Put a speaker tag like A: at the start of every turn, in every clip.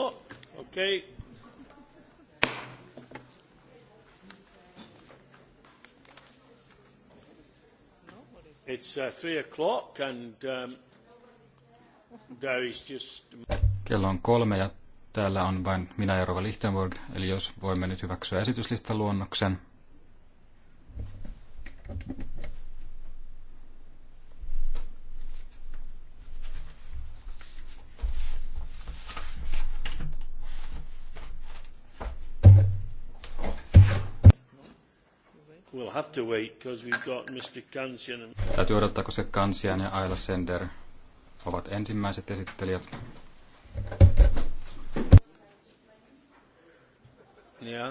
A: Oh, okay. It's uh, three o'clock and um, there is just...
B: Kello on kolme ja täällä on vain minä ja Rova Lichtenburg, eli jos voimme nyt hyväksyä esityslistaluonnoksen. luonnoksen.
A: have to wait because we've got Mr. Kansian.
B: Täytyy odottaa, koska Kansian ja Ayla Sender ovat ensimmäiset esittelijät.
A: Yeah.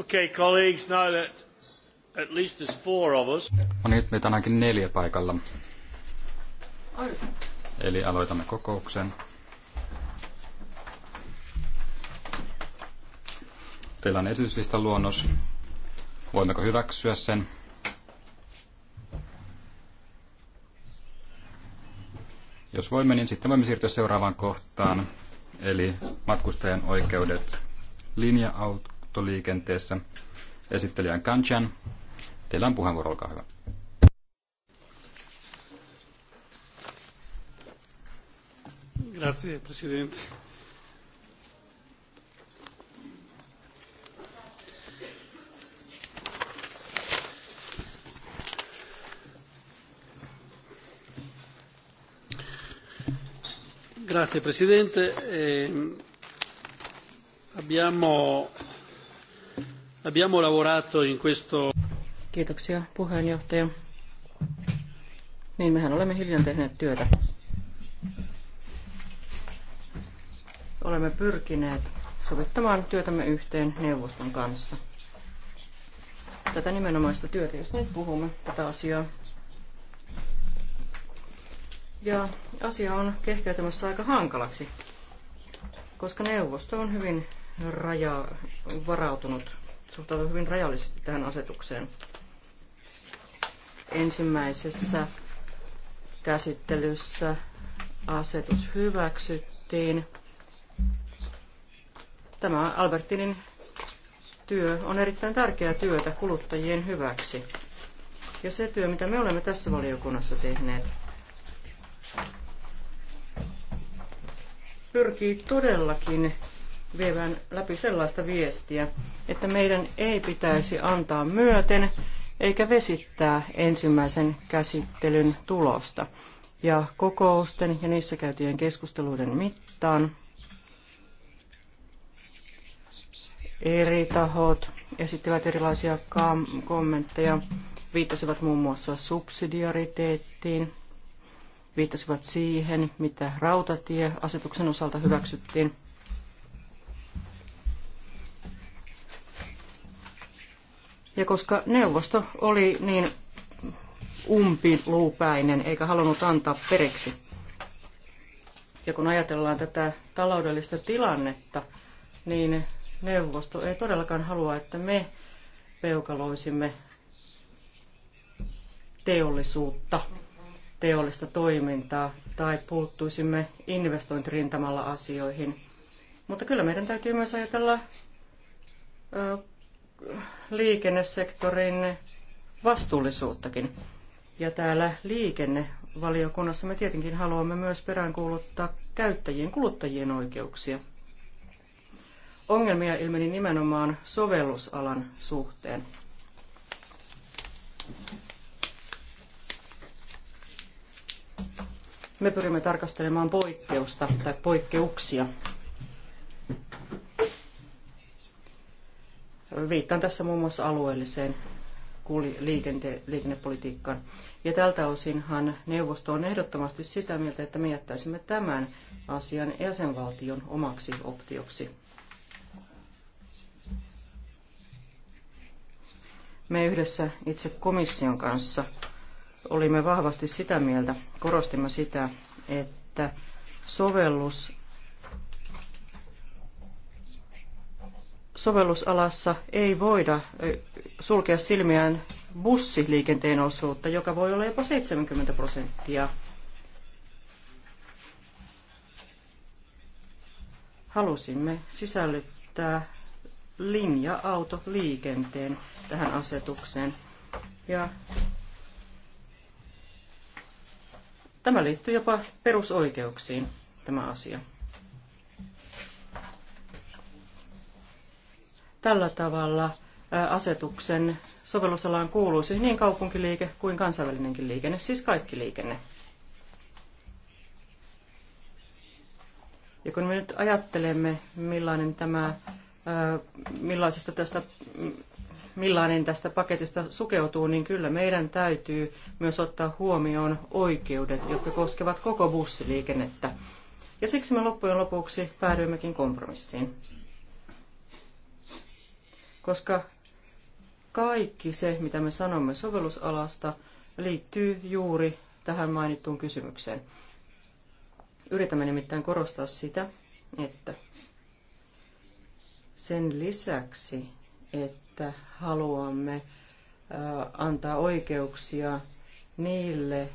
A: Okay, colleagues, now that
B: No niin, meitä on ainakin neljä paikalla. Eli aloitamme kokouksen. Teillä on esityslistan luonnos. Voimmeko hyväksyä sen? Jos voimme, niin sitten voimme siirtyä seuraavaan kohtaan, eli matkustajan oikeudet linja-auto muuttoliikenteessä. Esittelijän Kanchan. Teillä on puheenvuoro, olkaa hyvä.
C: Grazie, Presidente.
A: Grazie Presidente. Eh, abbiamo Abbiamo lavorato in questo... Kiitoksia puheenjohtaja. Niin mehän olemme hiljan tehneet työtä. Olemme pyrkineet sovittamaan työtämme yhteen neuvoston kanssa. Tätä nimenomaista työtä, josta nyt puhumme, tätä asiaa. Ja asia on kehkeytymässä aika hankalaksi, koska neuvosto on hyvin raja varautunut suhtautuu hyvin rajallisesti tähän asetukseen. Ensimmäisessä käsittelyssä asetus hyväksyttiin. Tämä Albertinin työ on erittäin tärkeää työtä kuluttajien hyväksi. Ja se työ, mitä me olemme tässä valiokunnassa tehneet, pyrkii todellakin viemään läpi sellaista viestiä, että meidän ei pitäisi antaa myöten eikä vesittää ensimmäisen käsittelyn tulosta. Ja kokousten ja niissä käytyjen keskusteluiden mittaan eri tahot esittivät erilaisia kommentteja, viittasivat muun muassa subsidiariteettiin, viittasivat siihen, mitä rautatieasetuksen osalta hyväksyttiin. Ja koska neuvosto oli niin umpiluupäinen eikä halunnut antaa periksi. Ja kun ajatellaan tätä taloudellista tilannetta, niin neuvosto ei todellakaan halua, että me peukaloisimme teollisuutta, teollista toimintaa tai puuttuisimme investointirintamalla asioihin. Mutta kyllä meidän täytyy myös ajatella liikennesektorin vastuullisuuttakin. Ja täällä liikennevaliokunnassa me tietenkin haluamme myös peräänkuuluttaa käyttäjien, kuluttajien oikeuksia. Ongelmia ilmeni nimenomaan sovellusalan suhteen. Me pyrimme tarkastelemaan poikkeusta tai poikkeuksia Viittaan tässä muun muassa alueelliseen liikente- liikennepolitiikkaan. Ja tältä osinhan neuvosto on ehdottomasti sitä mieltä, että me jättäisimme tämän asian jäsenvaltion omaksi optioksi. Me yhdessä itse komission kanssa olimme vahvasti sitä mieltä, korostimme sitä, että sovellus sovellusalassa ei voida sulkea silmiään bussiliikenteen osuutta, joka voi olla jopa 70 prosenttia. Halusimme sisällyttää linja-autoliikenteen tähän asetukseen. Ja tämä liittyy jopa perusoikeuksiin, tämä asia. tällä tavalla asetuksen sovellusalaan kuuluisi niin kaupunkiliike kuin kansainvälinenkin liikenne, siis kaikki liikenne. Ja kun me nyt ajattelemme, millainen tämä, millaisesta tästä, millainen tästä paketista sukeutuu, niin kyllä meidän täytyy myös ottaa huomioon oikeudet, jotka koskevat koko bussiliikennettä. Ja siksi me loppujen lopuksi päädyimmekin kompromissiin koska kaikki se, mitä me sanomme sovellusalasta, liittyy juuri tähän mainittuun kysymykseen. Yritämme nimittäin korostaa sitä, että sen lisäksi, että haluamme antaa oikeuksia niille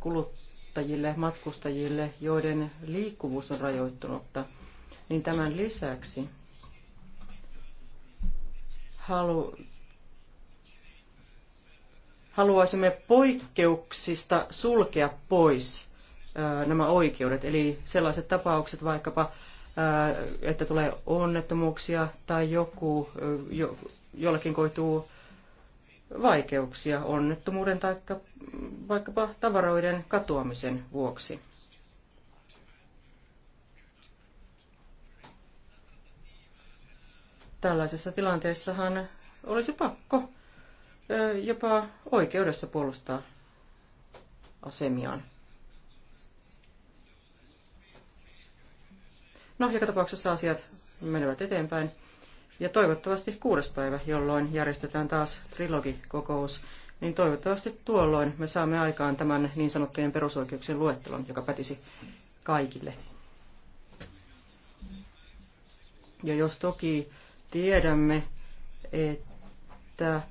A: kuluttajille, matkustajille, joiden liikkuvuus on rajoittunutta, niin tämän lisäksi halu, haluaisimme poikkeuksista sulkea pois nämä oikeudet. Eli sellaiset tapaukset vaikkapa, että tulee onnettomuuksia tai joku, jo, jollekin koituu vaikeuksia onnettomuuden tai vaikkapa tavaroiden katoamisen vuoksi. Tällaisessa tilanteessahan olisi pakko jopa oikeudessa puolustaa asemiaan. No, joka tapauksessa asiat menevät eteenpäin. Ja toivottavasti kuudes päivä, jolloin järjestetään taas trilogikokous, niin toivottavasti tuolloin me saamme aikaan tämän niin sanottujen perusoikeuksien luettelon, joka pätisi kaikille. Ja jos toki tiedämme, että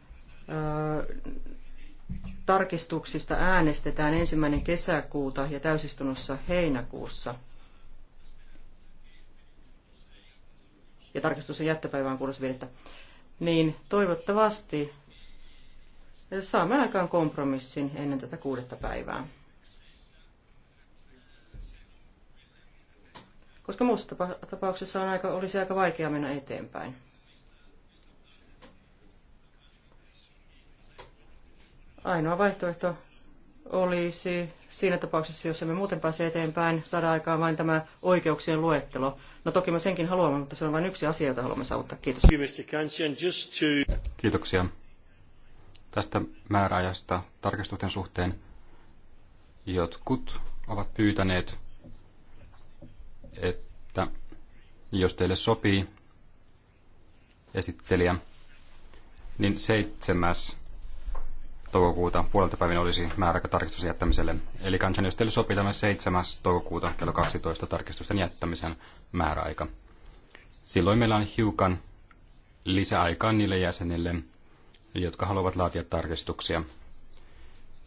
A: tarkistuksista äänestetään ensimmäinen kesäkuuta ja täysistunnossa heinäkuussa. Ja tarkistus on jättöpäivään 6.5. Niin toivottavasti saamme aikaan kompromissin ennen tätä kuudetta päivää. Koska muussa tapauksessa on aika, olisi aika vaikea mennä eteenpäin. Ainoa vaihtoehto olisi siinä tapauksessa, jos emme muuten pääse eteenpäin, saada aikaan vain tämä oikeuksien luettelo. No toki me senkin haluamme, mutta se on vain yksi asia, jota haluamme saavuttaa. Kiitos.
B: Kiitoksia tästä määräajasta tarkastusten suhteen. Jotkut ovat pyytäneet, että jos teille sopii esittelijä, niin seitsemäs toukokuuta puolelta päivin olisi määräkä tarkistuksen jättämiselle. Eli kansanjohtajille sopii tämä 7. toukokuuta kello 12 tarkistusten jättämisen määräaika. Silloin meillä on hiukan lisäaikaa niille jäsenille, jotka haluavat laatia tarkistuksia.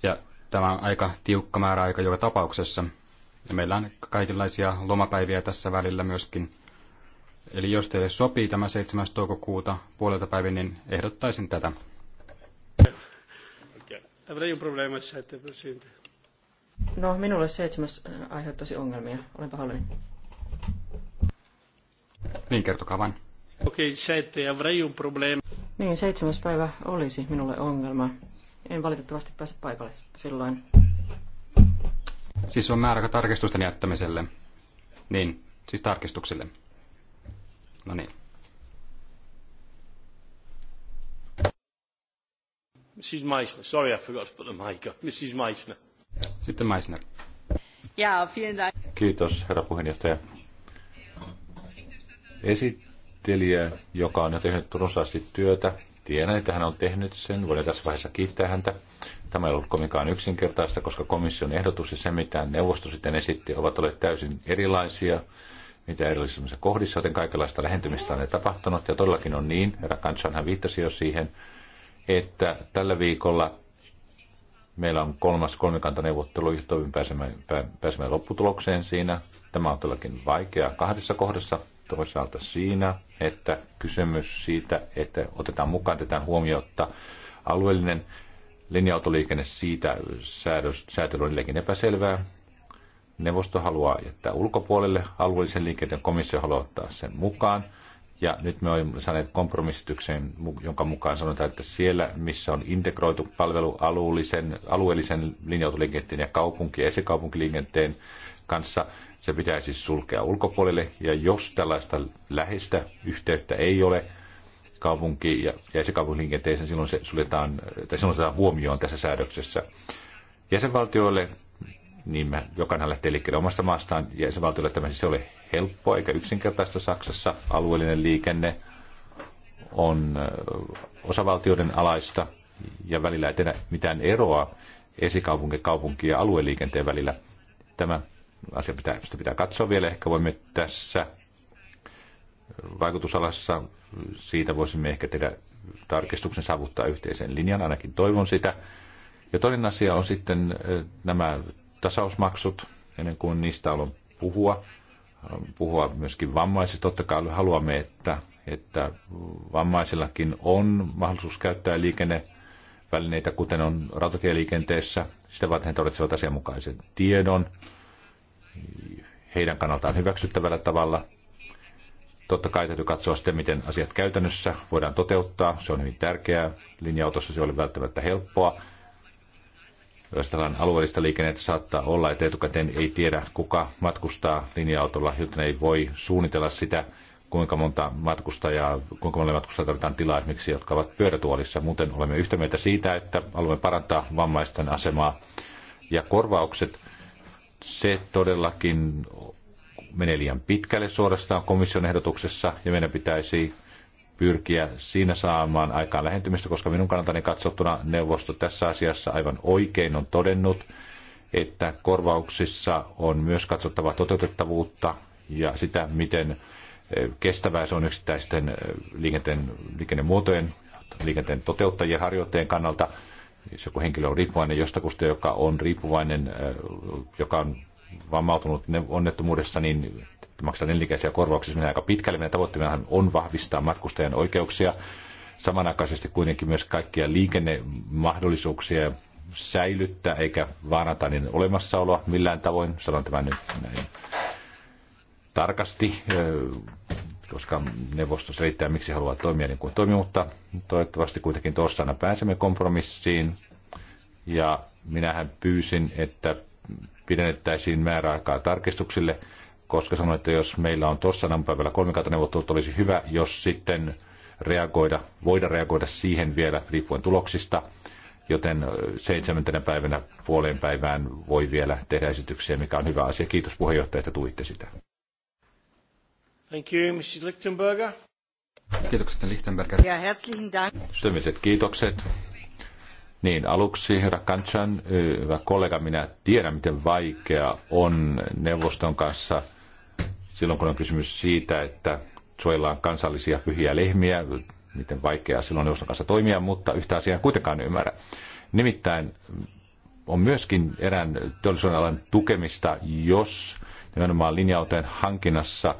B: Ja tämä on aika tiukka määräaika joka tapauksessa. Ja meillä on kaikenlaisia lomapäiviä tässä välillä myöskin. Eli jos teille sopii tämä 7. toukokuuta puolelta päivin, niin ehdottaisin tätä.
C: Avrei un problema sette, presidente.
A: No, minulle seitsemäs äh, aiheuttaisi ongelmia. Olen pahoillani.
B: Niin, kertokaa vain. Okei, okay, sette, avrei un problema.
A: Niin, seitsemäs päivä olisi minulle ongelma. En valitettavasti pääse paikalle silloin.
B: Siis on määräaika tarkistusten jättämiselle. Niin, siis tarkistuksille. No niin.
A: Mrs. Meissner. Sorry, I forgot to put the mic on. Mrs. Meissner.
B: Sitten
C: Meissner. Ja, vielen Dank. Kiitos, herra puheenjohtaja. Esittelijä, joka on jo tehnyt runsaasti työtä, tiedän, että hän on tehnyt sen. Voin tässä vaiheessa kiittää häntä. Tämä ei ollut kovinkaan yksinkertaista, koska komission ehdotus ja se, mitä neuvosto sitten esitti, ovat olleet täysin erilaisia, mitä erillisissä kohdissa, joten kaikenlaista lähentymistä on tapahtunut. Ja todellakin on niin, herra Kanchanhan viittasi jo siihen, että tällä viikolla meillä on kolmas kolmikantaneuvottelu yhtoivin pääsemään, pääsemään lopputulokseen siinä. Tämä on todellakin vaikeaa kahdessa kohdassa. Toisaalta siinä, että kysymys siitä, että otetaan mukaan tätä huomiota alueellinen linja-autoliikenne siitä säädös, säätely on edelleenkin epäselvää. Neuvosto haluaa jättää ulkopuolelle alueellisen liikenteen, komissio haluaa ottaa sen mukaan. Ja nyt me olemme saaneet kompromissitykseen, jonka mukaan sanotaan, että siellä, missä on integroitu palvelu alueellisen, alueellisen linja-autoliikenteen ja kaupunki- ja esikaupunkiliikenteen kanssa, se pitäisi siis sulkea ulkopuolelle. Ja jos tällaista läheistä yhteyttä ei ole kaupunki- ja, ja esikaupunkiliikenteeseen, silloin se suljetaan, tai silloin se huomioon tässä säädöksessä. Jäsenvaltioille niin mä, jokainen lähtee liikkeelle omasta maastaan ja se valtiolle tämä siis ei ole helppoa eikä yksinkertaista Saksassa. Alueellinen liikenne on äh, osavaltioiden alaista ja välillä ei tehdä mitään eroa esikaupunki, kaupunki ja alueliikenteen välillä. Tämä asia pitää, sitä pitää katsoa vielä. Ehkä voimme tässä vaikutusalassa, siitä voisimme ehkä tehdä tarkistuksen saavuttaa yhteisen linjan, ainakin toivon sitä. Ja toinen asia on sitten äh, nämä tasausmaksut, ennen kuin niistä haluan puhua. Ähm, puhua myöskin vammaisista. Totta kai haluamme, että, että vammaisillakin on mahdollisuus käyttää liikennevälineitä, kuten on rautatieliikenteessä. Sitä varten he tarvitsevat asianmukaisen tiedon heidän kannaltaan hyväksyttävällä tavalla. Totta kai täytyy katsoa sitten, miten asiat käytännössä voidaan toteuttaa. Se on hyvin tärkeää. Linja-autossa se oli välttämättä helppoa jos tällainen alueellista liikennettä saattaa olla, että etukäteen ei tiedä, kuka matkustaa linja-autolla, joten ei voi suunnitella sitä, kuinka monta matkustajaa, kuinka monelle matkustajaa tarvitaan tilaa esimerkiksi, jotka ovat pyörätuolissa. Muuten olemme yhtä mieltä siitä, että haluamme parantaa vammaisten asemaa. Ja korvaukset, se todellakin menee liian pitkälle suorastaan komission ehdotuksessa, ja meidän pitäisi pyrkiä siinä saamaan aikaan lähentymistä, koska minun kannaltani katsottuna neuvosto tässä asiassa aivan oikein on todennut, että korvauksissa on myös katsottava toteutettavuutta ja sitä, miten eh, kestävää se on yksittäisten eh, liikenteen, liikennemuotojen, liikenteen toteuttajien harjoitteen kannalta. Jos joku henkilö on riippuvainen jostakusta, joka on riippuvainen, eh, joka on vammautunut onnettomuudessa, niin maksaa nelikäisiä korvauksia, menee aika pitkälle. Meidän tavoitteena on vahvistaa matkustajan oikeuksia, samanaikaisesti kuitenkin myös kaikkia liikennemahdollisuuksia säilyttää, eikä vaarantaa niin olemassaoloa millään tavoin. Sanon tämän nyt näin tarkasti, koska neuvosto selittää, miksi haluaa toimia niin kuin toimii, mutta toivottavasti kuitenkin torstaina pääsemme kompromissiin. Ja minähän pyysin, että pidennettäisiin määräaikaa tarkistuksille koska sanoin, että jos meillä on tuossa päivällä kolmikantaneuvottelut, olisi hyvä, jos sitten reagoida, voida reagoida siihen vielä riippuen tuloksista, joten seitsemäntenä päivänä puoleen päivään voi vielä tehdä esityksiä, mikä on hyvä asia. Kiitos puheenjohtaja, että tuitte sitä.
A: Thank you, Mrs. Lichtenberger.
C: Kiitokset, Lichtenberger.
A: Ja herzlichen Dank.
C: Sydämiset kiitokset. Niin, aluksi herra Kanchan, hyvä kollega, minä tiedän, miten vaikea on neuvoston kanssa – silloin kun on kysymys siitä, että suojellaan kansallisia pyhiä lehmiä, miten vaikeaa silloin neuvoston kanssa toimia, mutta yhtä asiaa kuitenkaan ymmärrä. Nimittäin on myöskin erään teollisuuden alan tukemista, jos nimenomaan linja hankinnassa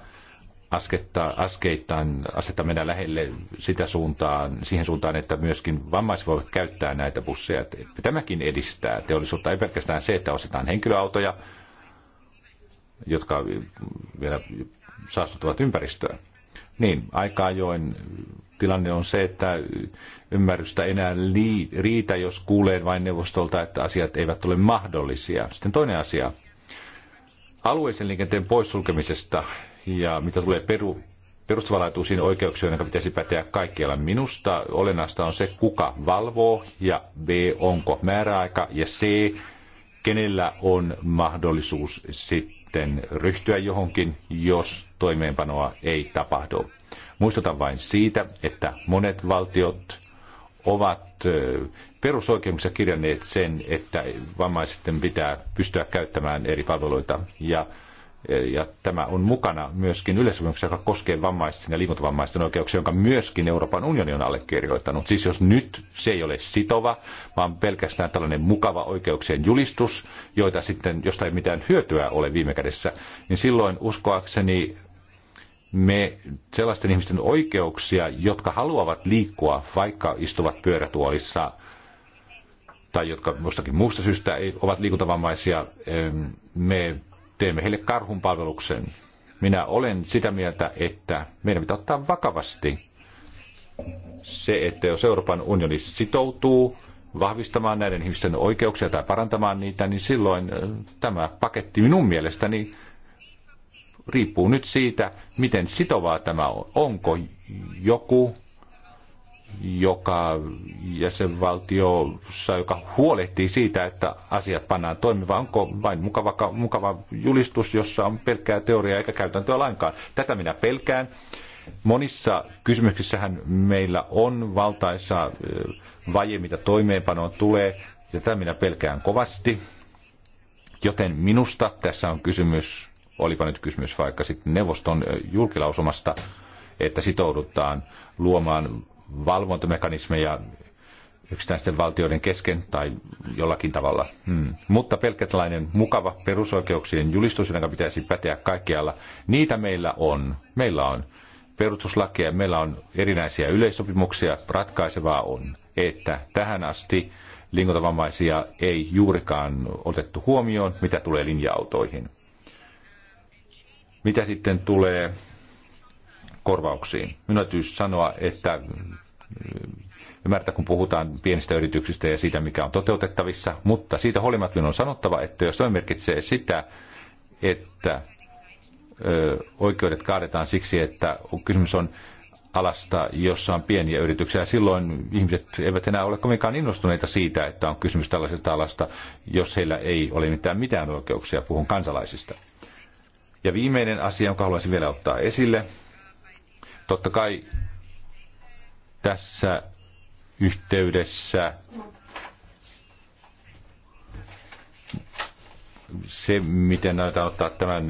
C: asketta, askeittain, asetta mennä lähelle sitä suuntaan, siihen suuntaan, että myöskin vammaiset voivat käyttää näitä busseja. Tämäkin edistää teollisuutta, ei pelkästään se, että ostetaan henkilöautoja, jotka vielä saastuttavat ympäristöä. Niin, aika ajoin tilanne on se, että ymmärrystä enää riitä, jos kuulee vain neuvostolta, että asiat eivät ole mahdollisia. Sitten toinen asia. Alueisen liikenteen poissulkemisesta ja mitä tulee peru, perustavanlaatuisiin oikeuksiin, jotka pitäisi päteä kaikkialla. Minusta olennaista on se, kuka valvoo ja B, onko määräaika ja C, kenellä on mahdollisuus sit sitten ryhtyä johonkin, jos toimeenpanoa ei tapahdu. Muistutan vain siitä, että monet valtiot ovat perusoikeuksissa kirjanneet sen, että vammaisten pitää pystyä käyttämään eri palveluita. Ja Eh, ja tämä on mukana myöskin yleissopimuksessa, joka koskee vammaisten ja liikuntavammaisten oikeuksia, jonka myöskin Euroopan unioni on allekirjoittanut. Siis jos nyt se ei ole sitova, vaan pelkästään tällainen mukava oikeuksien julistus, joita sitten, josta ei mitään hyötyä ole viime kädessä, niin silloin uskoakseni me sellaisten ihmisten oikeuksia, jotka haluavat liikkua, vaikka istuvat pyörätuolissa, tai jotka jostakin muusta syystä ovat liikuntavammaisia, me teemme heille karhunpalveluksen. Minä olen sitä mieltä, että meidän pitää ottaa vakavasti se, että jos Euroopan unioni sitoutuu vahvistamaan näiden ihmisten oikeuksia tai parantamaan niitä, niin silloin tämä paketti minun mielestäni riippuu nyt siitä, miten sitovaa tämä on. Onko joku joka jäsenvaltio, joka huolehtii siitä, että asiat pannaan toimimaan. Onko vain mukava, mukava julistus, jossa on pelkkää teoriaa eikä käytäntöä lainkaan? Tätä minä pelkään. Monissa kysymyksissähän meillä on valtaisa vaje, mitä toimeenpanoon tulee. ja Tätä minä pelkään kovasti. Joten minusta tässä on kysymys, olipa nyt kysymys vaikka sitten neuvoston julkilausumasta, että sitoudutaan luomaan valvontamekanismeja yksittäisten valtioiden kesken tai jollakin tavalla. Hmm. Mutta pelkkä tällainen mukava perusoikeuksien julistus, jonka pitäisi päteä kaikkialla, niitä meillä on. Meillä on perustuslakia, meillä on erinäisiä yleissopimuksia. Ratkaisevaa on, että tähän asti liikuntavammaisia ei juurikaan otettu huomioon, mitä tulee linja-autoihin. Mitä sitten tulee korvauksiin. Minun täytyy sanoa, että mm, ymmärtää, kun puhutaan pienistä yrityksistä ja siitä, mikä on toteutettavissa, mutta siitä huolimatta minun on sanottava, että jos tämä merkitsee sitä, että oikeudet kaadetaan siksi, että kysymys on alasta, jossa on pieniä yrityksiä. Silloin ihmiset eivät enää ole kovinkaan innostuneita siitä, että on kysymys tällaisesta alasta, jos heillä ei ole mitään mitään oikeuksia, puhun kansalaisista. Ja viimeinen asia, jonka haluaisin vielä ottaa esille, Totta kai tässä yhteydessä se, miten näitä ottaa tämän,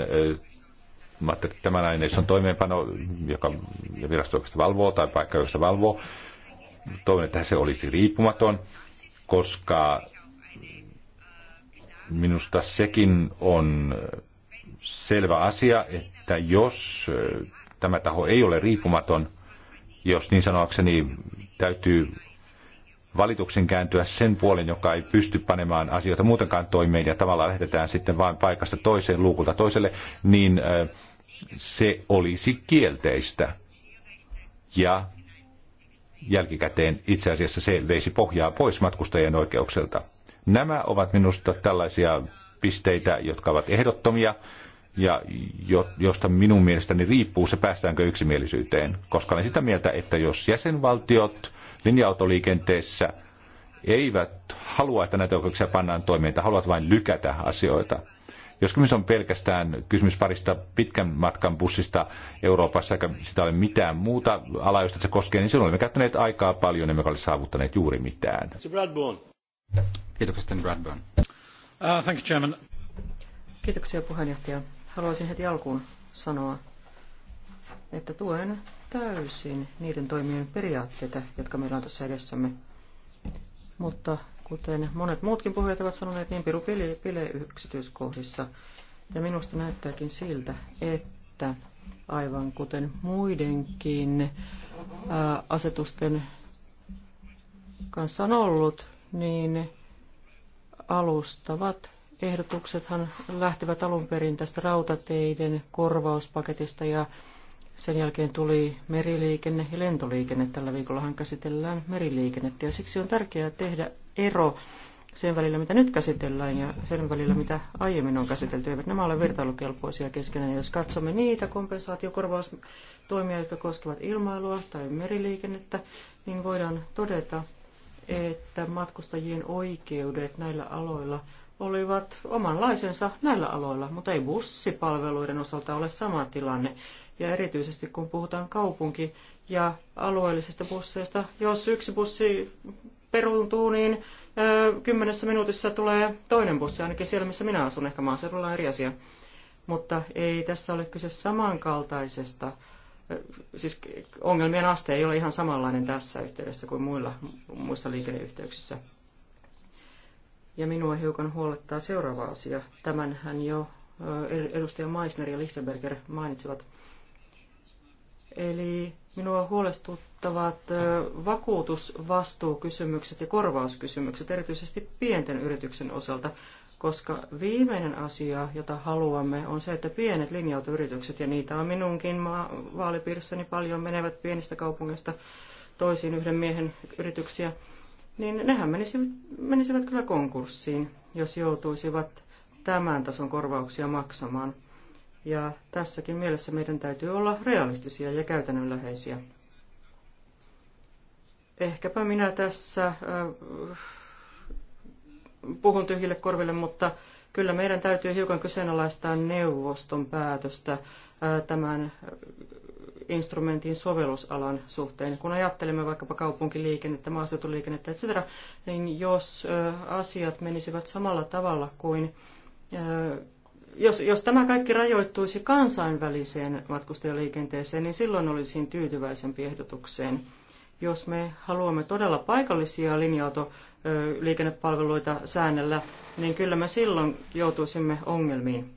C: tämän aineiston toimeenpano, joka virasto valvoo tai paikka, josta valvoo, toivon, että se olisi riippumaton, koska minusta sekin on selvä asia, että jos Tämä taho ei ole riippumaton, jos niin sanoakseni täytyy valituksen kääntyä sen puolen, joka ei pysty panemaan asioita muutenkaan toimeen ja tavallaan lähdetään sitten vain paikasta toiseen luukulta toiselle, niin se olisi kielteistä. Ja jälkikäteen itse asiassa se veisi pohjaa pois matkustajien oikeukselta. Nämä ovat minusta tällaisia pisteitä, jotka ovat ehdottomia ja josta minun mielestäni riippuu se, päästäänkö yksimielisyyteen. Koska olen sitä mieltä, että jos jäsenvaltiot linja-autoliikenteessä eivät halua, että näitä oikeuksia pannaan toimeen, tai haluavat vain lykätä asioita. Jos kysymys on pelkästään kysymys parista pitkän matkan bussista Euroopassa, eikä sitä ole mitään muuta alaa, josta se koskee, niin silloin olemme käyttäneet aikaa paljon, emmekä ole saavuttaneet juuri
B: mitään. Kiitoksia, Bradburn.
A: Uh, thank you, Chairman. Kiitoksia puheenjohtaja. Haluaisin heti alkuun sanoa, että tuen täysin niiden toimien periaatteita, jotka meillä on tässä edessämme. Mutta kuten monet muutkin puhujat ovat sanoneet, niin piru pile, pile yksityiskohdissa. Ja minusta näyttääkin siltä, että aivan kuten muidenkin ää, asetusten kanssa on ollut, niin alustavat ehdotuksethan lähtivät alun perin tästä rautateiden korvauspaketista ja sen jälkeen tuli meriliikenne ja lentoliikenne. Tällä viikollahan käsitellään meriliikennettä ja siksi on tärkeää tehdä ero sen välillä, mitä nyt käsitellään ja sen välillä, mitä aiemmin on käsitelty. Eivät nämä ole vertailukelpoisia keskenään. Jos katsomme niitä kompensaatiokorvaustoimia, jotka koskevat ilmailua tai meriliikennettä, niin voidaan todeta, että matkustajien oikeudet näillä aloilla olivat omanlaisensa näillä aloilla, mutta ei bussipalveluiden osalta ole sama tilanne. Ja erityisesti kun puhutaan kaupunki- ja alueellisista busseista, jos yksi bussi peruuntuu, niin ö, kymmenessä minuutissa tulee toinen bussi, ainakin siellä missä minä asun, ehkä maaseudulla on eri asia. Mutta ei tässä ole kyse samankaltaisesta, siis ongelmien aste ei ole ihan samanlainen tässä yhteydessä kuin muilla, muissa liikenneyhteyksissä. Ja minua hiukan huolettaa seuraava asia. Tämänhän jo edustaja Meissner ja Lichtenberger mainitsivat. Eli minua huolestuttavat vakuutusvastuukysymykset ja korvauskysymykset, erityisesti pienten yrityksen osalta, koska viimeinen asia, jota haluamme, on se, että pienet linjautoyritykset, ja niitä on minunkin vaalipiirissäni paljon, menevät pienistä kaupungeista toisiin yhden miehen yrityksiä, niin nehän menisivät, menisivät kyllä konkurssiin, jos joutuisivat tämän tason korvauksia maksamaan. Ja tässäkin mielessä meidän täytyy olla realistisia ja käytännönläheisiä. Ehkäpä minä tässä äh, puhun tyhjille korville, mutta kyllä meidän täytyy hiukan kyseenalaistaa neuvoston päätöstä äh, tämän instrumentin sovellusalan suhteen. Kun ajattelemme vaikkapa kaupunkiliikennettä, maaseutuliikennettä, etc., niin jos asiat menisivät samalla tavalla kuin jos, jos tämä kaikki rajoittuisi kansainväliseen matkustajaliikenteeseen, niin silloin olisin tyytyväisempi ehdotukseen. Jos me haluamme todella paikallisia linja-autoliikennepalveluita säännellä, niin kyllä me silloin joutuisimme ongelmiin.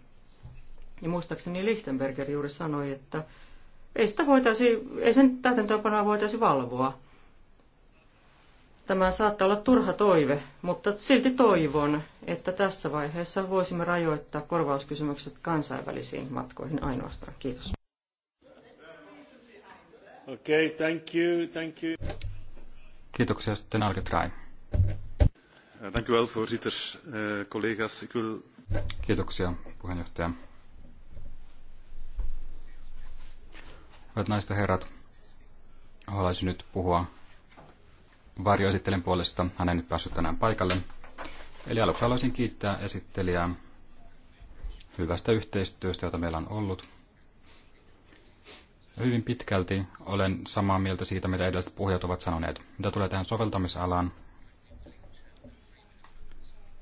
A: Ja muistaakseni Lichtenberger juuri sanoi, että ei, sitä voitaisi, ei sen täytäntöönpanoa voitaisi valvoa. Tämä saattaa olla turha toive, mutta silti toivon, että tässä vaiheessa voisimme rajoittaa korvauskysymykset kansainvälisiin matkoihin ainoastaan. Kiitos. Okay, thank you, thank you.
B: Kiitoksia sitten Alke Train.
C: Dank u wel, voorzitter. Uh, eh, collega's, ik wil...
B: Kiitoksia, puheenjohtaja. Hyvät naiset ja herrat, haluaisin nyt puhua varjoesittelijän puolesta. Hän ei nyt päässyt tänään paikalle. Eli aluksi haluaisin kiittää esittelijää hyvästä yhteistyöstä, jota meillä on ollut. Hyvin pitkälti olen samaa mieltä siitä, mitä edelliset puhujat ovat sanoneet. Mitä tulee tähän soveltamisalaan,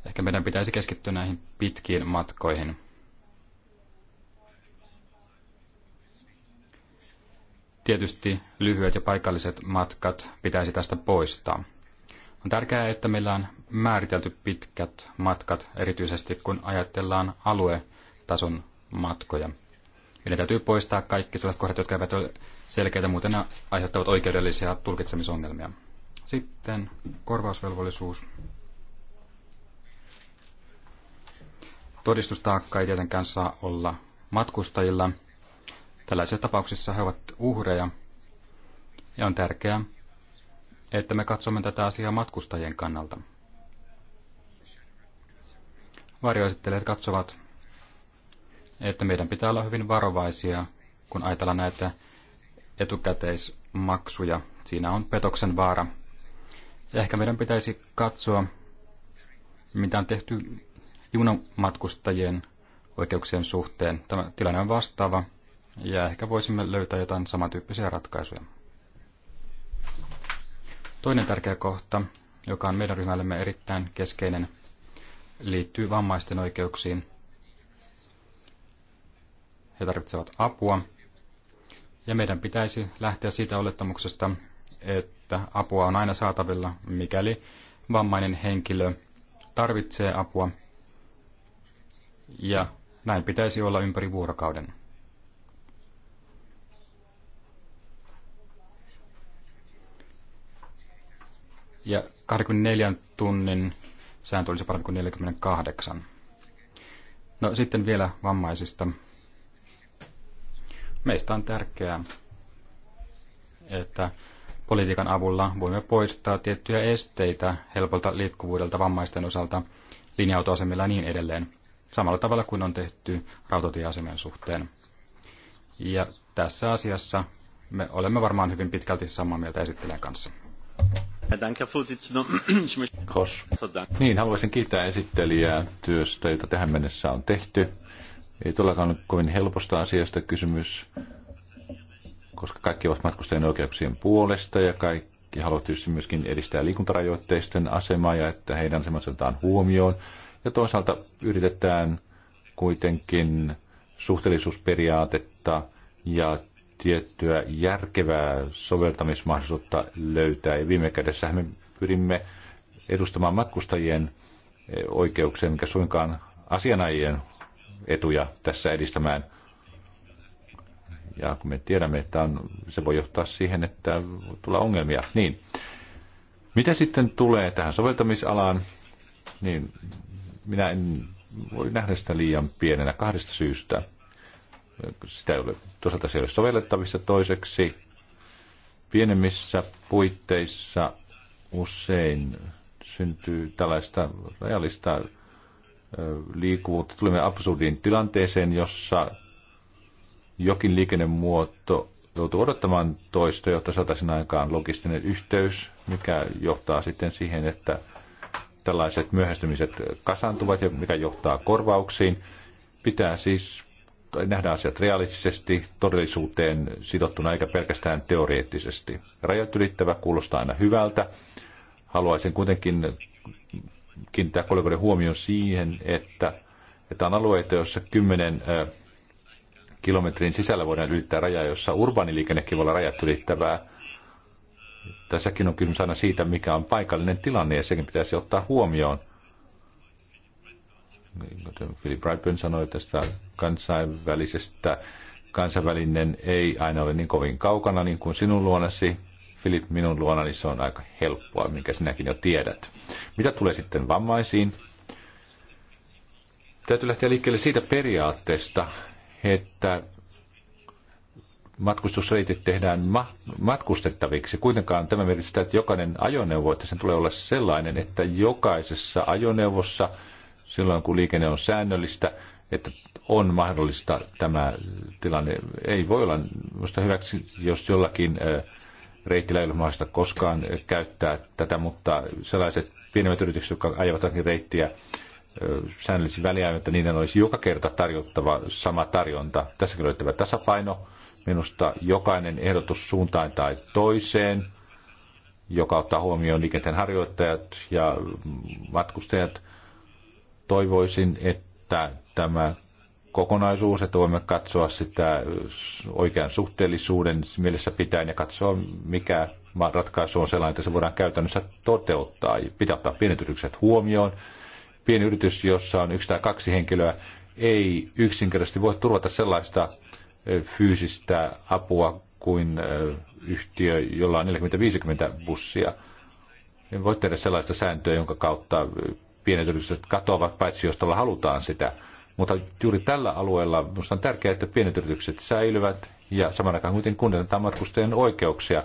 B: ehkä meidän pitäisi keskittyä näihin pitkiin matkoihin. Tietysti lyhyet ja paikalliset matkat pitäisi tästä poistaa. On tärkeää, että meillä on määritelty pitkät matkat, erityisesti kun ajatellaan aluetason matkoja. Meidän täytyy poistaa kaikki sellaiset kohdat, jotka eivät ole selkeitä, muuten ne aiheuttavat oikeudellisia tulkitsemisongelmia. Sitten korvausvelvollisuus. Todistustaakka ei tietenkään saa olla matkustajilla – Tällaisissa tapauksissa he ovat uhreja ja on tärkeää, että me katsomme tätä asiaa matkustajien kannalta. Varjoesittelijät katsovat, että meidän pitää olla hyvin varovaisia, kun ajatellaan näitä etukäteismaksuja. Siinä on petoksen vaara. Ja ehkä meidän pitäisi katsoa, mitä on tehty junamatkustajien oikeuksien suhteen. Tämä tilanne on vastaava ja ehkä voisimme löytää jotain samantyyppisiä ratkaisuja. Toinen tärkeä kohta, joka on meidän ryhmällemme erittäin keskeinen, liittyy vammaisten oikeuksiin. He tarvitsevat apua, ja meidän pitäisi lähteä siitä olettamuksesta, että apua on aina saatavilla, mikäli vammainen henkilö tarvitsee apua, ja näin pitäisi olla ympäri vuorokauden. ja 24 tunnin sääntö olisi parempi kuin 48. No sitten vielä vammaisista. Meistä on tärkeää, että politiikan avulla voimme poistaa tiettyjä esteitä helpolta liikkuvuudelta vammaisten osalta linja-autoasemilla ja niin edelleen, samalla tavalla kuin on tehty rautatieasemien suhteen. Ja tässä asiassa me olemme varmaan hyvin pitkälti samaa mieltä esittelijän kanssa.
C: Kos. Niin, haluaisin kiittää esittelijää työstä, jota tähän mennessä on tehty. Ei todellakaan kovin helposta asiasta kysymys, koska kaikki ovat matkustajien oikeuksien puolesta ja kaikki haluavat tietysti myöskin edistää liikuntarajoitteisten asemaa ja että heidän asemansa otetaan huomioon. Ja toisaalta yritetään kuitenkin suhteellisuusperiaatetta ja tiettyä järkevää soveltamismahdollisuutta löytää. Ja viime kädessä me pyrimme edustamaan matkustajien eh, oikeuksia, mikä suinkaan asianajien etuja tässä edistämään. Ja kun me tiedämme, että on, se voi johtaa siihen, että tulee ongelmia. Niin. Mitä sitten tulee tähän soveltamisalaan, niin minä en voi nähdä sitä liian pienenä kahdesta syystä sitä ei ole, toisaalta se ei ole sovellettavissa toiseksi. Pienemmissä puitteissa usein syntyy tällaista rajallista liikkuvuutta. Tulemme absurdiin tilanteeseen, jossa jokin liikennemuoto joutuu odottamaan toista, jotta saataisiin aikaan logistinen yhteys, mikä johtaa sitten siihen, että tällaiset myöhästymiset kasantuvat ja mikä johtaa korvauksiin. Pitää siis nähdä asiat realistisesti, todellisuuteen sidottuna eikä pelkästään teoreettisesti. Rajat ylittävä kuulostaa aina hyvältä. Haluaisin kuitenkin kiinnittää kollegoiden huomioon siihen, että, että on alueita, joissa 10 kilometrin sisällä voidaan ylittää rajaa, jossa urbaaniliikennekin voi olla rajat ylittävää. Tässäkin on kysymys aina siitä, mikä on paikallinen tilanne ja sekin pitäisi ottaa huomioon kuten niin, Philip Bradburn sanoi tästä kansainvälisestä, kansainvälinen ei aina ole niin kovin kaukana niin kuin sinun luonasi. Philip, minun luonani se on aika helppoa, minkä sinäkin jo tiedät. Mitä tulee sitten vammaisiin? Täytyy lähteä liikkeelle siitä periaatteesta, että matkustusreitit tehdään ma- matkustettaviksi. Kuitenkaan tämä merkitsee sitä, että jokainen ajoneuvo, että sen tulee olla sellainen, että jokaisessa ajoneuvossa – silloin, kun liikenne on säännöllistä, että on mahdollista tämä tilanne. Ei voi olla minusta hyväksi, jos jollakin reitillä ei ole mahdollista koskaan käyttää tätä, mutta sellaiset pienemmät yritykset, jotka ajavat jotakin reittiä säännöllisin väliajoin, että niiden olisi joka kerta tarjottava sama tarjonta. Tässäkin löytyvä tasapaino. Minusta jokainen ehdotus suuntaan tai toiseen, joka ottaa huomioon liikenteen harjoittajat ja matkustajat, toivoisin, että tämä kokonaisuus, että voimme katsoa sitä oikean suhteellisuuden mielessä pitäen ja katsoa, mikä ratkaisu on sellainen, että se voidaan käytännössä toteuttaa. Pitää ottaa pienet yritykset huomioon. Pieni yritys, jossa on yksi tai kaksi henkilöä, ei yksinkertaisesti voi turvata sellaista fyysistä apua kuin yhtiö, jolla on 40-50 bussia. Voi tehdä sellaista sääntöä, jonka kautta pienet yritykset katoavat, paitsi jos tällä halutaan sitä. Mutta juuri tällä alueella minusta on tärkeää, että pienet yritykset säilyvät ja saman aikaan kuitenkin kunnioitetaan matkustajien oikeuksia,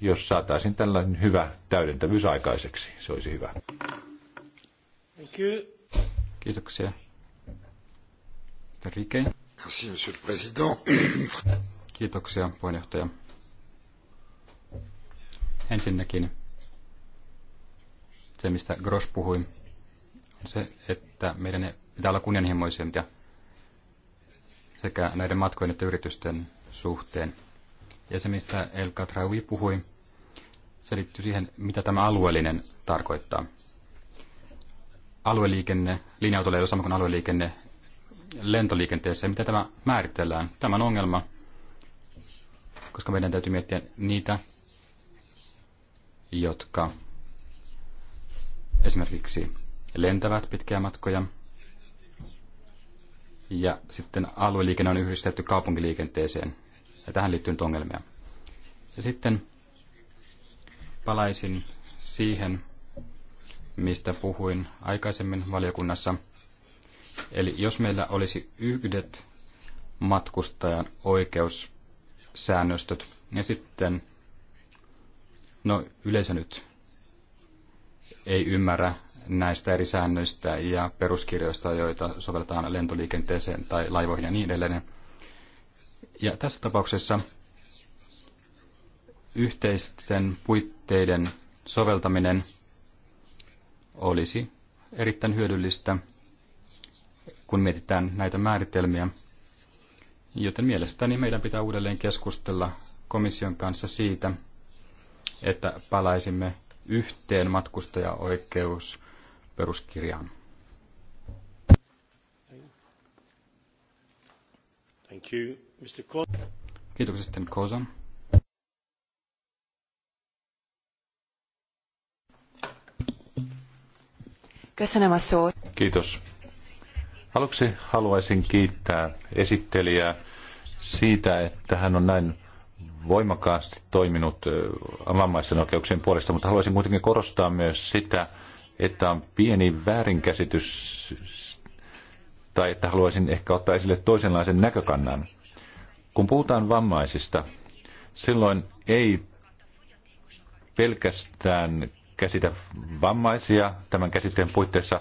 C: jos saataisiin tällainen hyvä täydentävyys aikaiseksi.
B: Se olisi hyvä. Thank you. Kiitoksia. Rike. Merci, monsieur le président. Kiitoksia, puheenjohtaja. Ensinnäkin se, mistä Gross puhui, se, että meidän pitää olla kunnianhimoisempia sekä näiden matkojen että yritysten suhteen. Ja se, mistä El Katraoui puhui, se liittyy siihen, mitä tämä alueellinen tarkoittaa. Alueliikenne, linja ei ole sama kuin alueliikenne lentoliikenteessä. Mitä tämä määritellään? Tämä on ongelma, koska meidän täytyy miettiä niitä, jotka esimerkiksi lentävät pitkiä matkoja. Ja sitten alueliikenne on yhdistetty kaupunkiliikenteeseen. Ja tähän liittyy nyt ongelmia. Ja sitten palaisin siihen, mistä puhuin aikaisemmin valiokunnassa. Eli jos meillä olisi yhdet matkustajan oikeussäännöstöt, ja sitten, no yleisö nyt ei ymmärrä näistä eri säännöistä ja peruskirjoista, joita sovelletaan lentoliikenteeseen tai laivoihin ja niin edelleen. Ja tässä tapauksessa yhteisten puitteiden soveltaminen olisi erittäin hyödyllistä, kun mietitään näitä määritelmiä. Joten mielestäni meidän pitää uudelleen keskustella komission kanssa siitä, että palaisimme yhteen matkustajaoikeus peruskirjaan.
A: Thank you. Mr.
B: Kiitoksia sitten Kosa.
C: Kiitos. Aluksi haluaisin kiittää esittelijää siitä, että hän on näin voimakkaasti toiminut vammaisten oikeuksien puolesta, mutta haluaisin kuitenkin korostaa myös sitä, että on pieni väärinkäsitys tai että haluaisin ehkä ottaa esille toisenlaisen näkökannan. Kun puhutaan vammaisista, silloin ei pelkästään käsitä vammaisia tämän käsitteen puitteissa,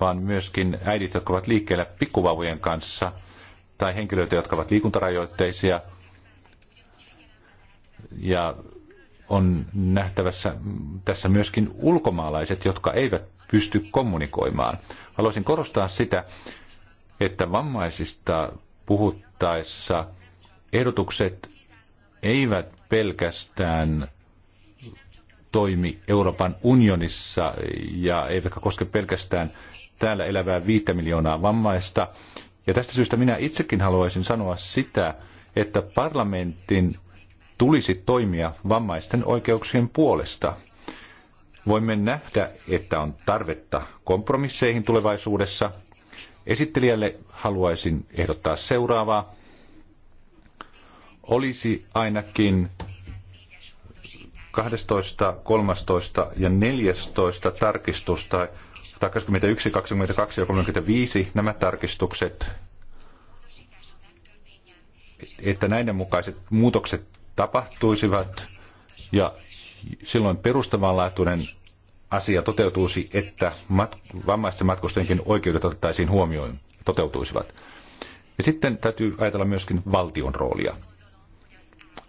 C: vaan myöskin äidit, jotka ovat liikkeellä pikkuvauvojen kanssa, tai henkilöitä, jotka ovat liikuntarajoitteisia – ja on nähtävässä tässä myöskin ulkomaalaiset, jotka eivät pysty kommunikoimaan. Haluaisin korostaa sitä, että vammaisista puhuttaessa ehdotukset eivät pelkästään toimi Euroopan unionissa ja eivätkä koske pelkästään täällä elävää viittä miljoonaa vammaista. Ja tästä syystä minä itsekin haluaisin sanoa sitä, että parlamentin tulisi toimia vammaisten oikeuksien puolesta. Voimme nähdä, että on tarvetta kompromisseihin tulevaisuudessa. Esittelijälle haluaisin ehdottaa seuraavaa. Olisi ainakin 12, 13 ja 14 tarkistusta, tai 21, 22 ja 35 nämä tarkistukset, että näiden mukaiset muutokset tapahtuisivat ja silloin perustavanlaatuinen asia toteutuisi, että mat- vammaisten matkustajienkin oikeudet otettaisiin huomioon toteutuisivat. Ja sitten täytyy ajatella myöskin valtion roolia.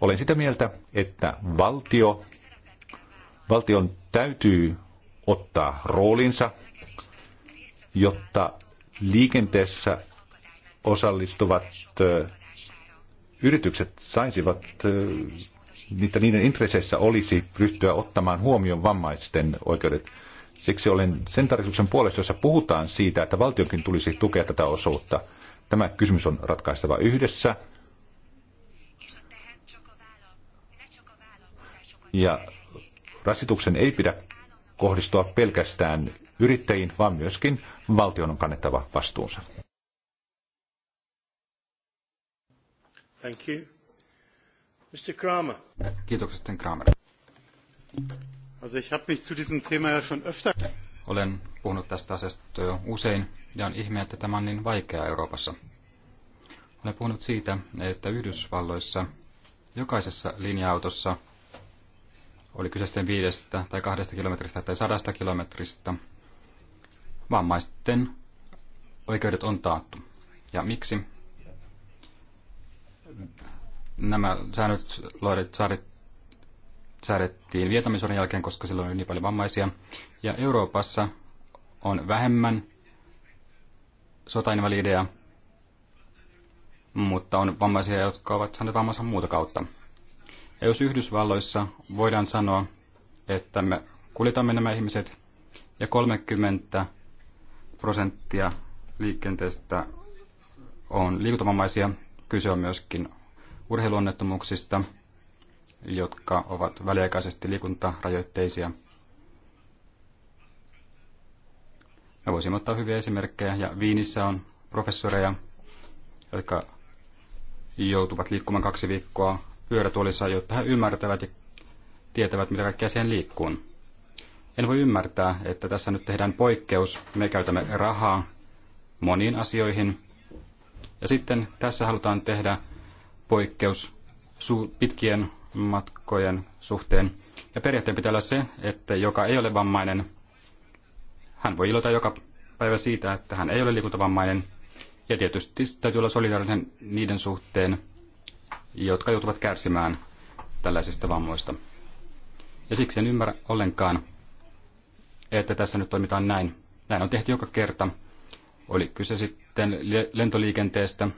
C: Olen sitä mieltä, että valtio, valtion täytyy ottaa roolinsa, jotta liikenteessä osallistuvat yritykset saisivat, että niiden intresseissä olisi ryhtyä ottamaan huomioon vammaisten oikeudet. Siksi olen sen tarkoituksen puolesta, jossa puhutaan siitä, että valtionkin tulisi tukea tätä osuutta. Tämä kysymys on ratkaistava yhdessä. Ja rasituksen ei pidä kohdistua pelkästään yrittäjiin, vaan myöskin valtion on kannettava vastuunsa.
A: Thank you. Mr.
B: Kramer. Kiitokset, Kramer. Also ich habe mich zu diesem Thema ja schon öfter... Olen puhunut tästä asiasta jo usein ja on ihme, että tämä on niin vaikeaa Euroopassa. Olen puhunut siitä, että Yhdysvalloissa jokaisessa linja-autossa oli kyse sitten viidestä tai kahdesta kilometristä tai sadasta kilometristä, vammaisten oikeudet on taattu. Ja miksi? nämä säännöt saadet, säädettiin vietämisodan jälkeen, koska silloin oli niin paljon vammaisia. Ja Euroopassa on vähemmän sotainvalideja, mutta on vammaisia, jotka ovat saaneet vammansa muuta kautta. Ja jos Yhdysvalloissa voidaan sanoa, että me kuljetamme nämä ihmiset ja 30 prosenttia liikenteestä on liikuntavammaisia, Kyse on myöskin urheiluonnettomuuksista, jotka ovat väliaikaisesti liikuntarajoitteisia. Me voisimme ottaa hyviä esimerkkejä, ja Viinissä on professoreja, jotka joutuvat liikkumaan kaksi viikkoa pyörätuolissa, jotta he ymmärtävät ja tietävät, mitä kaikkea siihen liikkuu. En voi ymmärtää, että tässä nyt tehdään poikkeus. Me käytämme rahaa moniin asioihin, ja sitten tässä halutaan tehdä poikkeus pitkien matkojen suhteen. Ja periaatteen pitää olla se, että joka ei ole vammainen, hän voi iloita joka päivä siitä, että hän ei ole liikuntavammainen. Ja tietysti täytyy olla solidaarinen niiden suhteen, jotka joutuvat kärsimään tällaisista vammoista. Ja siksi en ymmärrä ollenkaan, että tässä nyt toimitaan näin. Näin on tehty joka kerta, oli kyse sitten lentoliikenteestä.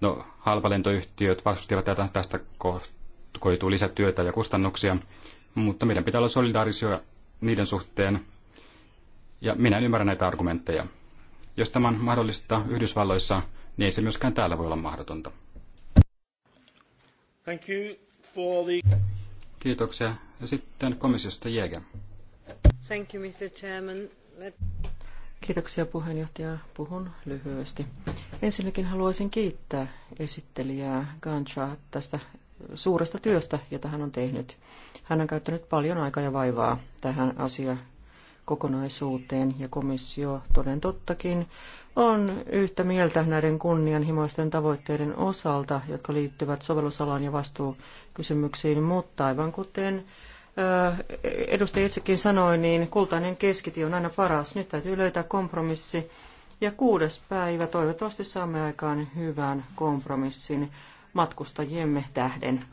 B: No, halpalentoyhtiöt vastustivat tätä, tästä koituu lisätyötä ja kustannuksia, mutta meidän pitää olla solidaarisia niiden suhteen. Ja minä en ymmärrä näitä argumentteja. Jos tämä on mahdollista Yhdysvalloissa, niin ei se myöskään täällä voi olla mahdotonta.
A: Thank you for the...
B: Kiitoksia. Ja sitten komissiosta Jäger.
A: Thank you, Mr. Chairman. Let... Kiitoksia puheenjohtaja. Puhun lyhyesti. Ensinnäkin haluaisin kiittää esittelijää Ganchaa tästä suuresta työstä, jota hän on tehnyt. Hän on käyttänyt paljon aikaa ja vaivaa tähän asia kokonaisuuteen ja komissio toden tottakin on yhtä mieltä näiden kunnianhimoisten tavoitteiden osalta, jotka liittyvät sovellusalaan ja vastuukysymyksiin, mutta aivan kuten edustaja itsekin sanoi, niin kultainen keskitie on aina paras. Nyt täytyy löytää kompromissi. Ja kuudes päivä toivottavasti saamme aikaan hyvän kompromissin matkustajiemme tähden.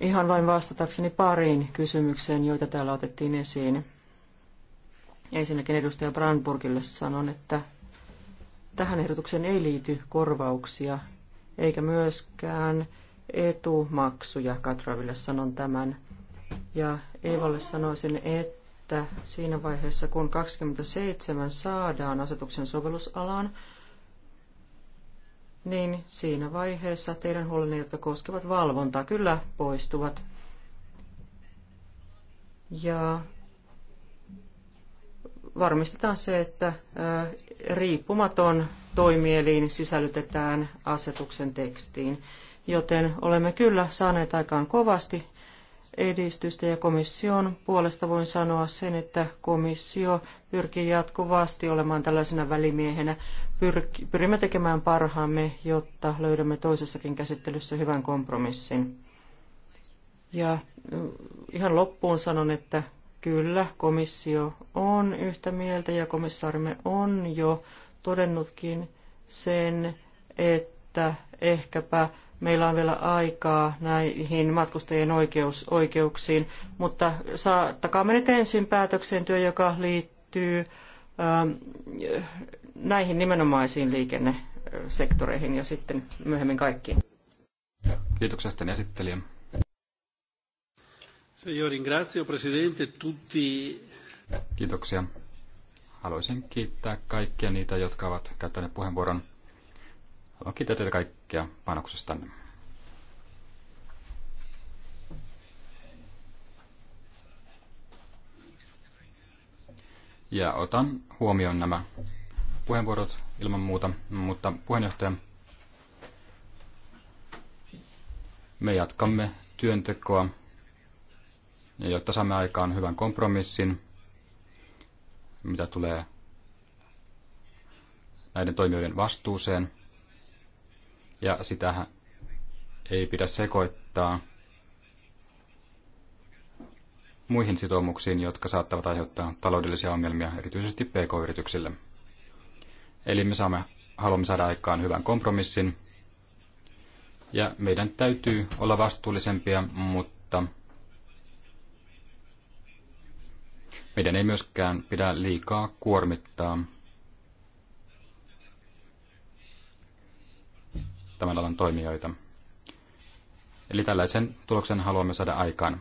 A: Ihan vain vastatakseni pariin kysymykseen, joita täällä otettiin esiin. Ensinnäkin edustaja Brandburgille sanon, että tähän ehdotukseen ei liity korvauksia, eikä myöskään etumaksuja Katraville sanon tämän. Ja Eivalle sanoisin, että siinä vaiheessa kun 27 saadaan asetuksen sovellusalaan, niin siinä vaiheessa teidän huolenne, jotka koskevat valvontaa, kyllä poistuvat. Ja varmistetaan se, että riippumaton toimielin sisällytetään asetuksen tekstiin joten olemme kyllä saaneet aikaan kovasti edistystä ja komission puolesta voin sanoa sen, että komissio pyrkii jatkuvasti olemaan tällaisena välimiehenä. pyrimme tekemään parhaamme, jotta löydämme toisessakin käsittelyssä hyvän kompromissin. Ja ihan loppuun sanon, että kyllä komissio on yhtä mieltä ja komissaarimme on jo todennutkin sen, että ehkäpä meillä on vielä aikaa näihin matkustajien oikeus, oikeuksiin, mutta saattakaamme nyt ensin päätöksentyö, joka liittyy ähm, näihin nimenomaisiin liikennesektoreihin ja sitten myöhemmin kaikkiin.
B: Kiitoksia sitten esittelijä. Kiitoksia. Haluaisin kiittää kaikkia niitä, jotka ovat käyttäneet puheenvuoron haluan no, kiittää teitä kaikkia panoksestanne. Ja otan huomioon nämä puheenvuorot ilman muuta, mutta puheenjohtaja, me jatkamme työntekoa, ja jotta saamme aikaan hyvän kompromissin, mitä tulee näiden toimijoiden vastuuseen – ja sitä ei pidä sekoittaa muihin sitoumuksiin, jotka saattavat aiheuttaa taloudellisia ongelmia erityisesti pk-yrityksille. Eli me saamme, haluamme saada aikaan hyvän kompromissin, ja meidän täytyy olla vastuullisempia, mutta meidän ei myöskään pidä liikaa kuormittaa tämän alan toimijoita. Eli tällaisen tuloksen haluamme saada aikaan.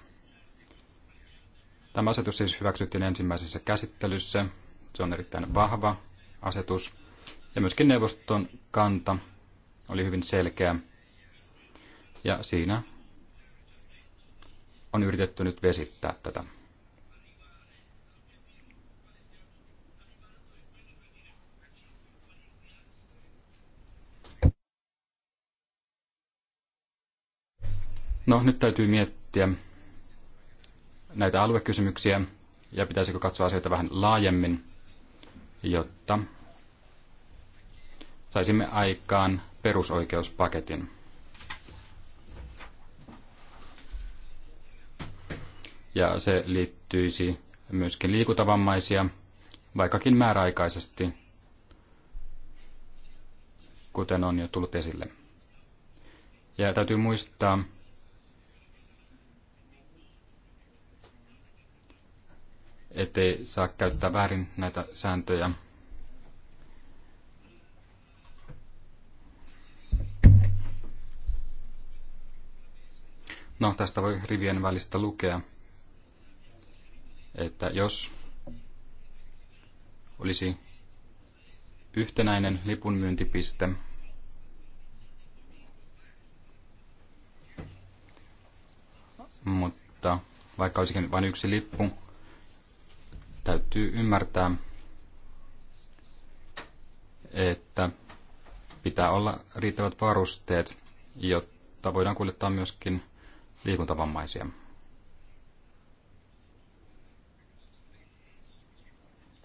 B: Tämä asetus siis hyväksyttiin ensimmäisessä käsittelyssä. Se on erittäin vahva asetus. Ja myöskin neuvoston kanta oli hyvin selkeä. Ja siinä on yritetty nyt vesittää tätä. No nyt täytyy miettiä näitä aluekysymyksiä ja pitäisikö katsoa asioita vähän laajemmin, jotta saisimme aikaan perusoikeuspaketin. Ja se liittyisi myöskin liikutavammaisia, vaikkakin määräaikaisesti, kuten on jo tullut esille. Ja täytyy muistaa, ettei saa käyttää väärin näitä sääntöjä. No, tästä voi rivien välistä lukea, että jos olisi yhtenäinen lipunmyyntipiste, mutta vaikka olisikin vain yksi lippu, Täytyy ymmärtää, että pitää olla riittävät varusteet, jotta voidaan kuljettaa myöskin liikuntavammaisia.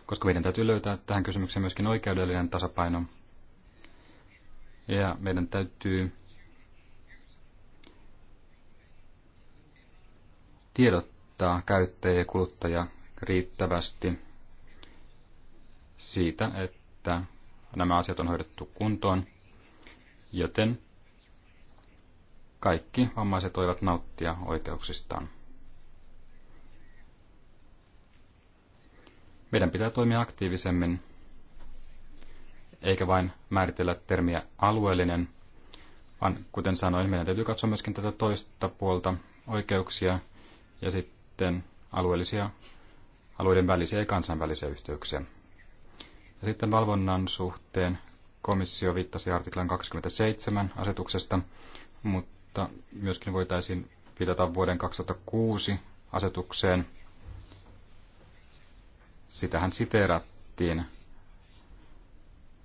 B: Koska meidän täytyy löytää tähän kysymykseen myöskin oikeudellinen tasapaino. Ja meidän täytyy tiedottaa käyttäjä ja kuluttaja riittävästi siitä, että nämä asiat on hoidettu kuntoon, joten kaikki vammaiset voivat nauttia oikeuksistaan. Meidän pitää toimia aktiivisemmin, eikä vain määritellä termiä alueellinen, vaan kuten sanoin, meidän täytyy katsoa myöskin tätä toista puolta oikeuksia ja sitten alueellisia alueiden välisiä ja kansainvälisiä yhteyksiä. Ja sitten valvonnan suhteen komissio viittasi artiklan 27 asetuksesta, mutta myöskin voitaisiin viitata vuoden 2006 asetukseen. Sitähän siteerattiin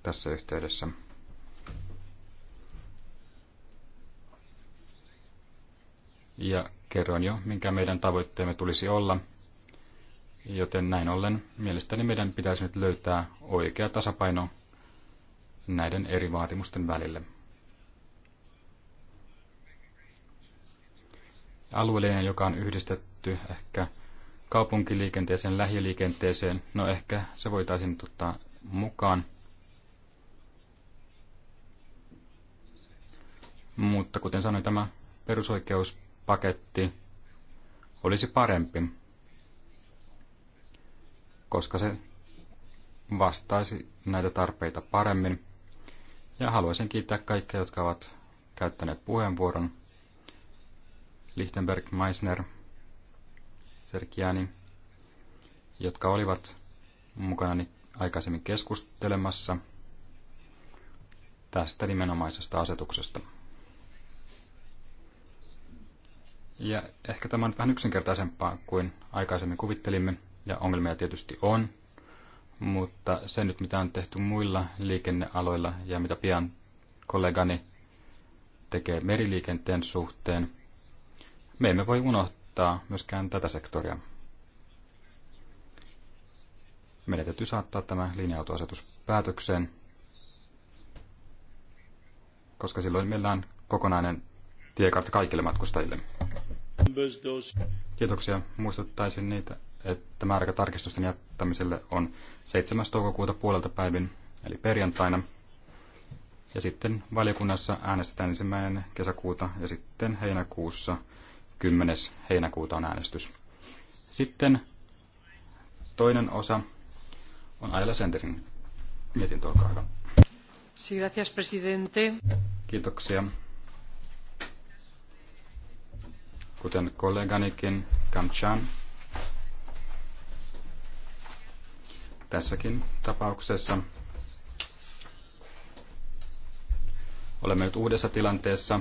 B: tässä yhteydessä. Ja kerroin jo, minkä meidän tavoitteemme tulisi olla – Joten näin ollen mielestäni meidän pitäisi nyt löytää oikea tasapaino näiden eri vaatimusten välille. Alueellinen, joka on yhdistetty ehkä kaupunkiliikenteeseen, lähiliikenteeseen, no ehkä se voitaisiin ottaa mukaan. Mutta kuten sanoin, tämä perusoikeuspaketti olisi parempi koska se vastaisi näitä tarpeita paremmin. Ja haluaisin kiittää kaikkia, jotka ovat käyttäneet puheenvuoron. Lichtenberg, Meissner, Sergiani, jotka olivat mukana aikaisemmin keskustelemassa tästä nimenomaisesta asetuksesta. Ja ehkä tämä on vähän yksinkertaisempaa kuin aikaisemmin kuvittelimme, ja ongelmia tietysti on, mutta se nyt mitä on tehty muilla liikennealoilla ja mitä pian kollegani tekee meriliikenteen suhteen, me emme voi unohtaa myöskään tätä sektoria. Meidän täytyy saattaa tämä linja-autoasetus päätökseen, koska silloin meillä on kokonainen tiekartta kaikille matkustajille. Kiitoksia. Muistuttaisin niitä että tarkistusten jättämiselle on 7. toukokuuta puolelta päivin, eli perjantaina. Ja sitten valiokunnassa äänestetään ensimmäinen kesäkuuta ja sitten heinäkuussa 10. heinäkuuta on äänestys. Sitten toinen osa on Aila Senterin mietintö, olkaa hyvä.
A: Sí, gracias, presidente.
B: Kiitoksia. Kuten kolleganikin Kamchan Tässäkin tapauksessa olemme nyt uudessa tilanteessa.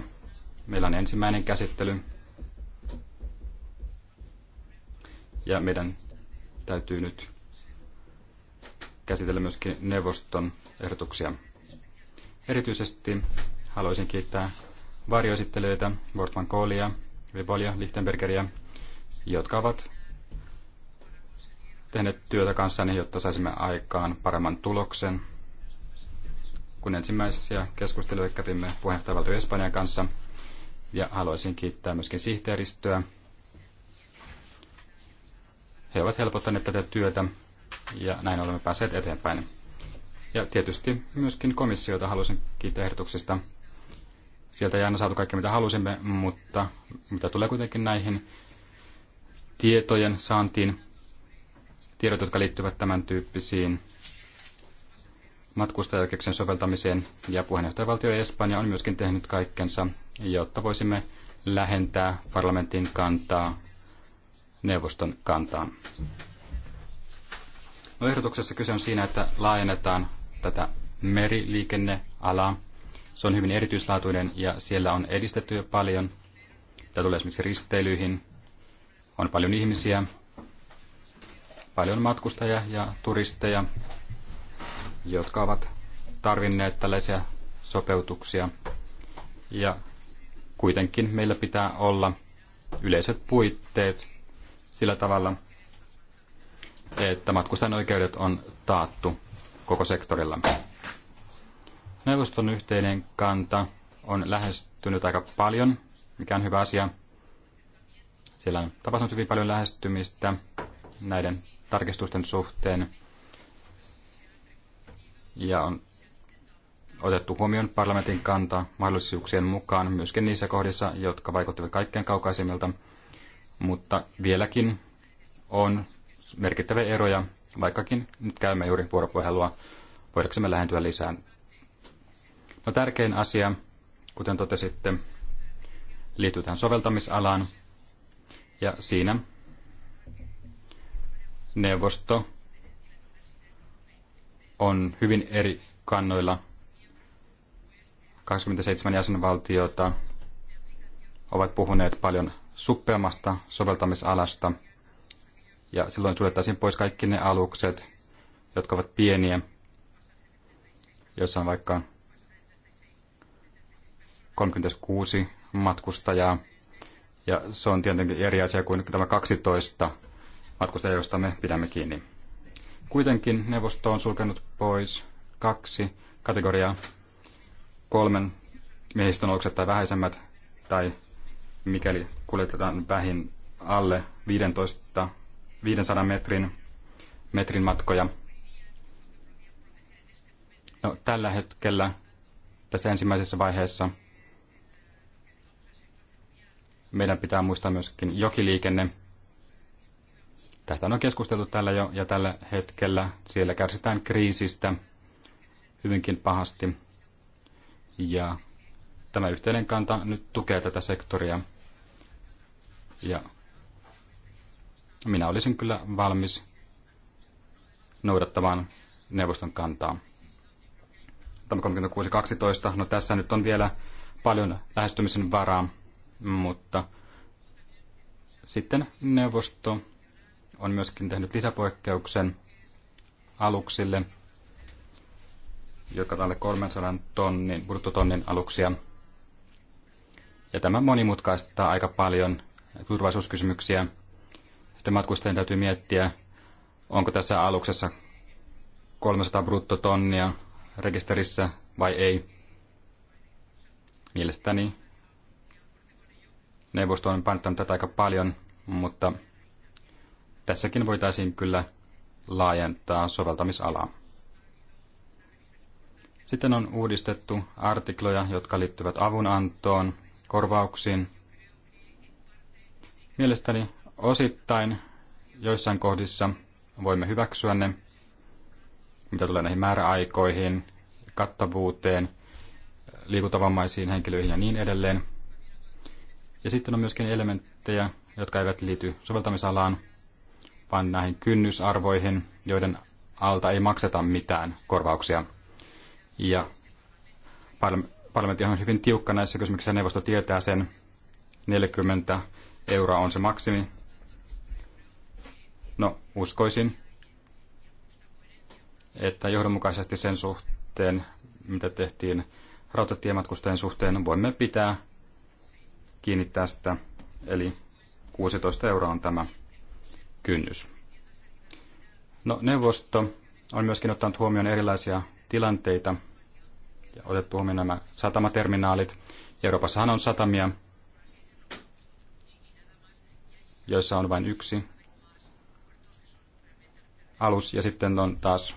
B: Meillä on ensimmäinen käsittely. Ja meidän täytyy nyt käsitellä myöskin neuvoston ehdotuksia. Erityisesti haluaisin kiittää varjoesittelijöitä, Wortman Koolia, Vibolia, Lichtenbergeria, jotka ovat tehneet työtä kanssani, jotta saisimme aikaan paremman tuloksen. Kun ensimmäisiä keskusteluja kävimme puheenjohtajavaltio Espanjan kanssa, ja haluaisin kiittää myöskin sihteeristöä. He ovat helpottaneet tätä työtä, ja näin olemme päässeet eteenpäin. Ja tietysti myöskin komissiota haluaisin kiittää ehdotuksista. Sieltä ei aina saatu kaikkea, mitä halusimme, mutta mitä tulee kuitenkin näihin tietojen saantiin, tiedot, jotka liittyvät tämän tyyppisiin matkustajaoikeuksien soveltamiseen. Ja puheenjohtajavaltio Espanja on myöskin tehnyt kaikkensa, jotta voisimme lähentää parlamentin kantaa neuvoston kantaan. No, ehdotuksessa kyse on siinä, että laajennetaan tätä meriliikennealaa. Se on hyvin erityislaatuinen ja siellä on edistetty jo paljon. Tämä tulee esimerkiksi risteilyihin. On paljon ihmisiä, paljon matkustajia ja turisteja, jotka ovat tarvinneet tällaisia sopeutuksia. Ja kuitenkin meillä pitää olla yleiset puitteet sillä tavalla, että matkustajan oikeudet on taattu koko sektorilla. Neuvoston yhteinen kanta on lähestynyt aika paljon, mikä on hyvä asia. Siellä on tapahtunut hyvin paljon lähestymistä näiden tarkistusten suhteen ja on otettu huomioon parlamentin kanta mahdollisuuksien mukaan myöskin niissä kohdissa, jotka vaikuttavat kaikkein kaukaisimmilta, mutta vieläkin on merkittäviä eroja, vaikkakin nyt käymme juuri vuoropuhelua, voidaanko me lähentyä lisää. No tärkein asia, kuten totesitte, liittyy tähän soveltamisalaan, ja siinä neuvosto on hyvin eri kannoilla. 27 jäsenvaltiota ovat puhuneet paljon suppeammasta soveltamisalasta, ja silloin suljettaisiin pois kaikki ne alukset, jotka ovat pieniä, joissa on vaikka 36 matkustajaa, ja se on tietenkin eri asia kuin tämä 12 joista me pidämme kiinni. Kuitenkin neuvosto on sulkenut pois kaksi kategoriaa, kolmen miehistön alukset tai vähäisemmät, tai mikäli kuljetetaan vähin alle 15, 500 metrin, metrin matkoja. No, tällä hetkellä tässä ensimmäisessä vaiheessa meidän pitää muistaa myöskin jokiliikenne, Tästä on keskusteltu tällä jo ja tällä hetkellä siellä kärsitään kriisistä hyvinkin pahasti. Ja tämä yhteinen kanta nyt tukee tätä sektoria. Ja minä olisin kyllä valmis noudattamaan neuvoston kantaa. Tämä 36.12. No tässä nyt on vielä paljon lähestymisen varaa, mutta sitten neuvosto on myöskin tehnyt lisäpoikkeuksen aluksille, jotka alle 300 tonnin, bruttotonnin aluksia. Ja tämä monimutkaistaa aika paljon turvallisuuskysymyksiä. Sitten matkustajien täytyy miettiä, onko tässä aluksessa 300 bruttotonnia rekisterissä vai ei. Mielestäni neuvosto on panttanut tätä aika paljon, mutta Tässäkin voitaisiin kyllä laajentaa soveltamisalaa. Sitten on uudistettu artikloja, jotka liittyvät avunantoon, korvauksiin. Mielestäni osittain joissain kohdissa voimme hyväksyä ne, mitä tulee näihin määräaikoihin, kattavuuteen, liikuntavammaisiin henkilöihin ja niin edelleen. Ja sitten on myöskin elementtejä, jotka eivät liity soveltamisalaan, vaan näihin kynnysarvoihin, joiden alta ei makseta mitään korvauksia. Ja parlamentti on hyvin tiukka näissä kysymyksissä, neuvosto tietää sen, 40 euroa on se maksimi. No, uskoisin, että johdonmukaisesti sen suhteen, mitä tehtiin rautatiematkustajien suhteen, voimme pitää kiinni tästä. Eli 16 euroa on tämä kynnys. No, neuvosto on myöskin ottanut huomioon erilaisia tilanteita ja otettu huomioon nämä satamaterminaalit. Euroopassahan on satamia, joissa on vain yksi alus ja sitten on taas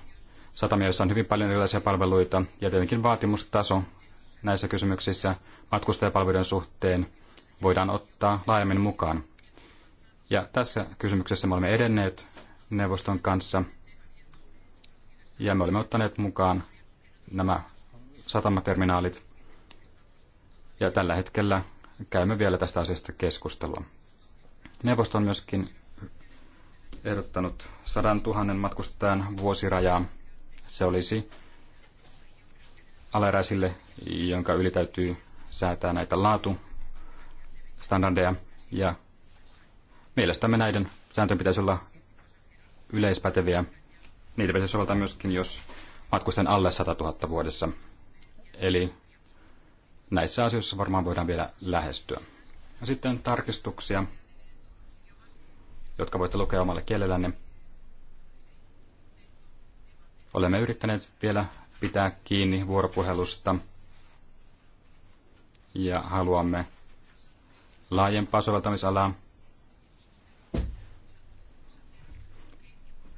B: satamia, joissa on hyvin paljon erilaisia palveluita ja tietenkin vaatimustaso näissä kysymyksissä matkustajapalveluiden suhteen voidaan ottaa laajemmin mukaan. Ja tässä kysymyksessä me olemme edenneet neuvoston kanssa ja me olemme ottaneet mukaan nämä satamaterminaalit. Ja tällä hetkellä käymme vielä tästä asiasta keskustelua. Neuvosto on myöskin ehdottanut 100 000 matkustajan vuosirajaa. Se olisi alaräisille, jonka yli täytyy säätää näitä laatustandardeja. Ja Mielestämme näiden sääntöjen pitäisi olla yleispäteviä. Niitä pitäisi soveltaa myöskin, jos matkusten alle 100 000 vuodessa. Eli näissä asioissa varmaan voidaan vielä lähestyä. Ja sitten tarkistuksia, jotka voitte lukea omalle kielellänne. Olemme yrittäneet vielä pitää kiinni vuoropuhelusta ja haluamme laajempaa soveltamisalaa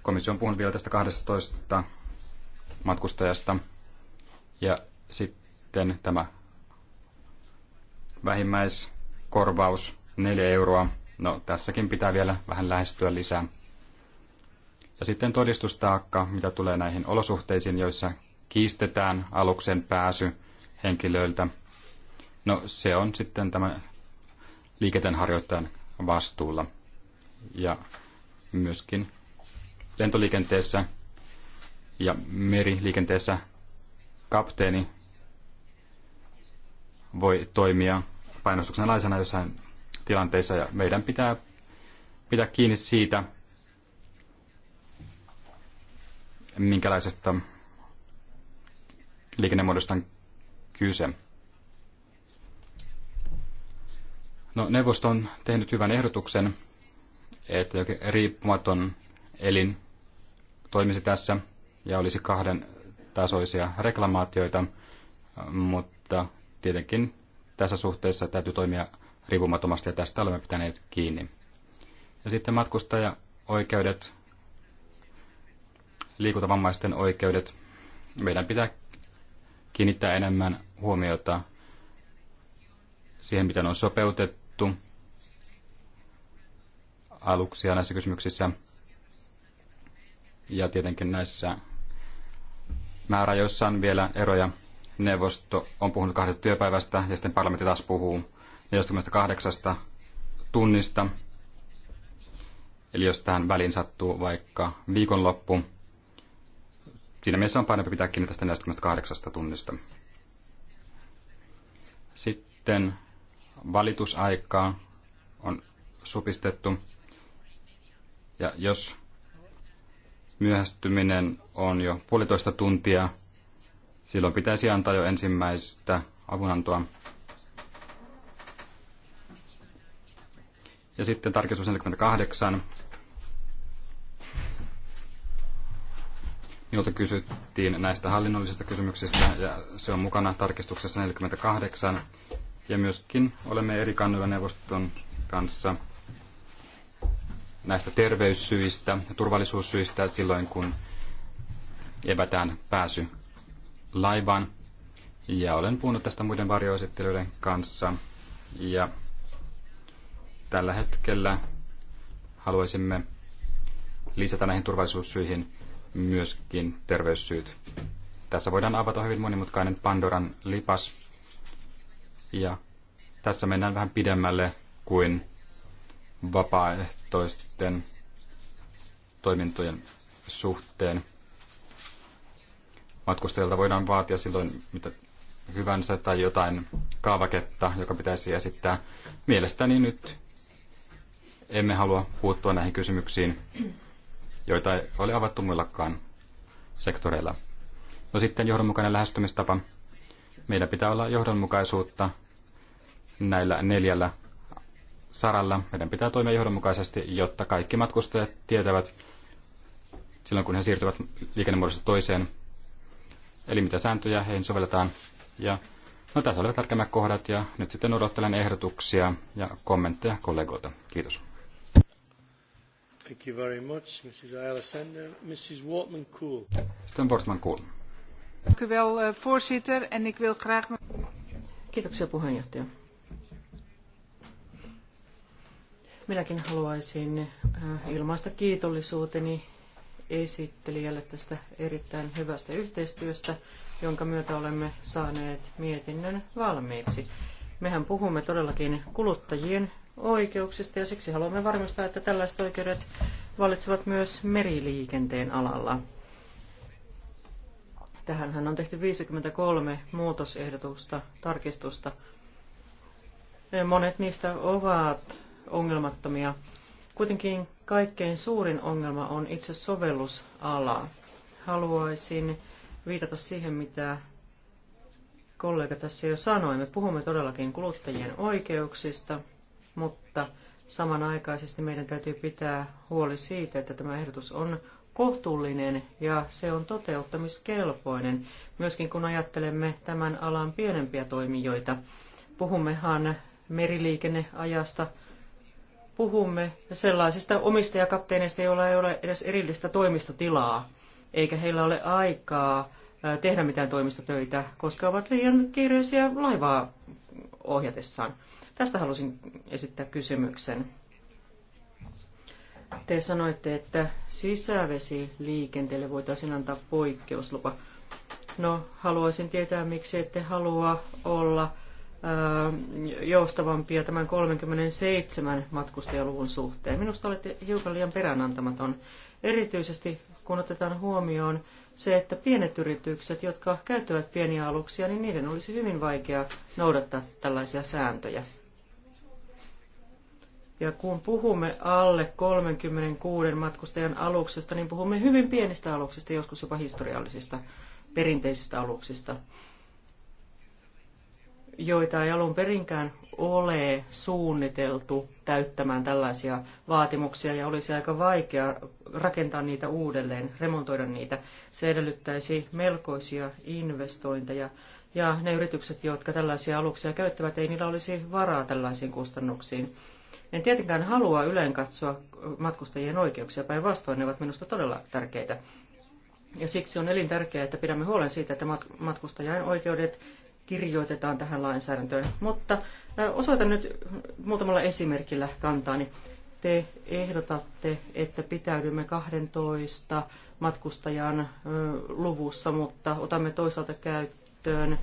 B: Komissio on puhunut vielä tästä 12 matkustajasta. Ja sitten tämä vähimmäiskorvaus 4 euroa. No tässäkin pitää vielä vähän lähestyä lisää. Ja sitten todistustaakka, mitä tulee näihin olosuhteisiin, joissa kiistetään aluksen pääsy henkilöiltä. No se on sitten tämä liikenteenharjoittajan vastuulla. Ja myöskin lentoliikenteessä ja meriliikenteessä kapteeni voi toimia painostuksen alaisena jossain tilanteessa ja meidän pitää pitää kiinni siitä, minkälaisesta liikennemuodosta on kyse. No, neuvosto on tehnyt hyvän ehdotuksen, että riippumaton elin toimisi tässä ja olisi kahden tasoisia reklamaatioita, mutta tietenkin tässä suhteessa täytyy toimia riippumattomasti ja tästä olemme pitäneet kiinni. Ja sitten oikeudet liikuntavammaisten oikeudet. Meidän pitää kiinnittää enemmän huomiota siihen, miten on sopeutettu aluksia näissä kysymyksissä – ja tietenkin näissä määräajoissa on vielä eroja. Neuvosto on puhunut kahdesta työpäivästä ja sitten parlamentti taas puhuu 48 tunnista. Eli jos tähän väliin sattuu vaikka viikonloppu, siinä mielessä on painempi pitää kiinni tästä 48 tunnista. Sitten valitusaikaa on supistettu. Ja jos myöhästyminen on jo puolitoista tuntia. Silloin pitäisi antaa jo ensimmäistä avunantoa. Ja sitten tarkistus 48. Minulta kysyttiin näistä hallinnollisista kysymyksistä ja se on mukana tarkistuksessa 48. Ja myöskin olemme eri kannoilla neuvoston kanssa näistä terveyssyistä ja turvallisuussyistä silloin, kun evätään pääsy laivaan. Ja olen puhunut tästä muiden varjoesittelyiden kanssa. Ja tällä hetkellä haluaisimme lisätä näihin turvallisuussyihin myöskin terveyssyyt. Tässä voidaan avata hyvin monimutkainen Pandoran lipas. Ja tässä mennään vähän pidemmälle kuin vapaaehtoisten toimintojen suhteen. Matkustajilta voidaan vaatia silloin mitä hyvänsä tai jotain kaavaketta, joka pitäisi esittää. Mielestäni nyt emme halua puuttua näihin kysymyksiin, joita ei ole avattu muillakaan sektoreilla. No sitten johdonmukainen lähestymistapa. Meidän pitää olla johdonmukaisuutta näillä neljällä saralla. Meidän pitää toimia johdonmukaisesti, jotta kaikki matkustajat tietävät silloin, kun he siirtyvät liikennemuodosta toiseen, eli mitä sääntöjä heihin sovelletaan. Ja no, tässä olivat tärkeimmät kohdat ja nyt sitten odottelen ehdotuksia ja kommentteja kollegoilta. Kiitos.
A: Thank you very much, Mrs. Alexander. Mrs. Wortman Cool.
B: Sitten Wortman Kool.
A: Dank eh, voorzitter. En ik wil graag... Kiitoksia puheenjohtaja. Minäkin haluaisin äh, ilmaista kiitollisuuteni esittelijälle tästä erittäin hyvästä yhteistyöstä, jonka myötä olemme saaneet mietinnön valmiiksi. Mehän puhumme todellakin kuluttajien oikeuksista ja siksi haluamme varmistaa, että tällaiset oikeudet valitsevat myös meriliikenteen alalla. Tähänhän on tehty 53 muutosehdotusta, tarkistusta. Monet niistä ovat ongelmattomia. Kuitenkin kaikkein suurin ongelma on itse sovellusala. Haluaisin viitata siihen, mitä kollega tässä jo sanoi. Me puhumme todellakin kuluttajien oikeuksista, mutta samanaikaisesti meidän täytyy pitää huoli siitä, että tämä ehdotus on kohtuullinen ja se on toteuttamiskelpoinen, myöskin kun ajattelemme tämän alan pienempiä toimijoita. Puhummehan meriliikenneajasta puhumme sellaisista omistajakapteeneista, joilla ei ole edes erillistä toimistotilaa, eikä heillä ole aikaa tehdä mitään toimistotöitä, koska ovat liian kiireisiä laivaa ohjatessaan. Tästä halusin esittää kysymyksen. Te sanoitte, että sisävesiliikenteelle voitaisiin antaa poikkeuslupa. No, haluaisin tietää, miksi ette halua olla joustavampia tämän 37 matkustajaluvun suhteen. Minusta olette hiukan liian peräänantamaton, erityisesti kun otetaan huomioon se, että pienet yritykset, jotka käyttävät pieniä aluksia, niin niiden olisi hyvin vaikea noudattaa tällaisia sääntöjä. Ja kun puhumme alle 36 matkustajan aluksesta, niin puhumme hyvin pienistä aluksista, joskus jopa historiallisista perinteisistä aluksista joita ei alun perinkään ole suunniteltu täyttämään tällaisia vaatimuksia ja olisi aika vaikea rakentaa niitä uudelleen, remontoida niitä. Se edellyttäisi melkoisia investointeja ja ne yritykset, jotka tällaisia aluksia käyttävät, ei niillä olisi varaa tällaisiin kustannuksiin. En tietenkään halua yleen katsoa matkustajien oikeuksia, päinvastoin ne ovat minusta todella tärkeitä. Ja siksi on elintärkeää, että pidämme huolen siitä, että matkustajan oikeudet kirjoitetaan tähän lainsäädäntöön. Mutta osoitan nyt muutamalla esimerkillä kantaani. Te ehdotatte, että pitäydymme 12 matkustajan luvussa, mutta otamme toisaalta käyttöön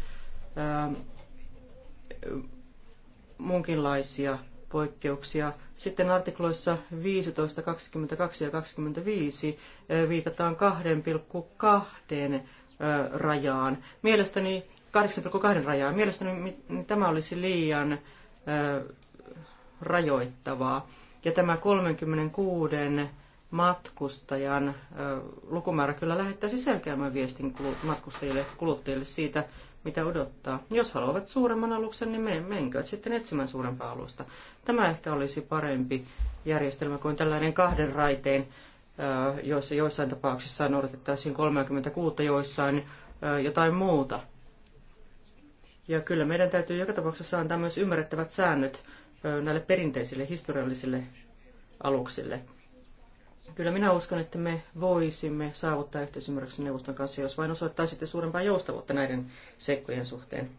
A: munkinlaisia poikkeuksia. Sitten artikloissa 15, 22 ja 25 viitataan 2,2 rajaan. Mielestäni 8,2 rajaa. Mielestäni niin tämä olisi liian rajoittavaa. Ja tämä 36 matkustajan lukumäärä kyllä lähettäisi selkeämmän viestin matkustajille kuluttajille siitä, mitä odottaa. Jos haluavat suuremman aluksen, niin menkööt sitten etsimään suurempaa alusta. Tämä ehkä olisi parempi järjestelmä kuin tällainen kahden raiteen, joissa joissain tapauksissa noudatettaisiin 36, joissain jotain muuta. Ja kyllä meidän täytyy joka tapauksessa antaa myös ymmärrettävät säännöt näille perinteisille historiallisille aluksille. Kyllä minä uskon, että me voisimme saavuttaa yhteisymmärryksen neuvoston kanssa, jos vain osoittaisitte suurempaa joustavuutta näiden seikkojen suhteen.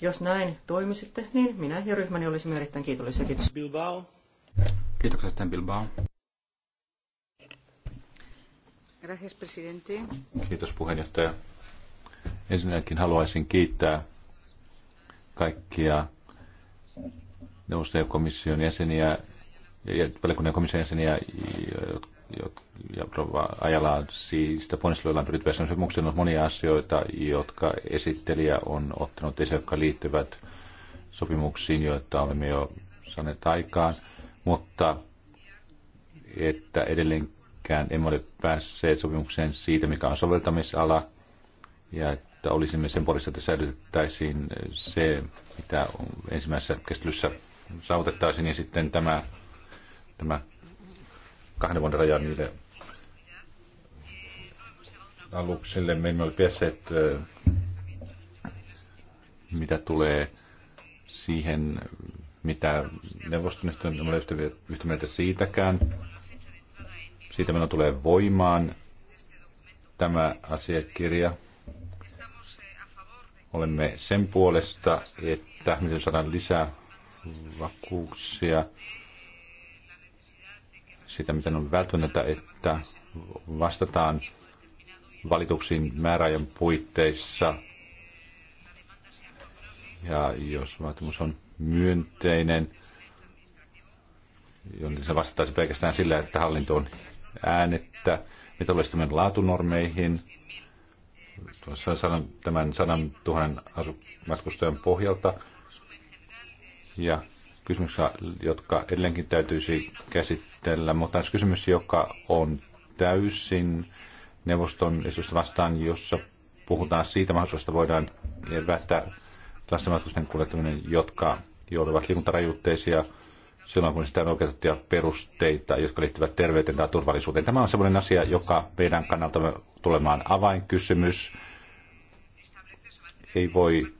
A: Jos näin toimisitte, niin minä ja ryhmäni olisimme erittäin kiitollisia. Kiitos. Bilbao.
B: Kiitoksia sitten Bilbao.
A: Gracias, presidente.
B: Kiitos puheenjohtaja.
C: Ensinnäkin haluaisin kiittää kaikkia neuvoston jäseniä ja valiokunnan komission jäseniä, ja ajallaan siitä ponnisteluilla on pyritty sopimukseen on monia asioita, jotka esittelijä on ottanut esille, jotka liittyvät sopimuksiin, joita olemme jo saaneet aikaan, mutta että edelleenkään emme ole päässeet sopimukseen siitä, mikä on soveltamisala, ja että olisimme sen puolesta, että säilytettäisiin se, mitä ensimmäisessä käsittelyssä saavutettaisiin, ja sitten tämä, tämä kahden vuoden raja niille aluksille. Me emme ole päässeet, mitä tulee siihen, mitä neuvostonista on ole yhtä, yhtä mieltä siitäkään. Siitä meillä tulee voimaan tämä asiakirja Olemme sen puolesta, että miten saadaan lisää vakuuksia sitä, miten on välttämätöntä, että vastataan valituksiin määräajan puitteissa. Ja jos vaatimus on myönteinen, niin se vastattaisi pelkästään sillä, että hallinto on äänettä. Mitä olisi laatunormeihin, sanan tämän sadan tuhannen matkustajan pohjalta. Ja kysymyksiä, jotka edelleenkin täytyisi käsitellä, mutta tässä kysymys, joka on täysin neuvoston esitystä vastaan, jossa puhutaan siitä mahdollisuudesta, voidaan välttää lastenmatkustajien kuljettaminen, jotka, jotka ovat silloin, kun sitä on oikeutettuja perusteita, jotka liittyvät terveyteen tai turvallisuuteen. Tämä on sellainen asia, joka meidän kannalta tulemaan avainkysymys. Ei voi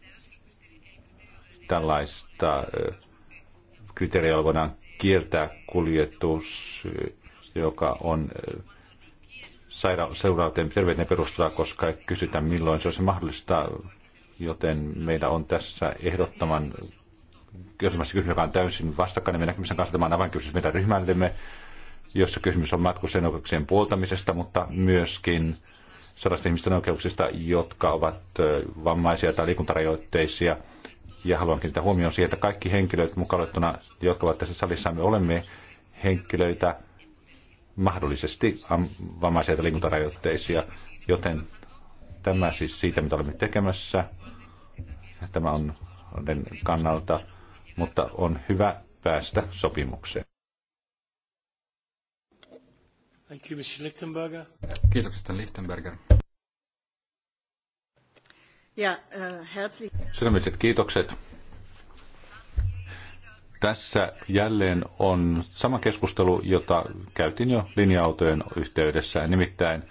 C: tällaista kriteeriä, voidaan kieltää kuljetus, joka on seurauteen terveyteen perustuva, koska ei kysytä milloin se olisi mahdollista, joten meillä on tässä ehdottoman kysymys, joka on täysin vastakkainen meidän näkemisen kanssa. Tämä on avainkysymys meidän ryhmällemme, jossa kysymys on matkustajien oikeuksien puoltamisesta, mutta myöskin sellaisten ihmisten oikeuksista, jotka ovat vammaisia tai liikuntarajoitteisia. Ja haluan kiinnittää huomioon siihen, että kaikki henkilöt mukaan jotka ovat tässä salissa, me olemme henkilöitä, mahdollisesti vammaisia tai liikuntarajoitteisia, joten tämä siis siitä, mitä olemme tekemässä. Tämä on kannalta mutta on hyvä päästä sopimukseen.
B: Thank you, Mr. Lichtenberger. Kiitoksia, Lichtenberger.
A: Ja, äh, herzlich...
C: Sydämiset kiitokset. Tässä jälleen on sama keskustelu, jota käytiin jo linja-autojen yhteydessä. Nimittäin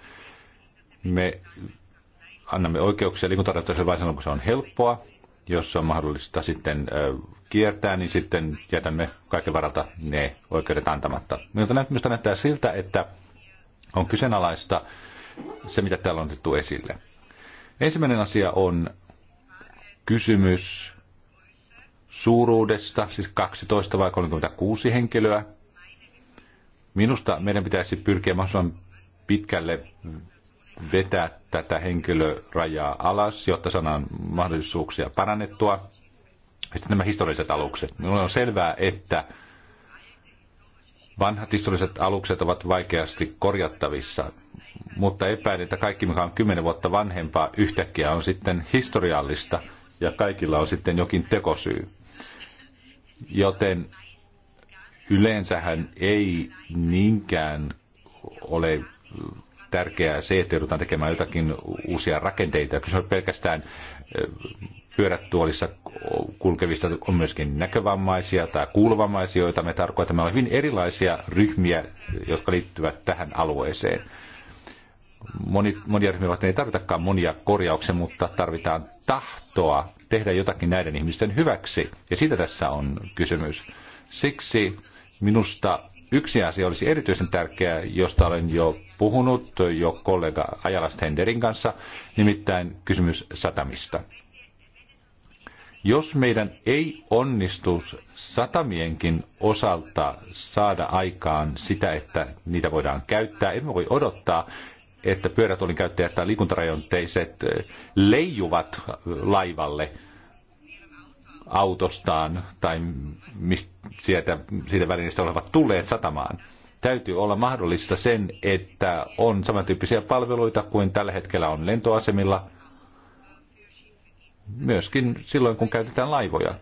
C: me annamme oikeuksia liikuntarajoitteiselle vain silloin, kun se on helppoa, jos on mahdollista sitten kiertää, niin sitten jätämme kaiken varalta ne oikeudet antamatta. Minusta näyttää siltä, että on kyseenalaista se, mitä täällä on otettu esille. Ensimmäinen asia on kysymys suuruudesta, siis 12 vai 36 henkilöä. Minusta meidän pitäisi pyrkiä mahdollisimman pitkälle vetää tätä henkilörajaa alas, jotta saadaan mahdollisuuksia parannettua. Sitten nämä historialliset alukset. Minulle on selvää, että vanhat historialliset alukset ovat vaikeasti korjattavissa, mutta epäilen, että kaikki, mikä on kymmenen vuotta vanhempaa, yhtäkkiä on sitten historiallista ja kaikilla on sitten jokin tekosyy. Joten yleensähän ei niinkään ole tärkeää se, että joudutaan tekemään jotakin uusia rakenteita. Kyse on pelkästään pyörätuolissa kulkevista on myöskin näkövammaisia tai kuulovammaisia, joita me tarkoitamme. On hyvin erilaisia ryhmiä, jotka liittyvät tähän alueeseen. Moni, monia ryhmiä varten ei tarvitakaan monia korjauksia, mutta tarvitaan tahtoa tehdä jotakin näiden ihmisten hyväksi. Ja siitä tässä on kysymys. Siksi minusta Yksi asia olisi erityisen tärkeä, josta olen jo puhunut jo kollega Ajalast Henderin kanssa, nimittäin kysymys satamista. Jos meidän ei onnistu satamienkin osalta saada aikaan sitä, että niitä voidaan käyttää, emme voi odottaa, että pyörätuolin käyttäjät tai liikuntarajoitteiset leijuvat laivalle – autostaan tai mistä sieltä, siitä välineestä olevat tulleet satamaan. Täytyy olla mahdollista sen, että on samantyyppisiä palveluita kuin tällä hetkellä on lentoasemilla, myöskin silloin kun käytetään laivoja.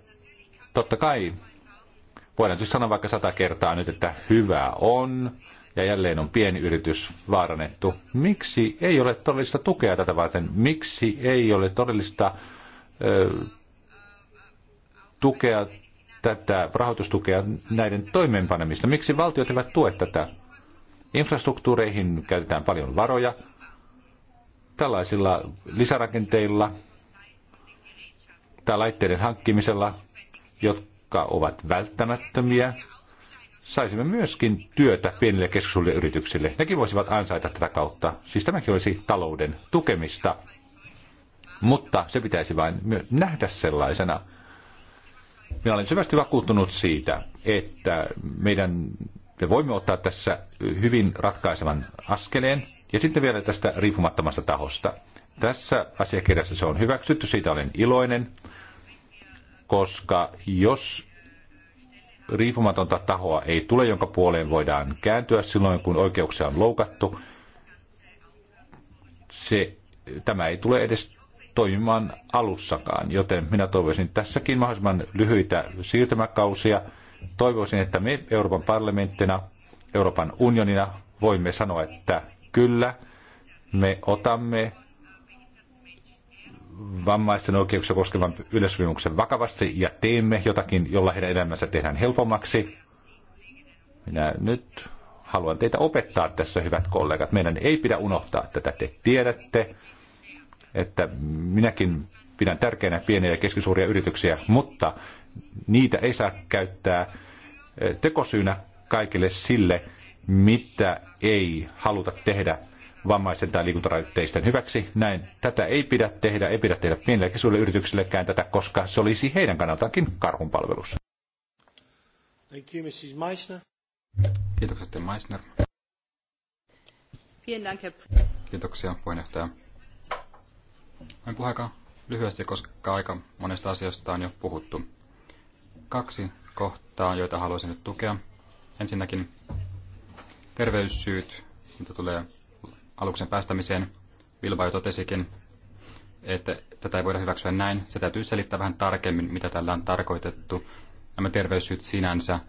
C: Totta kai voidaan tietysti siis sanoa vaikka sata kertaa nyt, että hyvä on, ja jälleen on pieni yritys vaarannettu. Miksi ei ole todellista tukea tätä varten? Miksi ei ole todellista ö, tukea tätä rahoitustukea näiden toimeenpanemista? Miksi valtiot eivät tue tätä? Infrastruktuureihin käytetään paljon varoja. Tällaisilla lisärakenteilla tai laitteiden hankkimisella, jotka ovat välttämättömiä, saisimme myöskin työtä pienille keskisuurille yrityksille. Nekin voisivat ansaita tätä kautta. Siis tämäkin olisi talouden tukemista. Mutta se pitäisi vain nähdä sellaisena. Minä olen syvästi vakuuttunut siitä, että meidän, me voimme ottaa tässä hyvin ratkaisevan askeleen ja sitten vielä tästä riippumattomasta tahosta. Tässä asiakirjassa se on hyväksytty, siitä olen iloinen, koska jos riippumatonta tahoa ei tule, jonka puoleen voidaan kääntyä silloin, kun oikeuksia on loukattu, se, tämä ei tule edes toimimaan alussakaan. Joten minä toivoisin tässäkin mahdollisimman lyhyitä siirtymäkausia. Toivoisin, että me Euroopan parlamenttina, Euroopan unionina voimme sanoa, että kyllä, me otamme vammaisten oikeuksia koskevan yleissopimuksen vakavasti ja teemme jotakin, jolla heidän elämänsä tehdään helpommaksi. Minä nyt haluan teitä opettaa tässä, hyvät kollegat. Meidän ei pidä unohtaa tätä. Te tiedätte, että minäkin pidän tärkeänä pieniä ja keskisuuria yrityksiä, mutta niitä ei saa käyttää eh, tekosyynä kaikille sille, mitä ei haluta tehdä vammaisten tai liikuntarajoitteisten hyväksi. Näin tätä ei pidä tehdä, ei pidä tehdä pienille ja keskisuurille yrityksillekään tätä, koska se olisi heidän kannaltaankin palvelus.
B: Thank you, Mrs. Meissner. Kiitokset, Meissner. Kiitoksia, puheenjohtaja. Voin puhua aika lyhyesti, koska aika monesta asiasta on jo puhuttu. Kaksi kohtaa, joita haluaisin nyt tukea. Ensinnäkin terveyssyyt, mitä tulee aluksen päästämiseen. Vilva jo totesikin, että tätä ei voida hyväksyä näin. Se täytyy selittää vähän tarkemmin, mitä tällä on tarkoitettu. Nämä terveyssyyt sinänsä,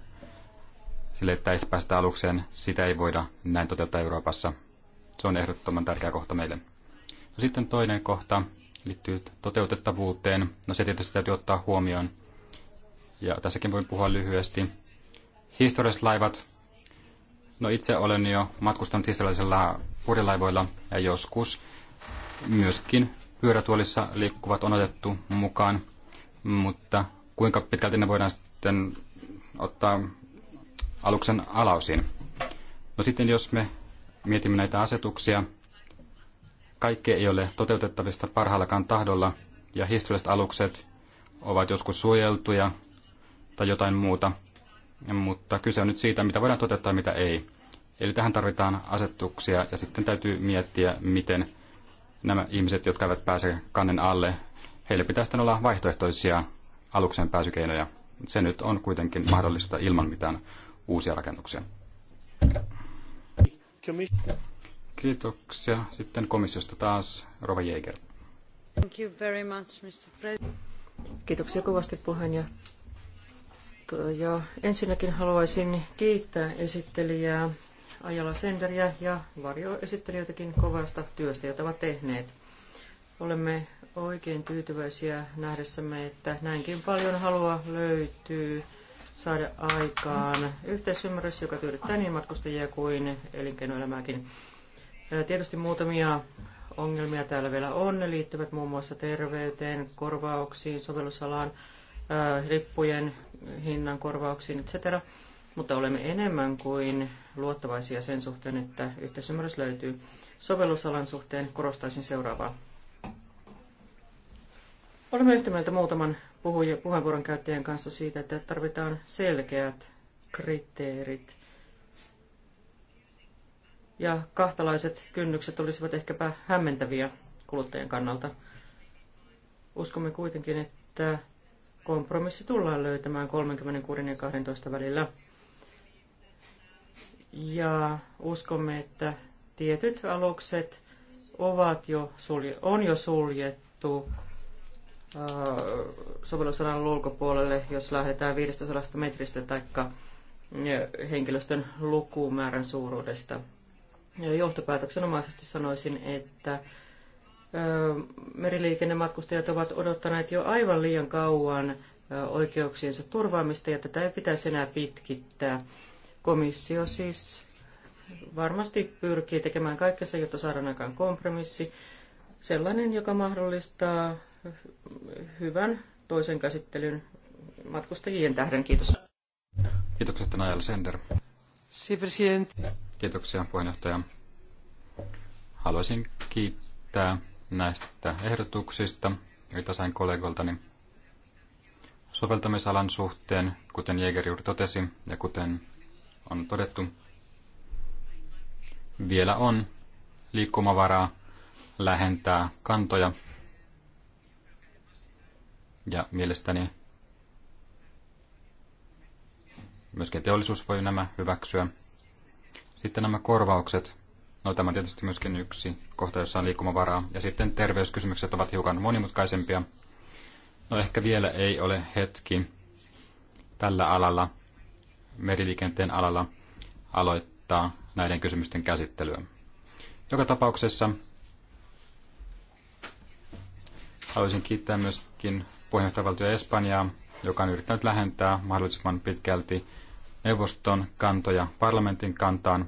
B: sille, että ei päästä alukseen, sitä ei voida näin toteuttaa Euroopassa. Se on ehdottoman tärkeä kohta meille. Sitten toinen kohta liittyy toteutettavuuteen. No se tietysti täytyy ottaa huomioon. Ja tässäkin voin puhua lyhyesti. Historialliset laivat. No itse olen jo matkustanut historiallisilla purilaivoilla ja joskus myöskin pyörätuolissa liikkuvat on otettu mukaan, mutta kuinka pitkälti ne voidaan sitten ottaa aluksen alausiin. No sitten jos me mietimme näitä asetuksia, kaikki ei ole toteutettavista parhaallakaan tahdolla, ja historialliset alukset ovat joskus suojeltuja tai jotain muuta, mutta kyse on nyt siitä, mitä voidaan toteuttaa ja mitä ei. Eli tähän tarvitaan asetuksia ja sitten täytyy miettiä, miten nämä ihmiset, jotka eivät pääse kannen alle, heille pitää sitten olla vaihtoehtoisia alukseen pääsykeinoja. Se nyt on kuitenkin mahdollista ilman mitään uusia rakennuksia. Kiitoksia. Sitten komissiosta taas Rova Jäger.
A: Thank you very much, Mr. Kiitoksia kovasti puheenjohtaja. Ensinnäkin haluaisin kiittää esittelijää Ajala Senderiä ja varjoesittelijöitäkin kovasta työstä, jota ovat tehneet. Olemme oikein tyytyväisiä nähdessämme, että näinkin paljon halua löytyy saada aikaan yhteisymmärrys, joka tyydyttää niin matkustajia kuin elinkeinoelämääkin. Tietysti muutamia ongelmia täällä vielä on. Ne liittyvät muun muassa terveyteen, korvauksiin, sovellusalaan, lippujen hinnan korvauksiin, etc. Mutta olemme enemmän kuin luottavaisia sen suhteen, että yhteisymmärrys löytyy. Sovellusalan suhteen korostaisin seuraavaa. Olemme yhtä mieltä muutaman puheenvuoron käyttäjän kanssa siitä, että tarvitaan selkeät kriteerit ja kahtalaiset kynnykset olisivat ehkäpä hämmentäviä kuluttajien kannalta. Uskomme kuitenkin, että kompromissi tullaan löytämään 36 ja 12 välillä. Ja uskomme, että tietyt alukset ovat jo sulje, on jo suljettu äh, sovellusalan ulkopuolelle, jos lähdetään 500 metristä tai äh, henkilöstön lukumäärän suuruudesta johtopäätöksenomaisesti sanoisin, että meriliikennematkustajat ovat odottaneet jo aivan liian kauan oikeuksiensa turvaamista ja tätä ei pitäisi enää pitkittää. Komissio siis varmasti pyrkii tekemään kaikkensa, jotta saadaan aikaan kompromissi, sellainen, joka mahdollistaa hyvän toisen käsittelyn matkustajien tähden. Kiitos.
B: Kiitokset Najal Sender.
A: Si, presidente.
B: Kiitoksia puheenjohtaja. Haluaisin kiittää näistä ehdotuksista, joita sain kollegoltani soveltamisalan suhteen, kuten Jäger juuri totesi ja kuten on todettu, vielä on liikkumavaraa lähentää kantoja. Ja mielestäni myöskin teollisuus voi nämä hyväksyä sitten nämä korvaukset. No tämä on tietysti myöskin yksi kohta, jossa on liikkumavaraa. Ja sitten terveyskysymykset ovat hiukan monimutkaisempia. No ehkä vielä ei ole hetki tällä alalla, meriliikenteen alalla, aloittaa näiden kysymysten käsittelyä. Joka tapauksessa haluaisin kiittää myöskin puheenjohtajavaltio Espanjaa, joka on yrittänyt lähentää mahdollisimman pitkälti neuvoston kantoja parlamentin kantaan.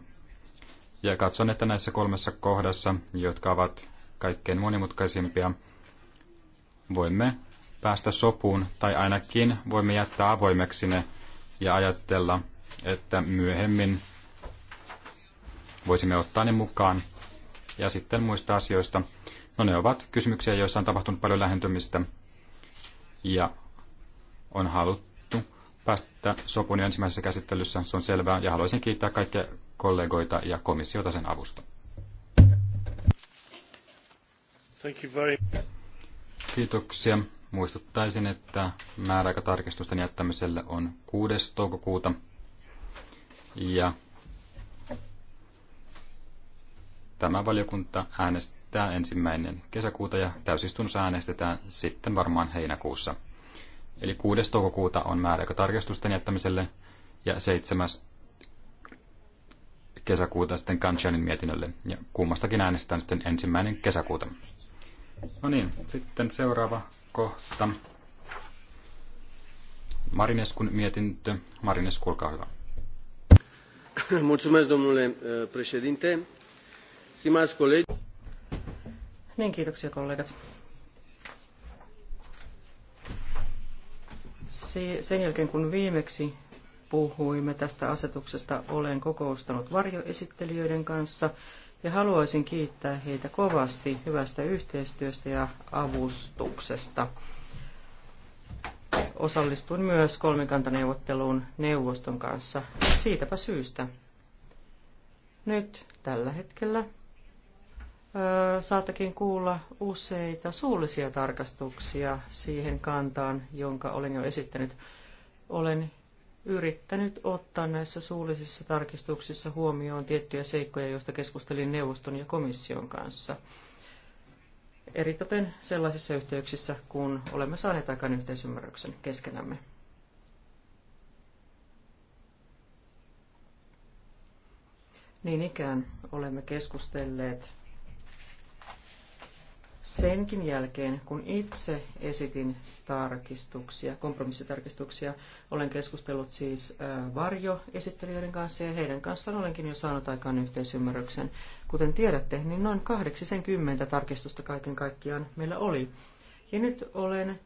B: Ja katson, että näissä kolmessa kohdassa, jotka ovat kaikkein monimutkaisimpia, voimme päästä sopuun tai ainakin voimme jättää avoimeksi ne ja ajatella, että myöhemmin voisimme ottaa ne mukaan. Ja sitten muista asioista. No ne ovat kysymyksiä, joissa on tapahtunut paljon lähentymistä ja on haluttu päästä sopun ensimmäisessä käsittelyssä, se on selvää, ja haluaisin kiittää kaikkia kollegoita ja komissiota sen avusta. Thank you very... Kiitoksia. Muistuttaisin, että määräaikatarkistusten jättämiselle on 6. toukokuuta. Ja tämä valiokunta äänestää ensimmäinen kesäkuuta ja täysistunnossa äänestetään sitten varmaan heinäkuussa. Eli 6. toukokuuta on määräaika tarkastusten jättämiselle ja 7. kesäkuuta sitten Kanchanin mietinnölle. Ja kummastakin äänestetään sitten ensimmäinen kesäkuuta. No niin, sitten seuraava kohta. Marineskun mietintö. Marines, kuulkaa hyvä. Mulțumesc, domnule eh,
A: președinte. Stimați colegi. Niin, kiitoksia kollegat. Se, sen jälkeen kun viimeksi puhuimme tästä asetuksesta, olen kokoustanut varjoesittelijöiden kanssa ja haluaisin kiittää heitä kovasti hyvästä yhteistyöstä ja avustuksesta. Osallistun myös kolmikantaneuvotteluun neuvoston kanssa siitäpä syystä. Nyt tällä hetkellä saatakin kuulla useita suullisia tarkastuksia siihen kantaan, jonka olen jo esittänyt. Olen yrittänyt ottaa näissä suullisissa tarkistuksissa huomioon tiettyjä seikkoja, joista keskustelin neuvoston ja komission kanssa. Eritoten sellaisissa yhteyksissä, kun olemme saaneet aikaan yhteisymmärryksen keskenämme. Niin ikään olemme keskustelleet senkin jälkeen, kun itse esitin tarkistuksia, kompromissitarkistuksia, olen keskustellut siis varjoesittelijöiden kanssa ja heidän kanssaan olenkin jo saanut aikaan yhteisymmärryksen. Kuten tiedätte, niin noin 80 tarkistusta kaiken kaikkiaan meillä oli. Ja nyt olen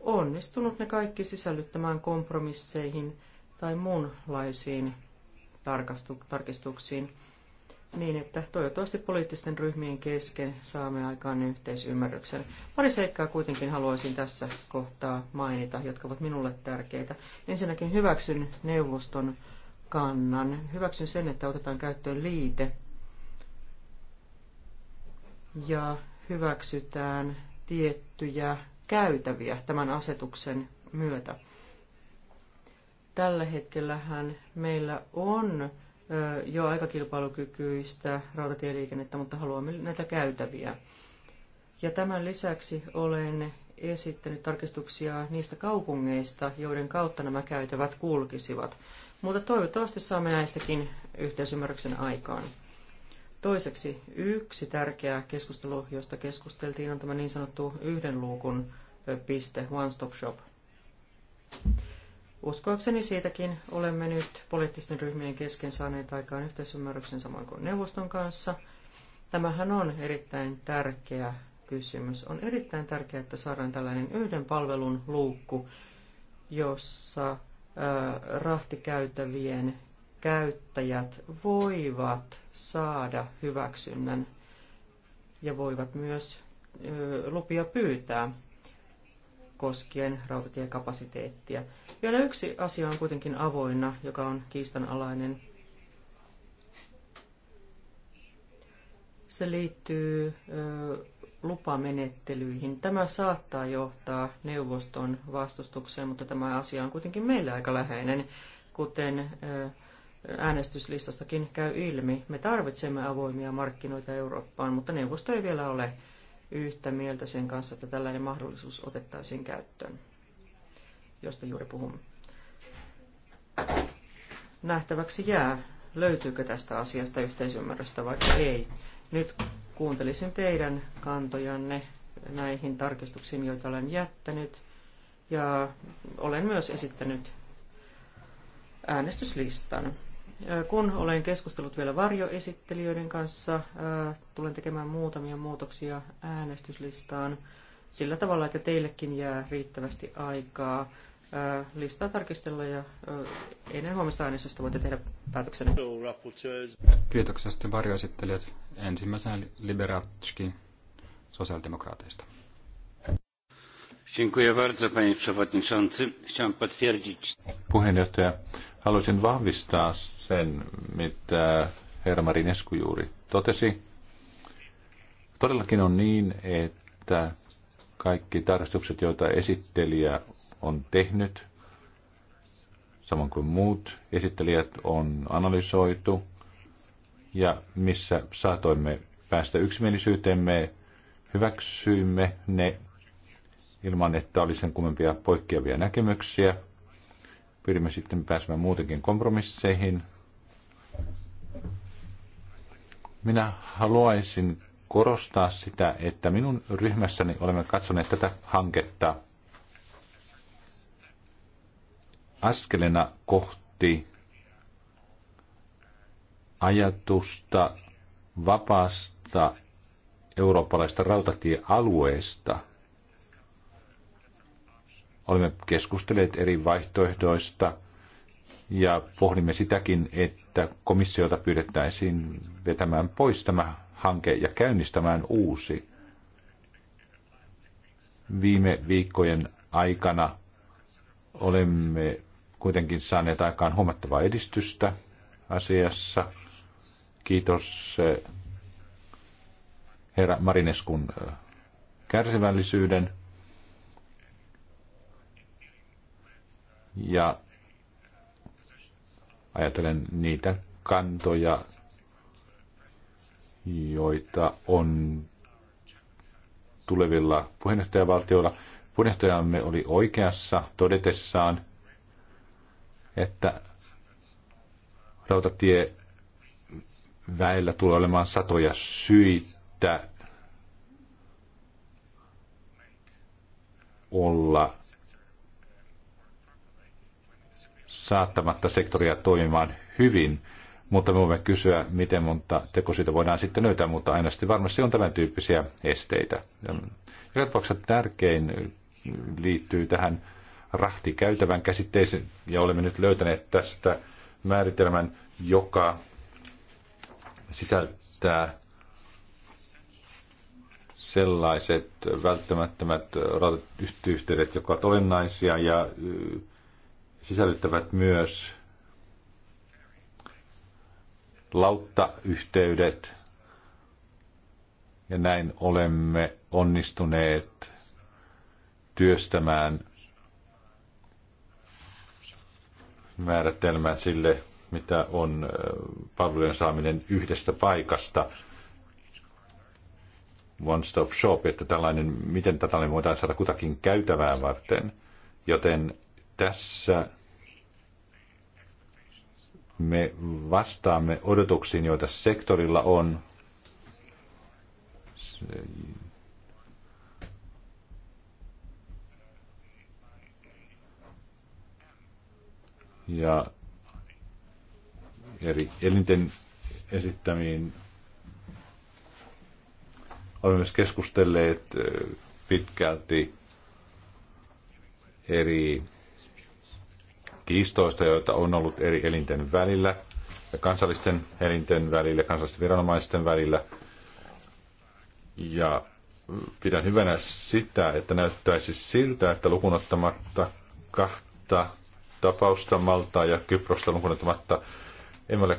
A: onnistunut ne kaikki sisällyttämään kompromisseihin tai muunlaisiin tarkistuksiin niin, että toivottavasti poliittisten ryhmien kesken saamme aikaan yhteisymmärryksen. Pari seikkaa kuitenkin haluaisin tässä kohtaa mainita, jotka ovat minulle tärkeitä. Ensinnäkin hyväksyn neuvoston kannan. Hyväksyn sen, että otetaan käyttöön liite ja hyväksytään tiettyjä käytäviä tämän asetuksen myötä. Tällä hetkellähän meillä on jo aika kilpailukykyistä rautatieliikennettä, mutta haluamme näitä käytäviä. Ja tämän lisäksi olen esittänyt tarkistuksia niistä kaupungeista, joiden kautta nämä käytävät kulkisivat. Mutta toivottavasti saamme näistäkin yhteisymmärryksen aikaan. Toiseksi yksi tärkeä keskustelu, josta keskusteltiin, on tämä niin sanottu yhden luukun piste, one stop shop. Uskoakseni siitäkin olemme nyt poliittisten ryhmien kesken saaneet aikaan yhteisymmärryksen samoin kuin neuvoston kanssa. Tämähän on erittäin tärkeä kysymys. On erittäin tärkeää, että saadaan tällainen yhden palvelun luukku, jossa rahtikäytävien käyttäjät voivat saada hyväksynnän ja voivat myös lupia pyytää koskien rautatiekapasiteettia. Vielä yksi asia on kuitenkin avoinna, joka on kiistanalainen. Se liittyy ö, lupamenettelyihin. Tämä saattaa johtaa neuvoston vastustukseen, mutta tämä asia on kuitenkin meille aika läheinen, kuten ö, äänestyslistastakin käy ilmi. Me tarvitsemme avoimia markkinoita Eurooppaan, mutta neuvosto ei vielä ole yhtä mieltä sen kanssa, että tällainen mahdollisuus otettaisiin käyttöön, josta juuri puhumme. Nähtäväksi jää, löytyykö tästä asiasta yhteisymmärrystä vai ei. Nyt kuuntelisin teidän kantojanne näihin tarkistuksiin, joita olen jättänyt. Ja olen myös esittänyt
B: äänestyslistan
A: kun olen keskustellut vielä varjoesittelijöiden kanssa, tulen tekemään muutamia muutoksia äänestyslistaan sillä tavalla, että teillekin jää riittävästi aikaa listaa tarkistella ja ennen huomista äänestystä voitte tehdä päätöksenne.
B: Kiitoksia sitten varjoesittelijät. Ensimmäisenä Liberatski sosiaalidemokraateista. Dziękuję bardzo, panie przewodniczący. Chciałem potwierdzić.
C: Puheenjohtaja, Haluaisin vahvistaa sen, mitä herra Marinesku juuri totesi. Todellakin on niin, että kaikki tarkastukset, joita esittelijä on tehnyt, samoin kuin muut esittelijät, on analysoitu ja missä saatoimme päästä yksimielisyytemme, hyväksyimme ne ilman, että oli sen kummempia poikkeavia näkemyksiä – Pyrimme sitten pääsemään muutenkin kompromisseihin. Minä haluaisin korostaa sitä, että minun ryhmässäni olemme katsoneet tätä hanketta askelena kohti ajatusta vapaasta eurooppalaista rautatiealueesta – Olemme keskustelleet eri vaihtoehdoista ja pohdimme sitäkin, että komissiota pyydettäisiin vetämään pois tämä hanke ja käynnistämään uusi. Viime viikkojen aikana olemme kuitenkin saaneet aikaan huomattavaa edistystä asiassa. Kiitos eh, herra Marineskun eh, kärsivällisyyden. Ja ajatellen niitä kantoja, joita on tulevilla puheenjohtajavaltioilla. Puheenjohtajamme oli oikeassa todetessaan, että rautatie väellä tulee olemaan satoja syitä olla saattamatta sektoria toimimaan hyvin, mutta me voimme kysyä, miten monta tekosyitä voidaan sitten löytää, mutta aina sitten varmasti on tämän tyyppisiä esteitä. Joka tapauksessa tärkein liittyy tähän rahtikäytävän käsitteeseen, ja olemme nyt löytäneet tästä määritelmän, joka sisältää sellaiset välttämättömät rautayhteydet, jotka ovat olennaisia ja sisällyttävät myös lauttayhteydet. Ja näin olemme onnistuneet työstämään määritelmän sille, mitä on palvelujen saaminen yhdestä paikasta. One Stop Shop, että tällainen, miten tällainen voidaan saada kutakin käytävää varten. Joten tässä me vastaamme odotuksiin, joita sektorilla on. Ja eri elinten esittämiin olemme myös keskustelleet pitkälti eri kiistoista, joita on ollut eri elinten välillä, ja kansallisten elinten välillä, kansallisten viranomaisten välillä. Ja pidän hyvänä sitä, että näyttäisi siltä, että lukunottamatta kahta tapausta Maltaa ja Kyprosta lukunottamatta emme ole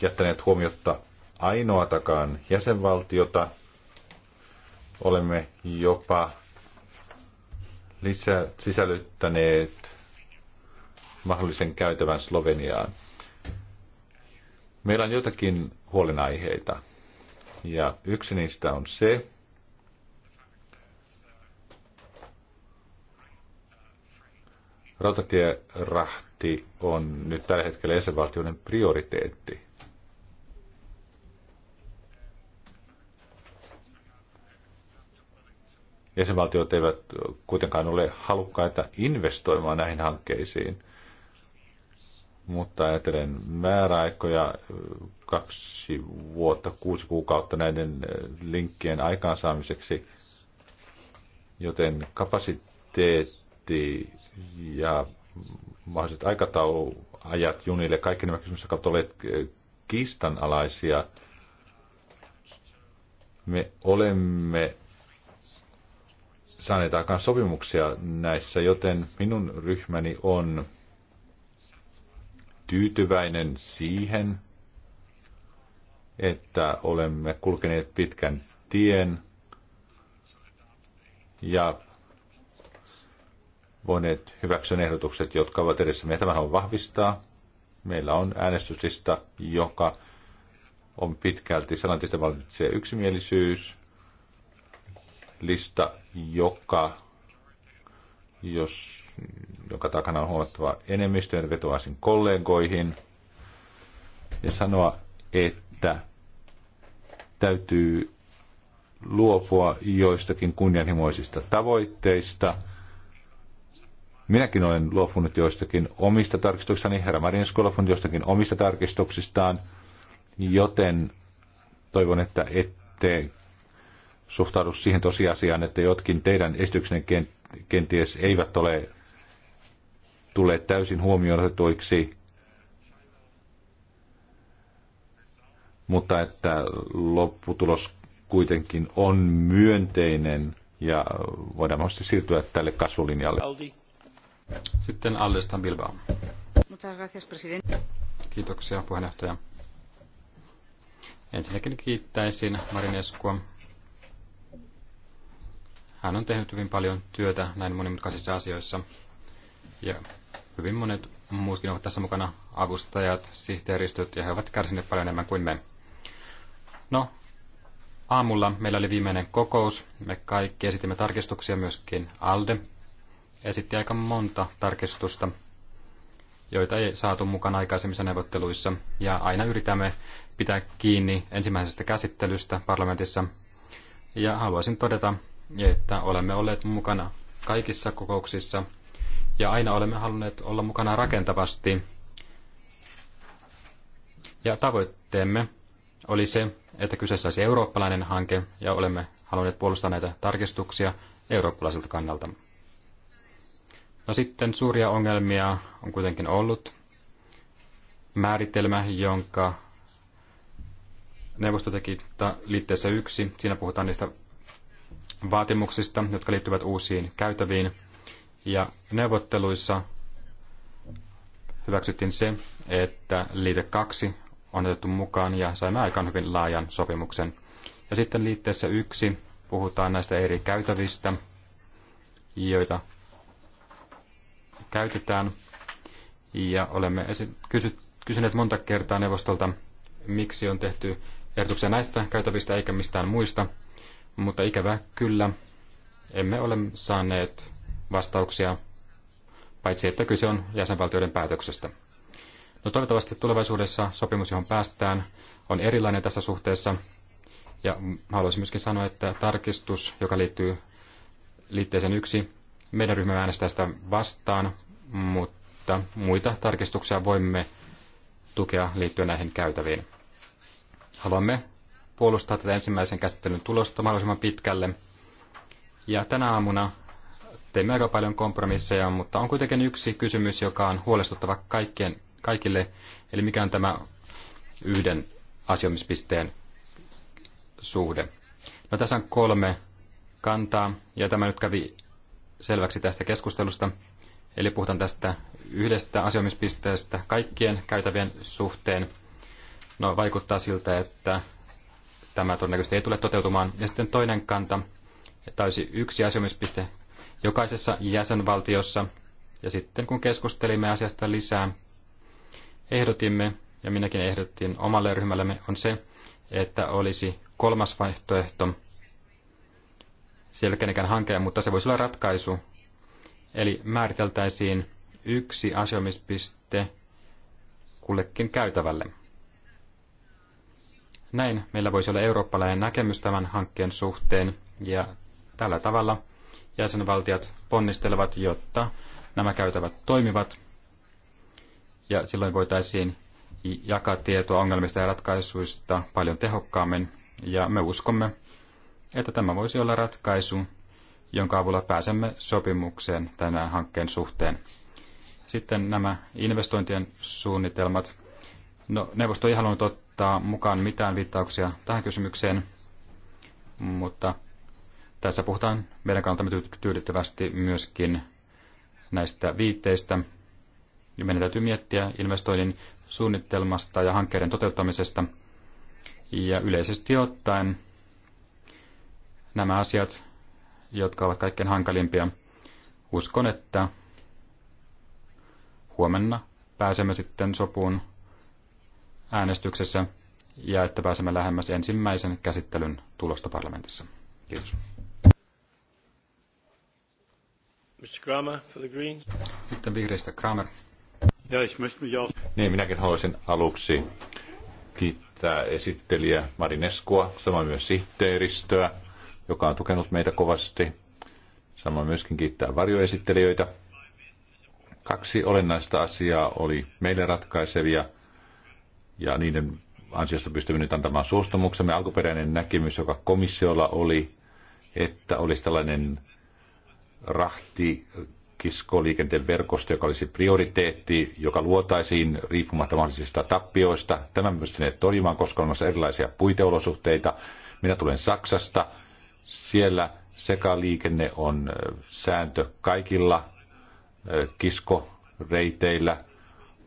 C: jättäneet huomiota ainoatakaan jäsenvaltiota. Olemme jopa lisä, sisällyttäneet mahdollisen käytävän Sloveniaan. Meillä on jotakin huolenaiheita. Ja yksi niistä on se, Rautatierahti on nyt tällä hetkellä jäsenvaltioiden prioriteetti. Jäsenvaltiot eivät kuitenkaan ole halukkaita investoimaan näihin hankkeisiin – mutta ajatellen määräaikoja, kaksi vuotta, kuusi kuukautta näiden linkkien aikaansaamiseksi, joten kapasiteetti ja mahdolliset aikatauluajat junille, kaikki nämä kysymykset ovat olleet kiistanalaisia. Me olemme saaneet aikaan sopimuksia näissä, joten minun ryhmäni on tyytyväinen siihen, että olemme kulkeneet pitkän tien ja voineet hyväksyä ehdotukset, jotka ovat edessämme. tämä on vahvistaa. Meillä on äänestyslista, joka on pitkälti sellainen, että valitsee yksimielisyys, lista, joka jos, joka takana on huomattava enemmistö, että niin vetoaisin kollegoihin ja sanoa, että täytyy luopua joistakin kunnianhimoisista tavoitteista. Minäkin olen luopunut joistakin omista tarkistuksistani, herra Marinsko luopunut joistakin omista tarkistuksistaan, joten toivon, että ette suhtaudu siihen tosiasiaan, että jotkin teidän esityksenne kenties eivät ole tulleet täysin huomioon otetuiksi, mutta että lopputulos kuitenkin on myönteinen ja
B: voidaan mahdollisesti siirtyä tälle kasvulinjalle. Sitten Allestan Bilbao. Kiitoksia puheenjohtaja. Ensinnäkin kiittäisin Marineskua hän on tehnyt hyvin paljon työtä näin monimutkaisissa asioissa. Ja hyvin monet muutkin ovat tässä mukana, avustajat, sihteeristöt, ja he ovat kärsineet paljon enemmän kuin me. No, aamulla meillä oli viimeinen kokous. Me kaikki esitimme tarkistuksia myöskin ALDE. Esitti aika monta tarkistusta, joita ei saatu mukaan aikaisemmissa neuvotteluissa. Ja aina yritämme pitää kiinni ensimmäisestä käsittelystä parlamentissa. Ja haluaisin todeta, että olemme olleet mukana kaikissa kokouksissa ja aina olemme halunneet olla mukana rakentavasti. Ja tavoitteemme oli se, että kyseessä olisi eurooppalainen hanke ja olemme halunneet puolustaa näitä tarkistuksia eurooppalaiselta kannalta. No sitten suuria ongelmia on kuitenkin ollut. Määritelmä, jonka neuvosto teki liitteessä yksi, siinä puhutaan niistä vaatimuksista, jotka liittyvät uusiin käytäviin. Ja neuvotteluissa hyväksyttiin se, että liite 2 on otettu mukaan ja saimme aikaan hyvin laajan sopimuksen. Ja sitten liitteessä 1 puhutaan näistä eri käytävistä, joita käytetään. Ja olemme kysy- kysyneet monta kertaa neuvostolta, miksi on tehty ehdotuksia näistä käytävistä eikä mistään muista. Mutta ikävä kyllä, emme ole saaneet vastauksia, paitsi että kyse on jäsenvaltioiden päätöksestä. No toivottavasti tulevaisuudessa sopimus, johon päästään, on erilainen tässä suhteessa. Ja haluaisin myöskin sanoa, että tarkistus, joka liittyy liitteeseen yksi, meidän ryhmämme äänestää sitä vastaan, mutta muita tarkistuksia voimme tukea liittyen näihin käytäviin. Haluamme puolustaa tätä ensimmäisen käsittelyn tulosta mahdollisimman pitkälle. Ja tänä aamuna teimme aika paljon kompromisseja, mutta on kuitenkin yksi kysymys, joka on huolestuttava kaikkien, kaikille, eli mikä on tämä yhden asioimispisteen suhde. No tässä on kolme kantaa, ja tämä nyt kävi selväksi tästä keskustelusta. Eli puhutaan tästä yhdestä asioimispisteestä kaikkien käytävien suhteen. No vaikuttaa siltä, että tämä todennäköisesti ei tule toteutumaan. Ja sitten toinen kanta, että olisi yksi asioimispiste jokaisessa jäsenvaltiossa. Ja sitten kun keskustelimme asiasta lisää, ehdotimme, ja minäkin ehdotin omalle ryhmällemme, on se, että olisi kolmas vaihtoehto. Siellä kenenkään hanke, mutta se voisi olla ratkaisu. Eli määriteltäisiin yksi asioimispiste kullekin käytävälle. Näin meillä voisi olla eurooppalainen näkemys tämän hankkeen suhteen ja tällä tavalla jäsenvaltiot ponnistelevat, jotta nämä käytävät toimivat ja silloin voitaisiin jakaa tietoa ongelmista ja ratkaisuista paljon tehokkaammin ja me uskomme, että tämä voisi olla ratkaisu, jonka avulla pääsemme sopimukseen tämän hankkeen suhteen. Sitten nämä investointien suunnitelmat – No, neuvosto ei halunnut ottaa mukaan mitään viittauksia tähän kysymykseen, mutta tässä puhutaan meidän kannaltamme tyydyttävästi myöskin näistä viitteistä. Ja meidän täytyy miettiä investoinnin suunnittelmasta ja hankkeiden toteuttamisesta. Ja yleisesti ottaen nämä asiat, jotka ovat kaikkein hankalimpia, uskon, että huomenna pääsemme sitten sopuun äänestyksessä ja että pääsemme lähemmäs ensimmäisen käsittelyn tulosta parlamentissa. Kiitos. Mr. Kramer for the Greens. Sitten vihreistä Kramer. Ja,
C: Niin, minäkin haluaisin aluksi kiittää esittelijä Marineskua, samoin myös sihteeristöä, joka on tukenut meitä kovasti. Samoin myöskin kiittää varjoesittelijöitä. Kaksi olennaista asiaa oli meille ratkaisevia – ja niiden ansiosta pystymme nyt antamaan suostumuksemme. Alkuperäinen näkemys, joka komissiolla oli, että olisi tällainen rahti kiskoliikenteen verkosto, joka olisi prioriteetti, joka luotaisiin riippumatta mahdollisista tappioista. Tämän pystyneet torjumaan, koska on erilaisia puiteolosuhteita. Minä tulen Saksasta. Siellä sekaliikenne on sääntö kaikilla kiskoreiteillä –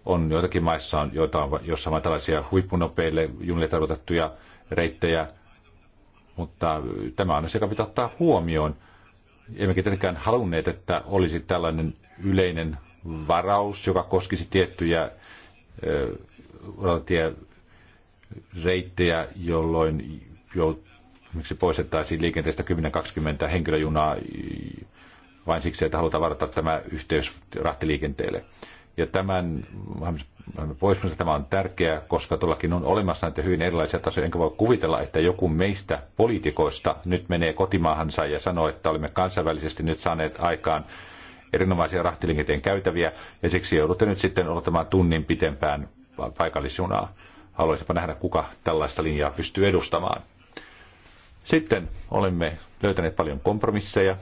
C: on joitakin maissa, joita on, jossa on tällaisia huippunopeille junille tarkoitettuja reittejä, mutta tämä on asia, joka pitää ottaa huomioon. Emmekä tietenkään halunneet, että olisi tällainen yleinen varaus, joka koskisi tiettyjä reittejä, jolloin jo, miksi poistettaisiin liikenteestä 10-20 henkilöjunaa vain siksi, että halutaan varata tämä yhteys rahtiliikenteelle. Ja tämän pois tämä on tärkeää, koska tuollakin on olemassa näitä hyvin erilaisia tasoja, enkä voi kuvitella, että joku meistä poliitikoista nyt menee kotimaahansa ja sanoo, että olemme kansainvälisesti nyt saaneet aikaan erinomaisia rahtiliikenteen käytäviä, ja siksi joudutte nyt sitten odottamaan tunnin pitempään paikallisjunaa. Haluaisinpa nähdä, kuka tällaista linjaa pystyy edustamaan. Sitten olemme löytäneet paljon kompromisseja,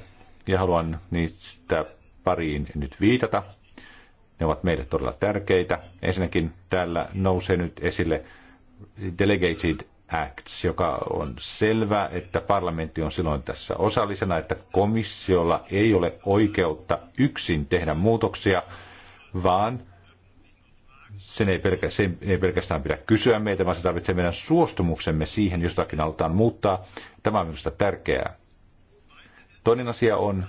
C: ja haluan niistä pariin nyt viitata. Ne ovat meille todella tärkeitä. Ensinnäkin täällä nousee nyt esille Delegated Acts, joka on selvää, että parlamentti on silloin tässä osallisena, että komissiolla ei ole oikeutta yksin tehdä muutoksia, vaan sen ei, pelkä, sen ei pelkästään pidä kysyä meitä, vaan se tarvitsee meidän suostumuksemme siihen, jos jotakin halutaan muuttaa. Tämä on minusta tärkeää. Toinen asia on,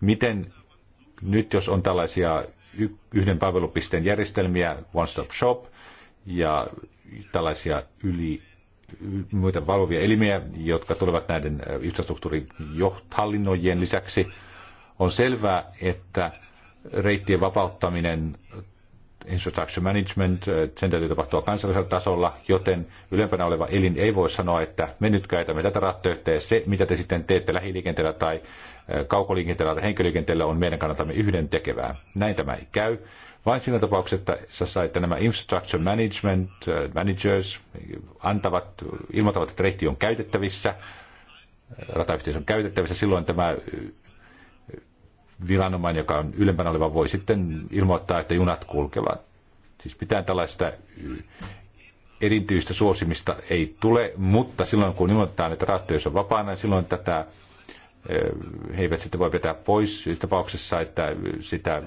C: miten nyt jos on tällaisia yhden palvelupisteen järjestelmiä, One Stop Shop, ja tällaisia yli muita valvovia elimiä, jotka tulevat näiden infrastruktuurin hallinnoijien lisäksi. On selvää, että reittien vapauttaminen, infrastructure management, sen täytyy tapahtua kansallisella tasolla, joten ylempänä oleva elin ei voi sanoa, että me nyt käytämme tätä rattöyhteä, se mitä te sitten teette lähiliikenteellä tai kaukoliikenteellä tai henkilöliikenteellä on meidän kannaltamme yhden tekevää. Näin tämä ei käy. Vain siinä tapauksessa, että nämä infrastructure management, äh, managers antavat, ilmoittavat, että reitti on käytettävissä, ratayhteys on käytettävissä, silloin tämä äh, viranomainen, joka on ylempänä oleva, voi sitten ilmoittaa, että junat kulkevat. Siis pitää tällaista äh, erityistä suosimista ei tule, mutta silloin kun ilmoitetaan, että ratayhteys on vapaana, silloin tätä he eivät sitten voi vetää pois tapauksessa, että sitä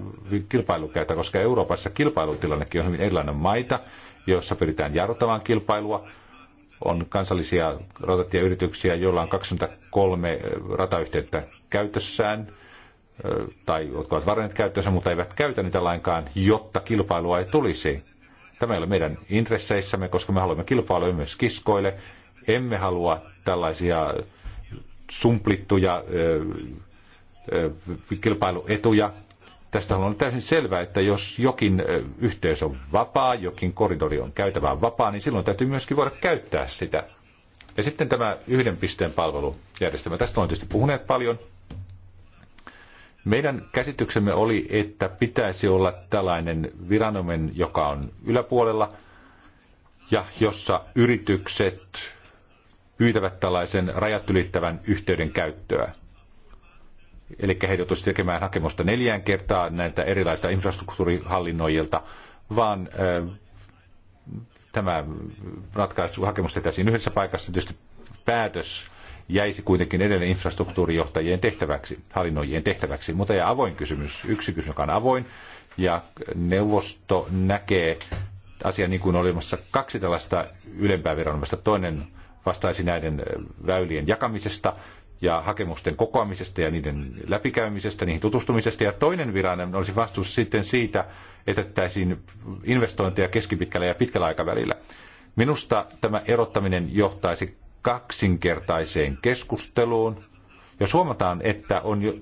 C: kilpailu käytä, koska Euroopassa kilpailutilannekin on hyvin erilainen maita, joissa pyritään jarruttamaan kilpailua. On kansallisia rautatieyrityksiä, joilla on 23 ratayhteyttä käytössään, tai jotka ovat varanneet käyttöönsä, mutta eivät käytä niitä lainkaan, jotta kilpailua ei tulisi. Tämä ei ole meidän intresseissämme, koska me haluamme kilpailua myös kiskoille. Emme halua tällaisia sumplittuja kilpailuetuja. Tästä on täysin selvää, että jos jokin yhteys on vapaa, jokin koridori on käytävää vapaa, niin silloin täytyy myöskin voida käyttää sitä. Ja sitten tämä yhden pisteen palvelujärjestelmä. Tästä on tietysti puhuneet paljon. Meidän käsityksemme oli, että pitäisi olla tällainen viranomainen, joka on yläpuolella ja jossa yritykset, pyytävät tällaisen rajat ylittävän yhteyden käyttöä. Eli he joutuisi tekemään hakemusta neljään kertaa näiltä erilaisilta infrastruktuurihallinnoijilta, vaan tämä ratkaisu, hakemus tehtäisiin yhdessä paikassa. Tietysti päätös jäisi kuitenkin edelleen infrastruktuurijohtajien tehtäväksi, hallinnoijien tehtäväksi. Mutta ja avoin kysymys, yksi kysymys, joka on avoin, ja neuvosto näkee asian niin kuin olemassa kaksi tällaista ylempää viranomaista. Toinen vastaisi näiden väylien jakamisesta ja hakemusten kokoamisesta ja niiden läpikäymisestä, niihin tutustumisesta. Ja toinen viranen olisi vastuussa sitten siitä, että tehtäisiin investointeja keskipitkällä ja pitkällä aikavälillä. Minusta tämä erottaminen johtaisi kaksinkertaiseen keskusteluun. Jos huomataan, että on jo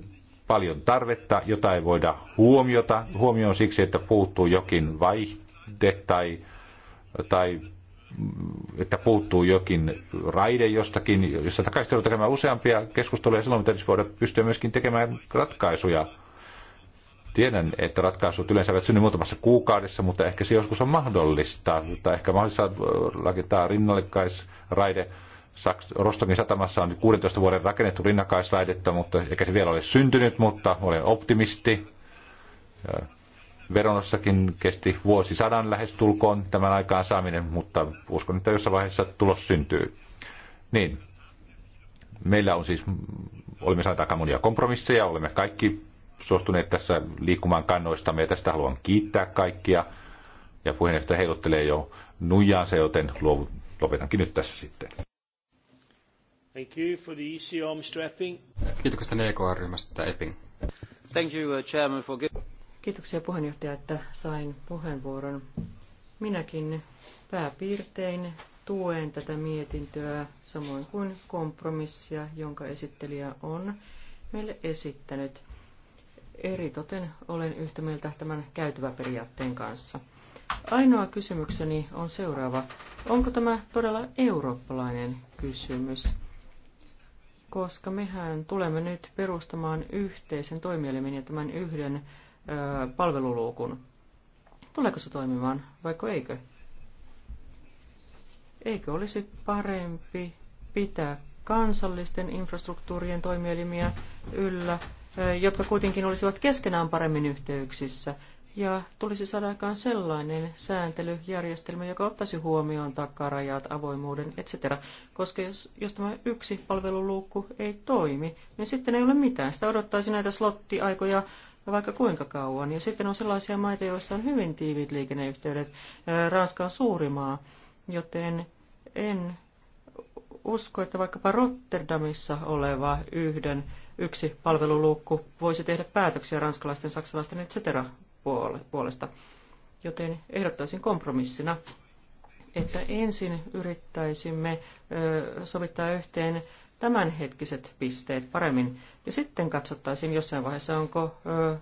C: paljon tarvetta, jota ei voida huomiota, huomioon siksi, että puuttuu jokin vaihde tai, tai että puuttuu jokin raide jostakin, jossa takaisin tekemään useampia keskusteluja, silloin pitäisi voida pystyä myöskin tekemään ratkaisuja. Tiedän, että ratkaisut yleensä eivät synny muutamassa kuukaudessa, mutta ehkä se joskus on mahdollista, tai ehkä mahdollista rakentaa äh, rinnallikkaisraide. Saks, Rostokin satamassa on 16 vuoden rakennettu rinnakkaisraidetta, mutta eikä se vielä ole syntynyt, mutta olen optimisti. Veronossakin kesti vuosisadan lähestulkoon tämän aikaan saaminen, mutta uskon, että jossain vaiheessa tulos syntyy. Niin, meillä on siis, olemme saaneet aika monia kompromisseja, olemme kaikki suostuneet tässä liikkumaan kannoista, ja tästä haluan kiittää kaikkia. Ja puheenjohtaja heiluttelee jo nuijaansa, joten lopetankin nyt tässä sitten. Thank you for the ECR, Mr. Epping.
B: Kiitoksia EKR-ryhmästä, Epping. Thank you, uh, Chairman, for
A: Kiitoksia puheenjohtaja, että sain puheenvuoron. Minäkin pääpiirtein tuen tätä mietintöä samoin kuin kompromissia, jonka esittelijä on meille esittänyt. Eritoten olen yhtä mieltä tämän käytäväperiaatteen kanssa. Ainoa kysymykseni on seuraava. Onko tämä todella eurooppalainen kysymys? Koska mehän tulemme nyt perustamaan yhteisen toimielimen ja tämän yhden palveluluukun. Tuleeko se toimimaan, vaiko eikö? Eikö olisi parempi pitää kansallisten infrastruktuurien toimielimiä yllä, jotka kuitenkin olisivat keskenään paremmin yhteyksissä, ja tulisi saada aikaan sellainen sääntelyjärjestelmä, joka ottaisi huomioon takarajat, avoimuuden, etc. Koska jos, jos tämä yksi palveluluukku ei toimi, niin sitten ei ole mitään. Sitä odottaisi näitä slottiaikoja vaikka kuinka kauan. Ja sitten on sellaisia maita, joissa on hyvin tiiviit liikenneyhteydet. Ranska on suuri maa, joten en usko, että vaikkapa Rotterdamissa oleva yhden yksi palveluluukku voisi tehdä päätöksiä ranskalaisten, saksalaisten, etc. puolesta. Joten ehdottaisin kompromissina, että ensin yrittäisimme sovittaa yhteen tämänhetkiset pisteet paremmin. Ja sitten katsottaisiin jossain vaiheessa, onko ö,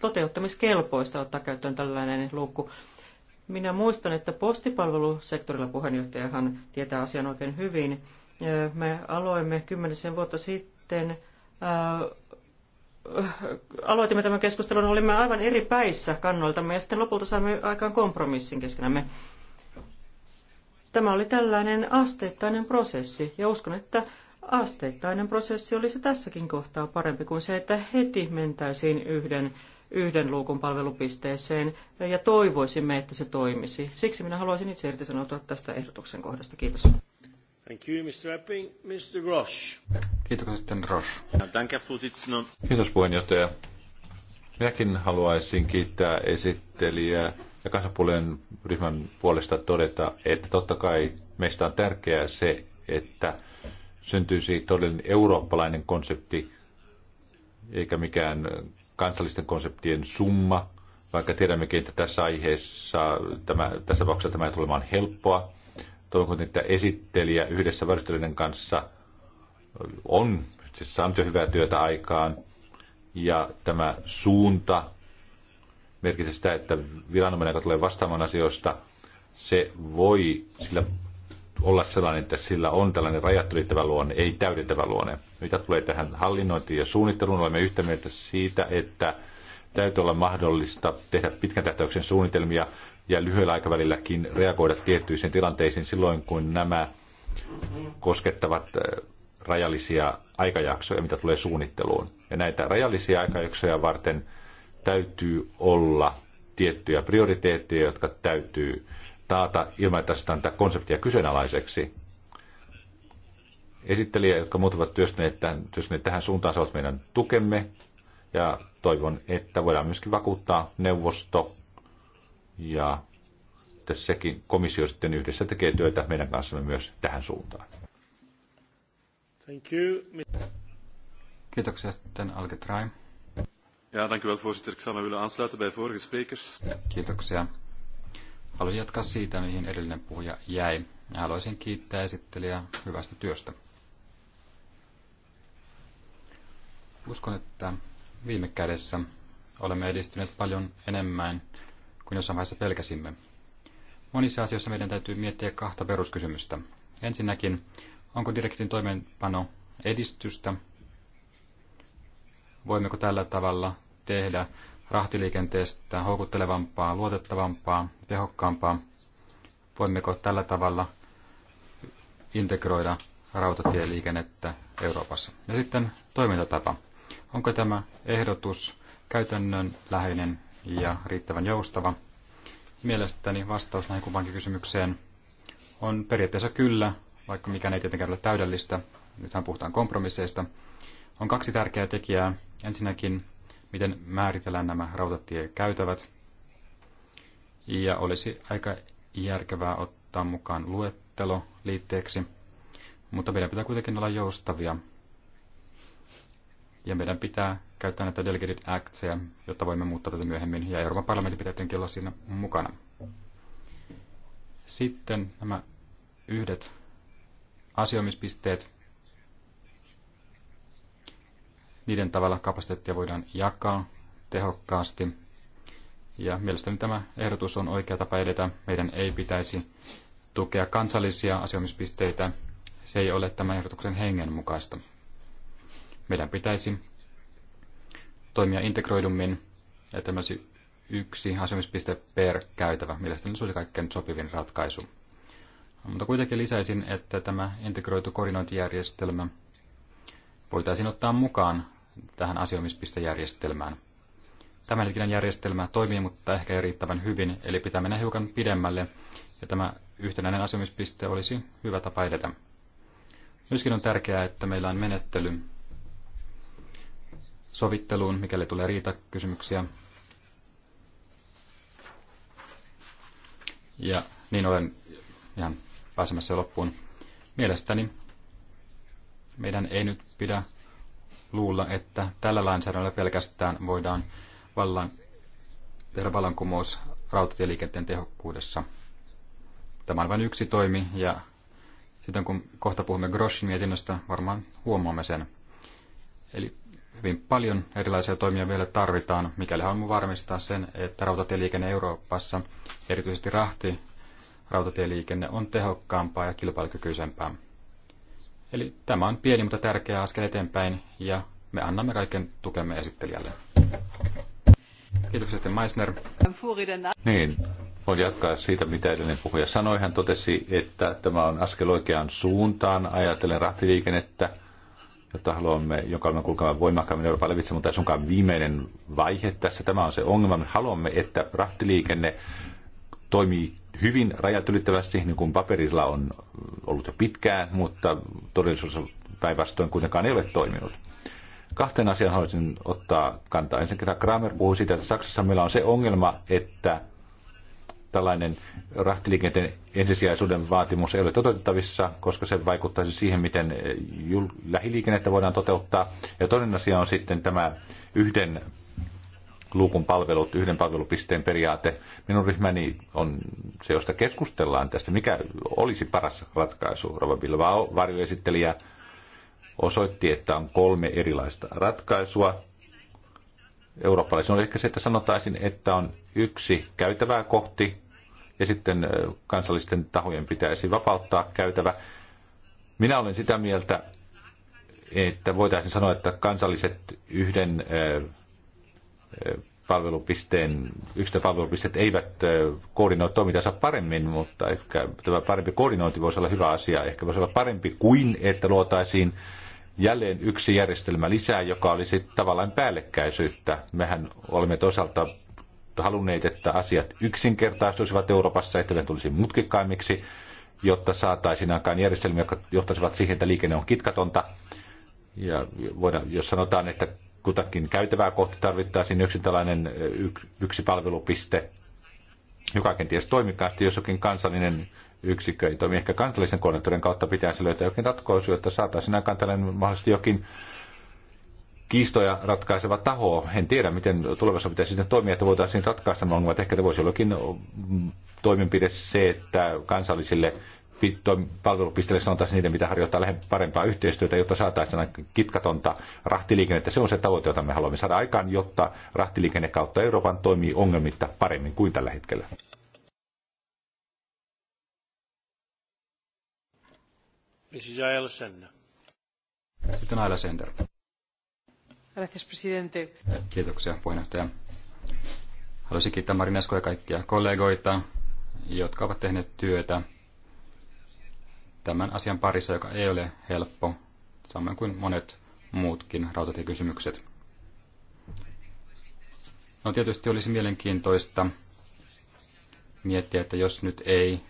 A: toteuttamiskelpoista ottaa käyttöön tällainen luukku. Minä muistan, että postipalvelusektorilla puheenjohtajahan tietää asian oikein hyvin. Me aloimme kymmenisen vuotta sitten, ää, aloitimme tämän keskustelun, olimme aivan eri päissä kannoiltamme ja sitten lopulta saimme aikaan kompromissin keskenämme. Tämä oli tällainen asteittainen prosessi ja uskon, että Asteittainen prosessi olisi tässäkin kohtaa parempi kuin se, että heti mentäisiin yhden, yhden luukun palvelupisteeseen ja toivoisimme, että se toimisi. Siksi minä haluaisin itse irtisanoutua tästä ehdotuksen kohdasta. Kiitos. Thank you, Mr. Epping. Mr. Grosch.
B: Kiitos sitten Grosch.
C: Kiitos puheenjohtaja. Minäkin haluaisin kiittää esittelijää ja kansanpuolen ryhmän puolesta todeta, että totta kai meistä on tärkeää se, että – syntyisi siis todellinen eurooppalainen konsepti, eikä mikään kansallisten konseptien summa, vaikka tiedämmekin, että tässä aiheessa, tämä, tässä tapauksessa tämä ei tule olemaan helppoa. Toivon että esittelijä yhdessä varustelijoiden kanssa on siis saanut jo hyvää työtä aikaan, ja tämä suunta merkitsee sitä, että viranomainen, joka tulee vastaamaan asioista, se voi sillä olla sellainen, että sillä on tällainen rajat ylittävä luonne, ei täydentävä luonne. Mitä tulee tähän hallinnointiin ja suunnitteluun, olemme yhtä mieltä siitä, että täytyy olla mahdollista tehdä pitkän tähtäyksen suunnitelmia ja lyhyellä aikavälilläkin reagoida tiettyihin tilanteisiin silloin, kun nämä koskettavat äh, rajallisia aikajaksoja, mitä tulee suunnitteluun. Ja näitä rajallisia aikajaksoja varten täytyy olla tiettyjä prioriteetteja, jotka täytyy taata ilman, että sitä konseptia kyseenalaiseksi. Esittelijä, jotka muut ovat työstäneet tähän, työstäneet tähän suuntaan, saavat meidän tukemme. Ja toivon, että voidaan myöskin vakuuttaa neuvosto ja tässäkin komissio sitten yhdessä tekee työtä meidän kanssamme myös tähän suuntaan.
A: Thank you.
B: Kiitoksia sitten alketraim.
C: Ja, dank u wel, voorzitter. Ik zal me willen aansluiten bij vorige sprekers.
B: Kiitoksia. Haluaisin jatkaa siitä, mihin edellinen puhuja jäi. haluaisin kiittää esittelijää hyvästä työstä. Uskon, että viime kädessä olemme edistyneet paljon enemmän kuin jossain vaiheessa pelkäsimme. Monissa asioissa meidän täytyy miettiä kahta peruskysymystä. Ensinnäkin, onko direktin toimeenpano edistystä? Voimmeko tällä tavalla tehdä rahtiliikenteestä houkuttelevampaa, luotettavampaa, tehokkaampaa? Voimmeko tällä tavalla integroida rautatieliikennettä Euroopassa? Ja sitten toimintatapa. Onko tämä ehdotus käytännön läheinen ja riittävän joustava? Mielestäni vastaus näihin kumpaankin kysymykseen on periaatteessa kyllä, vaikka mikään ei tietenkään ole täydellistä. Nythän puhutaan kompromisseista. On kaksi tärkeää tekijää. Ensinnäkin miten määritellään nämä rautatiekäytävät. Ja olisi aika järkevää ottaa mukaan luettelo liitteeksi, mutta meidän pitää kuitenkin olla joustavia. Ja meidän pitää käyttää näitä Delegated Actsia, jotta voimme muuttaa tätä myöhemmin, ja Euroopan parlamentin pitää tietenkin olla siinä mukana. Sitten nämä yhdet asioimispisteet. niiden tavalla kapasiteettia voidaan jakaa tehokkaasti. Ja mielestäni tämä ehdotus on oikea tapa edetä. Meidän ei pitäisi tukea kansallisia asioimispisteitä. Se ei ole tämän ehdotuksen hengen mukaista. Meidän pitäisi toimia integroidummin, että myös yksi asioimispiste per käytävä. Mielestäni se oli kaikkein sopivin ratkaisu. Mutta kuitenkin lisäisin, että tämä integroitu koordinointijärjestelmä voitaisiin ottaa mukaan tähän asioimispistejärjestelmään. Tämänhetkinen järjestelmä toimii, mutta ehkä ei riittävän hyvin, eli pitää mennä hiukan pidemmälle, ja tämä yhtenäinen asioimispiste olisi hyvä tapa edetä. Myöskin on tärkeää, että meillä on menettely sovitteluun, mikäli tulee kysymyksiä, Ja niin olen ihan pääsemässä loppuun. Mielestäni meidän ei nyt pidä luulla, että tällä lainsäädännöllä pelkästään voidaan vallan, tehdä vallankumous rautatieliikenteen tehokkuudessa. Tämä on vain yksi toimi ja sitten kun kohta puhumme Groschin mietinnöstä, varmaan huomaamme sen. Eli hyvin paljon erilaisia toimia vielä tarvitaan, mikäli haluamme varmistaa sen, että rautatieliikenne Euroopassa, erityisesti rahti, rautatieliikenne on tehokkaampaa ja kilpailukykyisempää. Eli tämä on pieni, mutta tärkeä askel eteenpäin ja me annamme kaiken tukemme esittelijälle. Kiitoksia sitten Meissner. Niin,
C: voin jatkaa siitä, mitä edellinen puhuja sanoi. Hän totesi, että tämä on askel oikeaan suuntaan ajatellen rahtiliikennettä, jota haluamme, jonka olemme kulkemaan voimakkaammin Euroopan levitse, mutta ei sunkaan viimeinen vaihe tässä. Tämä on se ongelma. Me haluamme, että rahtiliikenne toimii hyvin rajat ylittävästi, niin kuin paperilla on ollut jo pitkään, mutta todellisuudessa päinvastoin kuitenkaan ei ole toiminut. Kahteen asiaan haluaisin ottaa kantaa. Ensinnäkin Kramer puhui siitä, että Saksassa meillä on se ongelma, että tällainen rahtiliikenteen ensisijaisuuden vaatimus ei ole toteutettavissa, koska se vaikuttaisi siihen, miten lähiliikennettä voidaan toteuttaa. Ja toinen asia on sitten tämä yhden luukun palvelut, yhden palvelupisteen periaate. Minun ryhmäni on se, josta keskustellaan tästä, mikä olisi paras ratkaisu. Rova Bilbao, varjoesittelijä, osoitti, että on kolme erilaista ratkaisua. Eurooppalaisen on ehkä se, että sanotaisin, että on yksi käytävää kohti ja sitten kansallisten tahojen pitäisi vapauttaa käytävä. Minä olen sitä mieltä, että voitaisiin sanoa, että kansalliset yhden palvelupisteen, yksityiset palvelupisteet eivät koordinoi toimintansa paremmin, mutta ehkä tämä parempi koordinointi voisi olla hyvä asia. Ehkä voisi olla parempi kuin, että luotaisiin jälleen yksi järjestelmä lisää, joka olisi tavallaan päällekkäisyyttä. Mehän olemme toisaalta halunneet, että asiat yksinkertaistuisivat Euroopassa, että ne tulisi mutkikkaimmiksi, jotta saataisiin aikaan järjestelmiä, jotka johtaisivat siihen, että liikenne on kitkatonta. Ja voidaan, jos sanotaan, että kutakin käytävää kohti tarvittaisiin yksi tällainen yksi palvelupiste, joka kenties toimikaan, sitten jossakin kansallinen yksikkö ei toimi. Ehkä kansallisen koordinaattorin kautta pitäisi löytää jokin ratkaisu, jotta saataisiin aikaan tällainen mahdollisesti jokin kiistoja ratkaiseva taho. En tiedä, miten tulevassa pitäisi sitten toimia, että voitaisiin ratkaista nämä ongelmat. Ehkä voisi jollakin mm, toimenpide se, että kansallisille palvelupisteelle sanotaan niiden, mitä harjoittaa parempaa yhteistyötä, jotta saataisiin kitkatonta rahtiliikennettä. Se on se tavoite, jota me haluamme saada aikaan, jotta rahtiliikenne kautta Euroopan toimii ongelmitta paremmin kuin tällä hetkellä.
B: Mrs. Sitten Aila Sender.
A: Gracias, presidente.
B: Kiitoksia, puheenjohtaja. Haluaisin kiittää Marinesko ja kaikkia kollegoita, jotka ovat tehneet työtä tämän asian parissa, joka ei ole helppo, samoin kuin monet muutkin rautatiekysymykset. No tietysti olisi mielenkiintoista miettiä, että jos nyt ei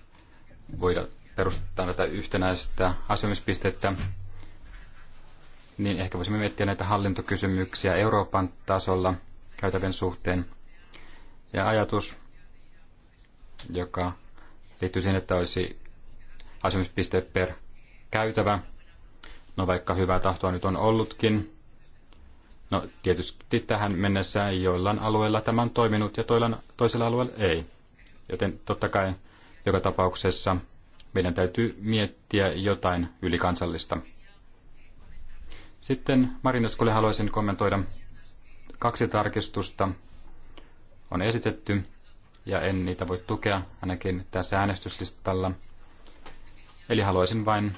B: voida perustaa tätä yhtenäistä asumispistettä, niin ehkä voisimme miettiä näitä hallintokysymyksiä Euroopan tasolla käytävien suhteen. Ja ajatus, joka liittyy siihen, että olisi asumispiste per käytävä. No vaikka hyvää tahtoa nyt on ollutkin, no tietysti tähän mennessä joillain alueilla tämä on toiminut ja toisella alueella ei. Joten totta kai joka tapauksessa meidän täytyy miettiä jotain ylikansallista. Sitten Marinaskulle haluaisin kommentoida kaksi tarkistusta on esitetty ja en niitä voi tukea ainakin tässä äänestyslistalla – Eli haluaisin vain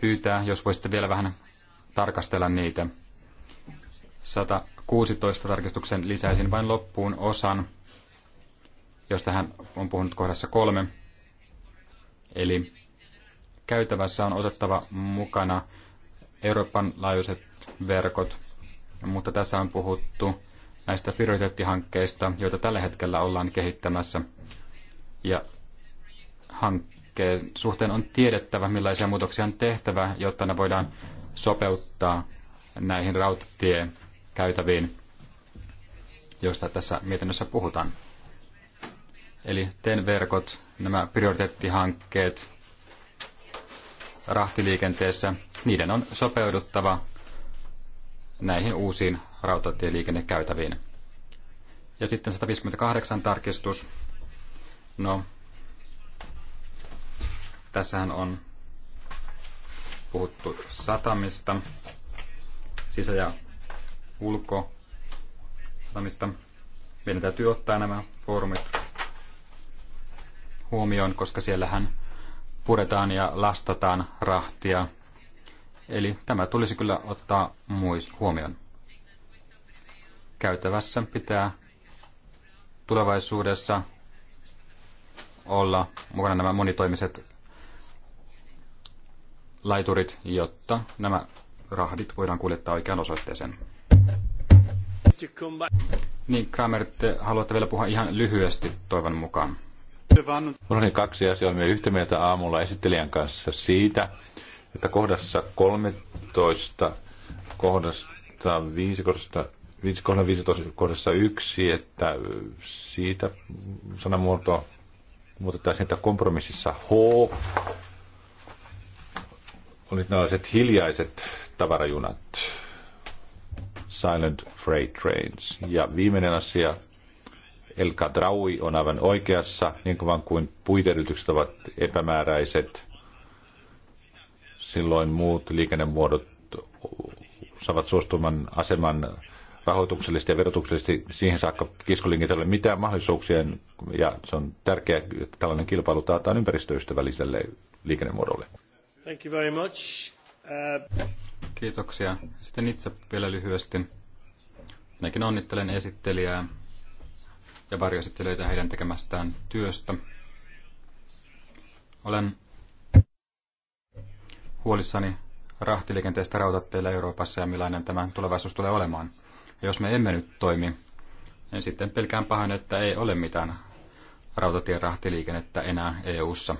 B: pyytää, jos voisitte vielä vähän tarkastella niitä. 116 tarkistuksen lisäisin vain loppuun osan, josta hän on puhunut kohdassa kolme. Eli käytävässä on otettava mukana Euroopan laajuiset verkot, mutta tässä on puhuttu näistä prioriteettihankkeista, joita tällä hetkellä ollaan kehittämässä. Ja hankkeen suhteen on tiedettävä, millaisia muutoksia on tehtävä, jotta ne voidaan sopeuttaa näihin rautatiekäytäviin, joista tässä mietinnössä puhutaan. Eli TEN-verkot, nämä prioriteettihankkeet rahtiliikenteessä, niiden on sopeuduttava näihin uusiin rautatieliikennekäytäviin. Ja sitten 158 tarkistus. No, tässähän on puhuttu satamista, sisä- ja ulkosatamista. Meidän täytyy ottaa nämä foorumit huomioon, koska siellähän puretaan ja lastataan rahtia. Eli tämä tulisi kyllä ottaa muis huomioon. Käytävässä pitää tulevaisuudessa olla mukana nämä monitoimiset laiturit, jotta nämä rahdit voidaan kuljettaa oikeaan osoitteeseen. Niin, Kramer, te haluatte vielä puhua ihan lyhyesti toivon mukaan. Minulla oli niin kaksi asiaa. Olemme
C: yhtä mieltä aamulla esittelijän kanssa siitä, että kohdassa 13, kohdasta 5, kohdasta 5, kohdassa 15, kohdassa 1, että siitä sanamuoto muutetaan että kompromississa H oli tällaiset hiljaiset tavarajunat, silent freight trains. Ja viimeinen asia, El Kadraui on aivan oikeassa, niin kuin kuin puiterytykset ovat epämääräiset. Silloin muut liikennemuodot saavat suostuman aseman rahoituksellisesti ja verotuksellisesti siihen saakka kiskolinkit ole mitään mahdollisuuksia, ja se on tärkeää, että tällainen kilpailu taataan ympäristöystävälliselle liikennemuodolle.
A: Thank you very much. Uh...
B: Kiitoksia. Sitten itse vielä lyhyesti. Minäkin onnittelen esittelijää ja varjoesittelijöitä heidän tekemästään työstä. Olen huolissani rahtiliikenteestä rautatteilla Euroopassa ja millainen tämä tulevaisuus tulee olemaan. Ja jos me emme nyt toimi, niin sitten pelkään pahoin, että ei ole mitään rautatien rahtiliikennettä enää EU-ssa,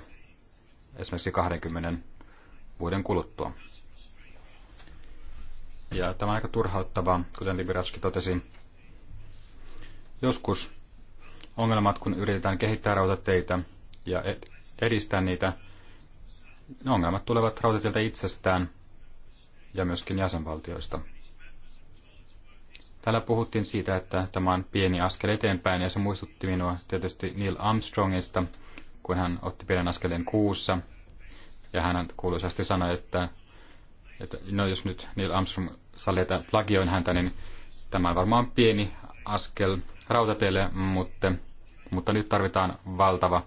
B: esimerkiksi 20 vuoden kuluttua. Ja tämä on aika turhauttavaa, kuten Liberatski totesi. Joskus ongelmat, kun yritetään kehittää rautateitä ja edistää niitä, ne ongelmat tulevat rautatieltä itsestään ja myöskin jäsenvaltioista. Täällä puhuttiin siitä, että tämä on pieni askel eteenpäin ja se muistutti minua tietysti Neil Armstrongista, kun hän otti pienen askeleen kuussa. Ja hän kuuluisasti sanoi, että, että no jos nyt Neil Armstrong sallii, että plagioin häntä, niin tämä on varmaan pieni askel rautateille, mutta, mutta nyt tarvitaan valtava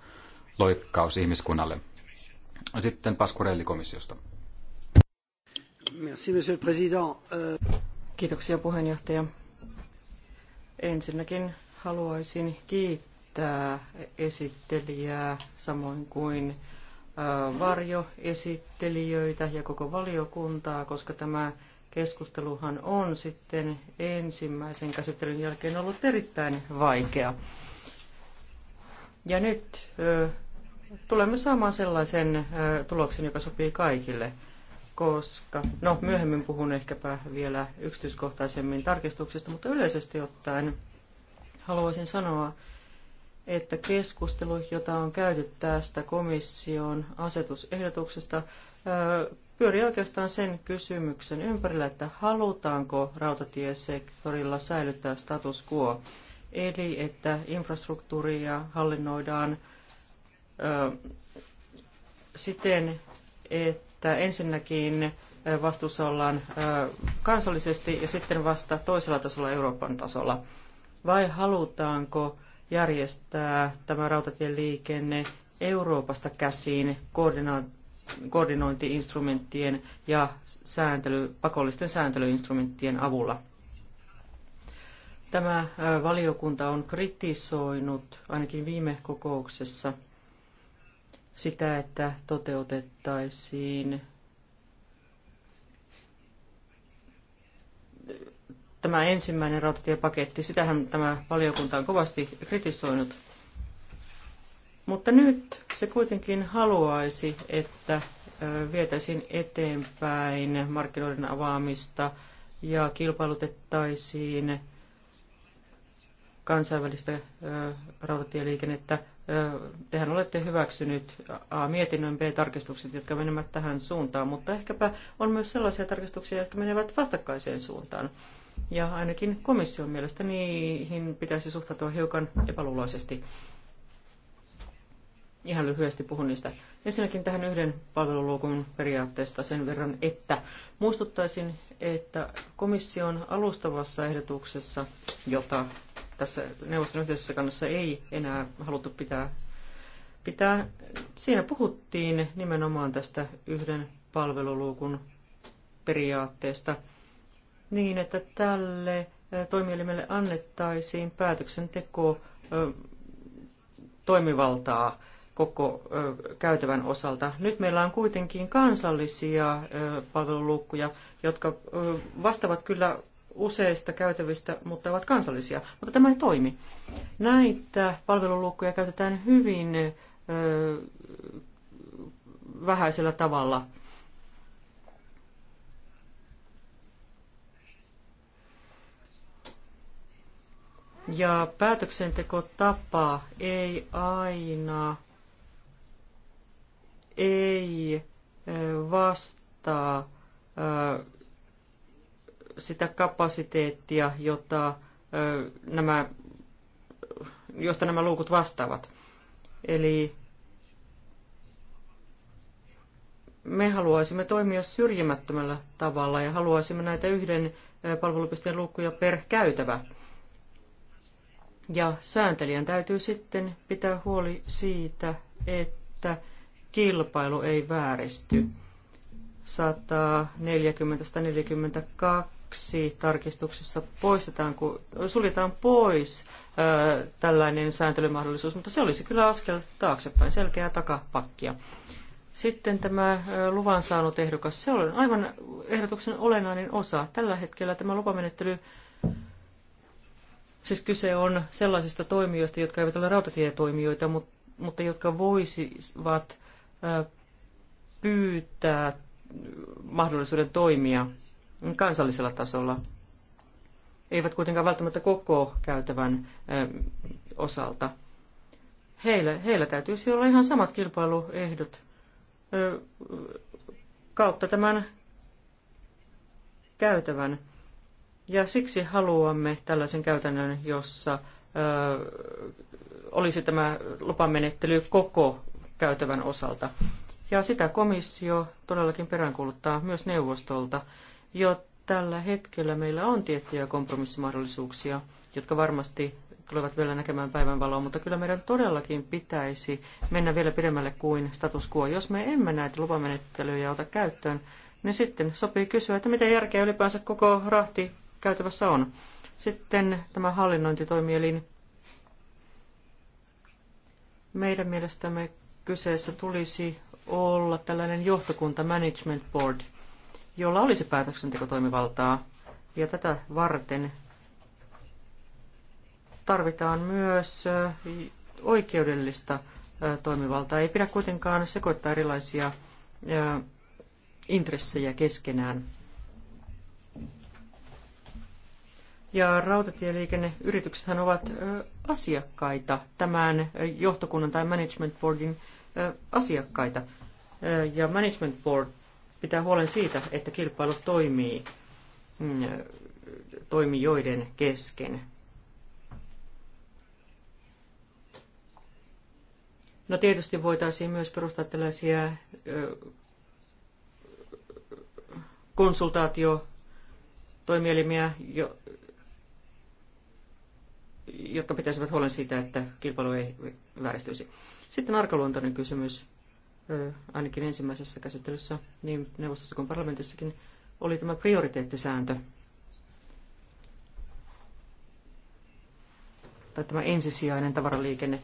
B: loikkaus ihmiskunnalle. Sitten Paskurelli komissiosta.
A: Merci, monsieur le président. Kiitoksia puheenjohtaja. Ensinnäkin haluaisin kiittää esittelijää samoin kuin varjoesittelijöitä ja koko valiokuntaa, koska tämä keskusteluhan on sitten ensimmäisen käsittelyn jälkeen ollut erittäin vaikea. Ja nyt ö, tulemme saamaan sellaisen ö, tuloksen, joka sopii kaikille koska, no myöhemmin puhun ehkäpä vielä yksityiskohtaisemmin tarkistuksista, mutta yleisesti ottaen haluaisin sanoa, että keskustelu, jota on käyty tästä komission asetusehdotuksesta, pyörii oikeastaan sen kysymyksen ympärillä, että halutaanko rautatiesektorilla säilyttää status quo, eli että infrastruktuuria hallinnoidaan siten, että että ensinnäkin vastuussa ollaan kansallisesti ja sitten vasta toisella tasolla Euroopan tasolla? Vai halutaanko järjestää tämä rautatien liikenne Euroopasta käsiin koordinointiinstrumenttien ja sääntely, pakollisten sääntelyinstrumenttien avulla? Tämä valiokunta on kritisoinut ainakin viime kokouksessa – sitä, että toteutettaisiin tämä ensimmäinen rautatiepaketti. Sitähän tämä valiokunta on kovasti kritisoinut. Mutta nyt se kuitenkin haluaisi, että vietäisiin eteenpäin markkinoiden avaamista ja kilpailutettaisiin kansainvälistä rautatieliikennettä. Tehän olette hyväksynyt A-mietinnön B-tarkistukset, jotka menevät tähän suuntaan, mutta ehkäpä on myös sellaisia tarkistuksia, jotka menevät vastakkaiseen suuntaan. Ja ainakin komission mielestä niihin pitäisi suhtautua hiukan epäluuloisesti. Ihan lyhyesti puhun niistä. Ensinnäkin tähän yhden palveluluokun periaatteesta sen verran, että muistuttaisin, että komission alustavassa ehdotuksessa, jota tässä neuvoston yhteisessä kannassa ei enää haluttu pitää, pitää. Siinä puhuttiin nimenomaan tästä yhden palveluluukun periaatteesta niin, että tälle toimielimelle annettaisiin päätöksenteko toimivaltaa koko käytävän osalta. Nyt meillä on kuitenkin kansallisia palveluluukkuja, jotka vastaavat kyllä useista käytävistä, mutta ovat kansallisia. Mutta tämä ei toimi. Näitä palveluluokkoja käytetään hyvin ö, vähäisellä tavalla. Ja päätöksentekotapa ei aina ei vastaa sitä kapasiteettia, jota nämä, josta nämä luukut vastaavat. Eli me haluaisimme toimia syrjimättömällä tavalla ja haluaisimme näitä yhden palvelupisteen luukkuja per käytävä. Ja sääntelijän täytyy sitten pitää huoli siitä, että kilpailu ei vääristy. 140-142 yksi tarkistuksessa poistetaan, kun suljetaan pois ö, tällainen sääntelymahdollisuus, mutta se olisi kyllä askel taaksepäin, selkeää takapakkia. Sitten tämä luvan saanut ehdokas, se on aivan ehdotuksen olennainen osa. Tällä hetkellä tämä lupamenettely, siis kyse on sellaisista toimijoista, jotka eivät ole rautatietoimijoita, mutta jotka voisivat pyytää mahdollisuuden toimia kansallisella tasolla, eivät kuitenkaan välttämättä koko käytävän osalta. Heillä, heillä täytyisi olla ihan samat kilpailuehdot kautta tämän käytävän. Ja siksi haluamme tällaisen käytännön, jossa ö, olisi tämä lupamenettely koko käytävän osalta. Ja sitä komissio todellakin peräänkuuluttaa myös neuvostolta jo tällä hetkellä meillä on tiettyjä kompromissimahdollisuuksia, jotka varmasti tulevat vielä näkemään päivänvaloa, mutta kyllä meidän todellakin pitäisi mennä vielä pidemmälle kuin status quo. Jos me emme näitä lupamenettelyjä ota käyttöön, niin sitten sopii kysyä, että mitä järkeä ylipäänsä koko rahti käytävässä on. Sitten tämä hallinnointitoimielin. Meidän mielestämme kyseessä tulisi olla tällainen johtokunta, management board – jolla olisi päätöksentekotoimivaltaa. Ja tätä varten tarvitaan myös oikeudellista toimivaltaa. Ei pidä kuitenkaan sekoittaa erilaisia intressejä keskenään. Ja rautatieliikenneyrityksethän ovat asiakkaita, tämän johtokunnan tai management boardin asiakkaita. Ja management board pitää huolen siitä, että kilpailu toimii mm, toimijoiden kesken. No tietysti voitaisiin myös perustaa tällaisia konsultaatiotoimielimiä, jotka pitäisivät huolen siitä, että kilpailu ei vääristyisi. Sitten arkaluontoinen kysymys ainakin ensimmäisessä käsittelyssä, niin neuvostossa kuin parlamentissakin, oli tämä prioriteettisääntö. Tai tämä ensisijainen tavaraliikenne.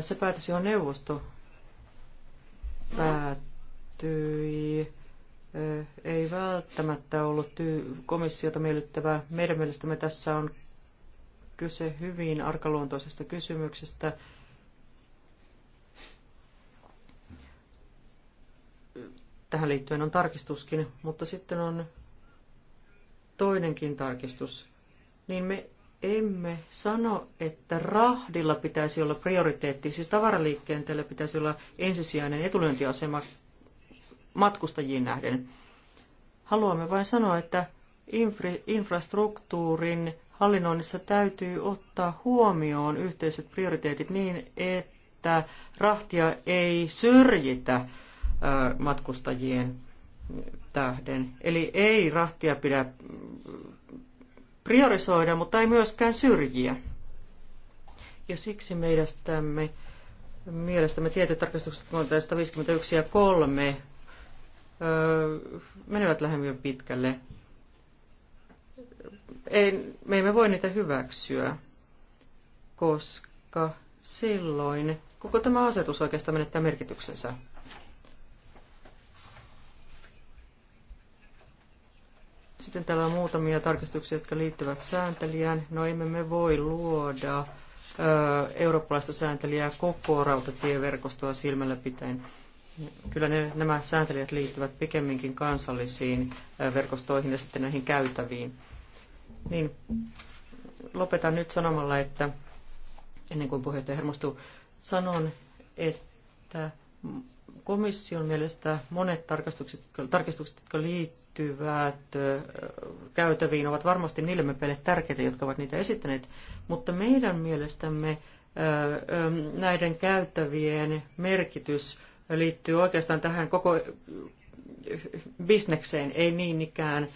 A: Se päätös, johon neuvosto päättyi, ei välttämättä ollut komissiota miellyttävää. Meidän mielestämme tässä on kyse hyvin arkaluontoisesta kysymyksestä Tähän liittyen on tarkistuskin, mutta sitten on toinenkin tarkistus. Niin me emme sano, että rahdilla pitäisi olla prioriteetti, siis tavaraliikkeenteellä pitäisi olla ensisijainen etulyöntiasema matkustajiin nähden. Haluamme vain sanoa, että infrastruktuurin hallinnoinnissa täytyy ottaa huomioon yhteiset prioriteetit niin, että rahtia ei syrjitä matkustajien tähden. Eli ei rahtia pidä priorisoida, mutta ei myöskään syrjiä. Ja siksi meidästämme, mielestämme tietyt tarkastukset 151 ja 3 öö, menevät lähemmin pitkälle. Ei, me emme voi niitä hyväksyä, koska silloin koko tämä asetus oikeastaan menettää merkityksensä. Sitten täällä on muutamia tarkistuksia, jotka liittyvät sääntelijään. No emme me voi luoda eurooppalaista sääntelijää koko rautatieverkostoa silmällä pitäen. Kyllä ne, nämä sääntelijät liittyvät pikemminkin kansallisiin verkostoihin ja sitten näihin käytäviin. Niin, lopetan nyt sanomalla, että ennen kuin puheenjohtaja hermostuu, sanon, että komission mielestä monet tarkastukset, tarkistukset, jotka liittyvät käytäviin, ovat varmasti niille mepeille tärkeitä, jotka ovat niitä esittäneet, mutta meidän mielestämme näiden käytävien merkitys liittyy oikeastaan tähän koko bisnekseen, ei niin ikään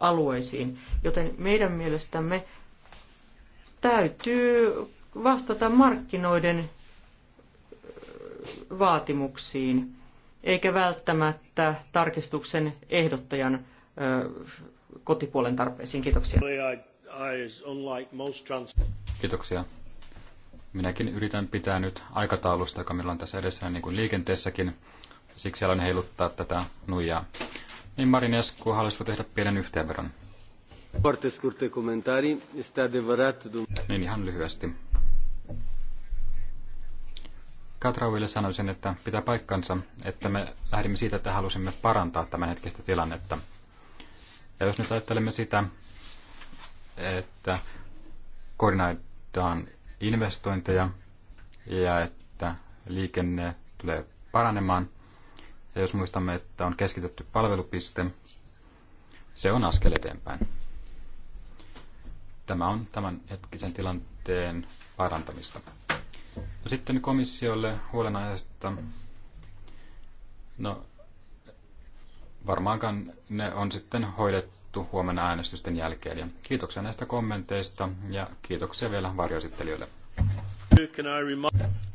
A: alueisiin. Joten meidän mielestämme täytyy vastata markkinoiden vaatimuksiin, eikä välttämättä tarkistuksen ehdottajan kotipuolen tarpeisiin. Kiitoksia.
B: Kiitoksia. Minäkin yritän pitää nyt aikataulusta, joka meillä on tässä edessä, niin kuin liikenteessäkin. Siksi aloin heiluttaa tätä nuijaa. Niin Marinescu, haluaisitko tehdä pienen yhteenvedon? Niin ihan lyhyesti. Katrauville sanoisin, että pitää paikkansa, että me lähdimme siitä, että halusimme parantaa tämänhetkistä tilannetta. Ja jos nyt ajattelemme sitä, että koordinoidaan investointeja ja että liikenne tulee paranemaan, ja jos muistamme, että on keskitetty palvelupiste, se on askel eteenpäin. Tämä on tämän hetkisen tilanteen parantamista. No sitten komissiolle huolenaiheesta. No varmaankaan ne on sitten hoidettu huomenna äänestysten jälkeen. Ja kiitoksia näistä kommenteista ja kiitoksia vielä varjoesittelijöille.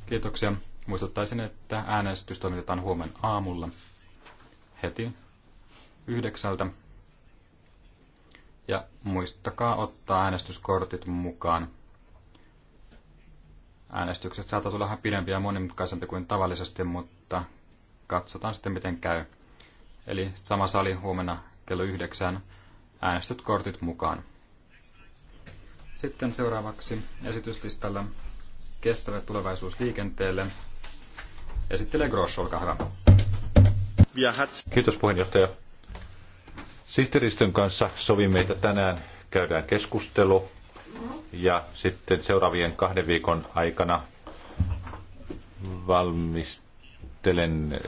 B: Kiitoksia. Muistuttaisin, että äänestys toimitetaan huomenna aamulla heti yhdeksältä. Ja muistakaa ottaa äänestyskortit mukaan. Äänestykset saattaisi olla vähän pidempiä ja monimutkaisempi kuin tavallisesti, mutta katsotaan sitten miten käy. Eli sama sali huomenna kello yhdeksän. Äänestyt kortit mukaan. Sitten seuraavaksi esityslistalla kestävä tulevaisuus liikenteelle. Esittelee Grosso, olkaa hyvä.
C: Kiitos puheenjohtaja. Sihteeristön kanssa sovimme, että tänään käydään keskustelu ja sitten seuraavien kahden viikon aikana valmistelen eh,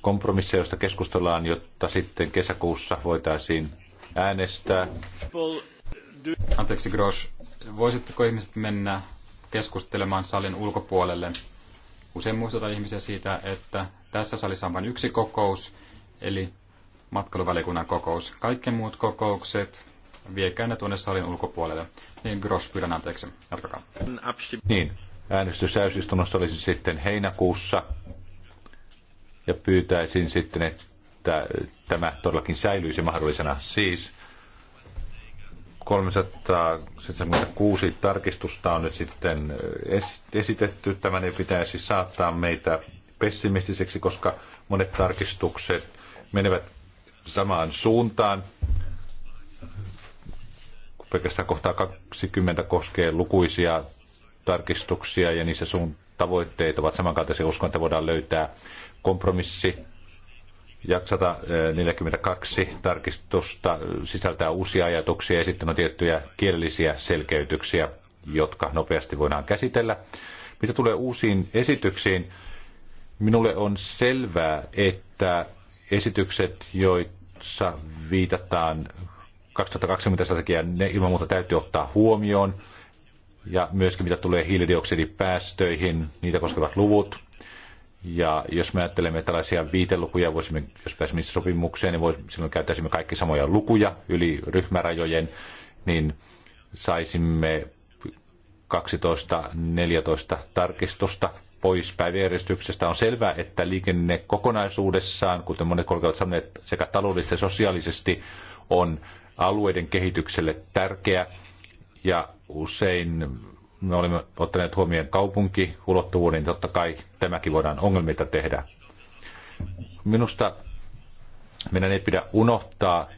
C: kompromisseja, joista keskustellaan, jotta sitten kesäkuussa voitaisiin äänestää.
B: Anteeksi Grosh, voisitteko ihmiset mennä keskustelemaan salin ulkopuolelle? Usein muistutan ihmisiä siitä, että tässä salissa on vain yksi kokous, eli matkailuvälikunnan kokous. Kaikki muut kokoukset viekää ne tuonne salin ulkopuolelle. Niin Gross, pyydän anteeksi. Jatkakaa.
C: Niin, äänestys täysistunnossa olisi sitten heinäkuussa. Ja pyytäisin sitten, että tämä todellakin säilyisi mahdollisena. Siis 376 tarkistusta on nyt sitten eh, esitetty. Tämän ei pitäisi saattaa meitä pessimistiseksi, koska monet tarkistukset menevät samaan suuntaan pelkästään kohtaa 20 koskee lukuisia tarkistuksia ja niissä sun tavoitteet ovat samankaltaisia. Uskon, että voidaan löytää kompromissi. Ja 142 eh, tarkistusta sisältää uusia ajatuksia ja sitten on tiettyjä kielellisiä selkeytyksiä, jotka nopeasti voidaan käsitellä. Mitä tulee uusiin esityksiin, minulle on selvää, että esitykset, joissa viitataan 2020 strategia, ne ilman muuta täytyy ottaa huomioon. Ja myöskin mitä tulee hiilidioksidipäästöihin, niitä koskevat luvut. Ja jos me ajattelemme tällaisia viitelukuja, voisimme, jos pääsemme sopimukseen, niin voisimme, silloin käyttäisimme kaikki samoja lukuja yli ryhmärajojen, niin saisimme 12-14 tarkistusta pois päiväjärjestyksestä. On selvää, että liikenne kokonaisuudessaan, kuten monet kollegat sanoneet, sekä taloudellisesti ja sosiaalisesti on alueiden kehitykselle tärkeä ja usein me olemme ottaneet huomioon kaupunkiulottuvuuden, totta kai tämäkin voidaan ongelmita tehdä. Minusta meidän ei pidä unohtaa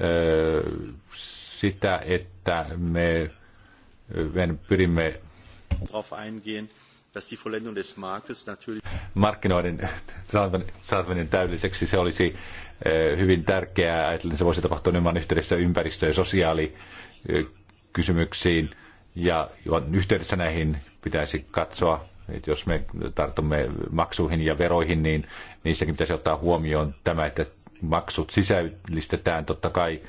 C: ö, sitä, että me, me pyrimme Markkinoiden saattaminen täydelliseksi, se olisi eh, hyvin tärkeää. Ajatellen, se voisi tapahtua nimenomaan yhteydessä ympäristö- ja sosiaalikysymyksiin. Ja yhteydessä näihin pitäisi katsoa, että jos me tartumme maksuihin ja veroihin, niin niissäkin pitäisi ottaa huomioon tämä, että maksut sisällistetään. Totta kai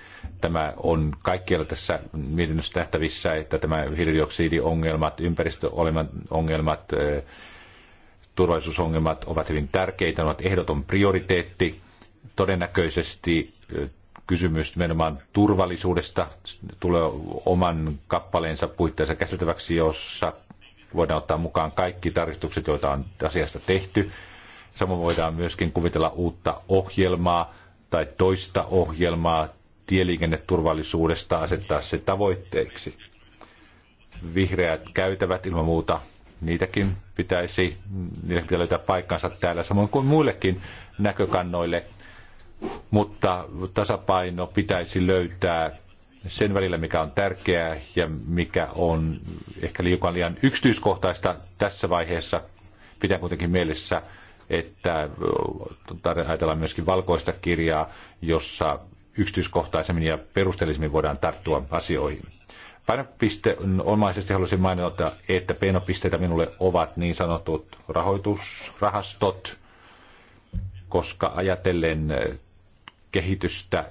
C: tämä on kaikkialla tässä mietinnössä nähtävissä, että tämä hiilidioksidiongelmat, ympäristöongelmat, turvallisuusongelmat ovat hyvin tärkeitä, ne ovat ehdoton prioriteetti. Todennäköisesti kysymys nimenomaan turvallisuudesta tulee oman kappaleensa puitteissa käsiteltäväksi, jossa voidaan ottaa mukaan kaikki tarkistukset, joita on asiasta tehty. Samoin voidaan myöskin kuvitella uutta ohjelmaa, tai toista ohjelmaa tieliikenneturvallisuudesta asettaa se tavoitteeksi. Vihreät käytävät ilman muuta, niitäkin pitäisi, niitä pitää löytää paikkansa täällä samoin kuin muillekin näkökannoille, mutta tasapaino pitäisi löytää sen välillä, mikä on tärkeää ja mikä on ehkä liian liian yksityiskohtaista tässä vaiheessa. Pitää kuitenkin mielessä että ajatellaan myöskin valkoista kirjaa, jossa yksityiskohtaisemmin ja perusteellisemmin voidaan tarttua asioihin. Painopiste omaisesti haluaisin mainita, että painopisteitä minulle ovat niin sanotut rahoitusrahastot, koska ajatellen kehitystä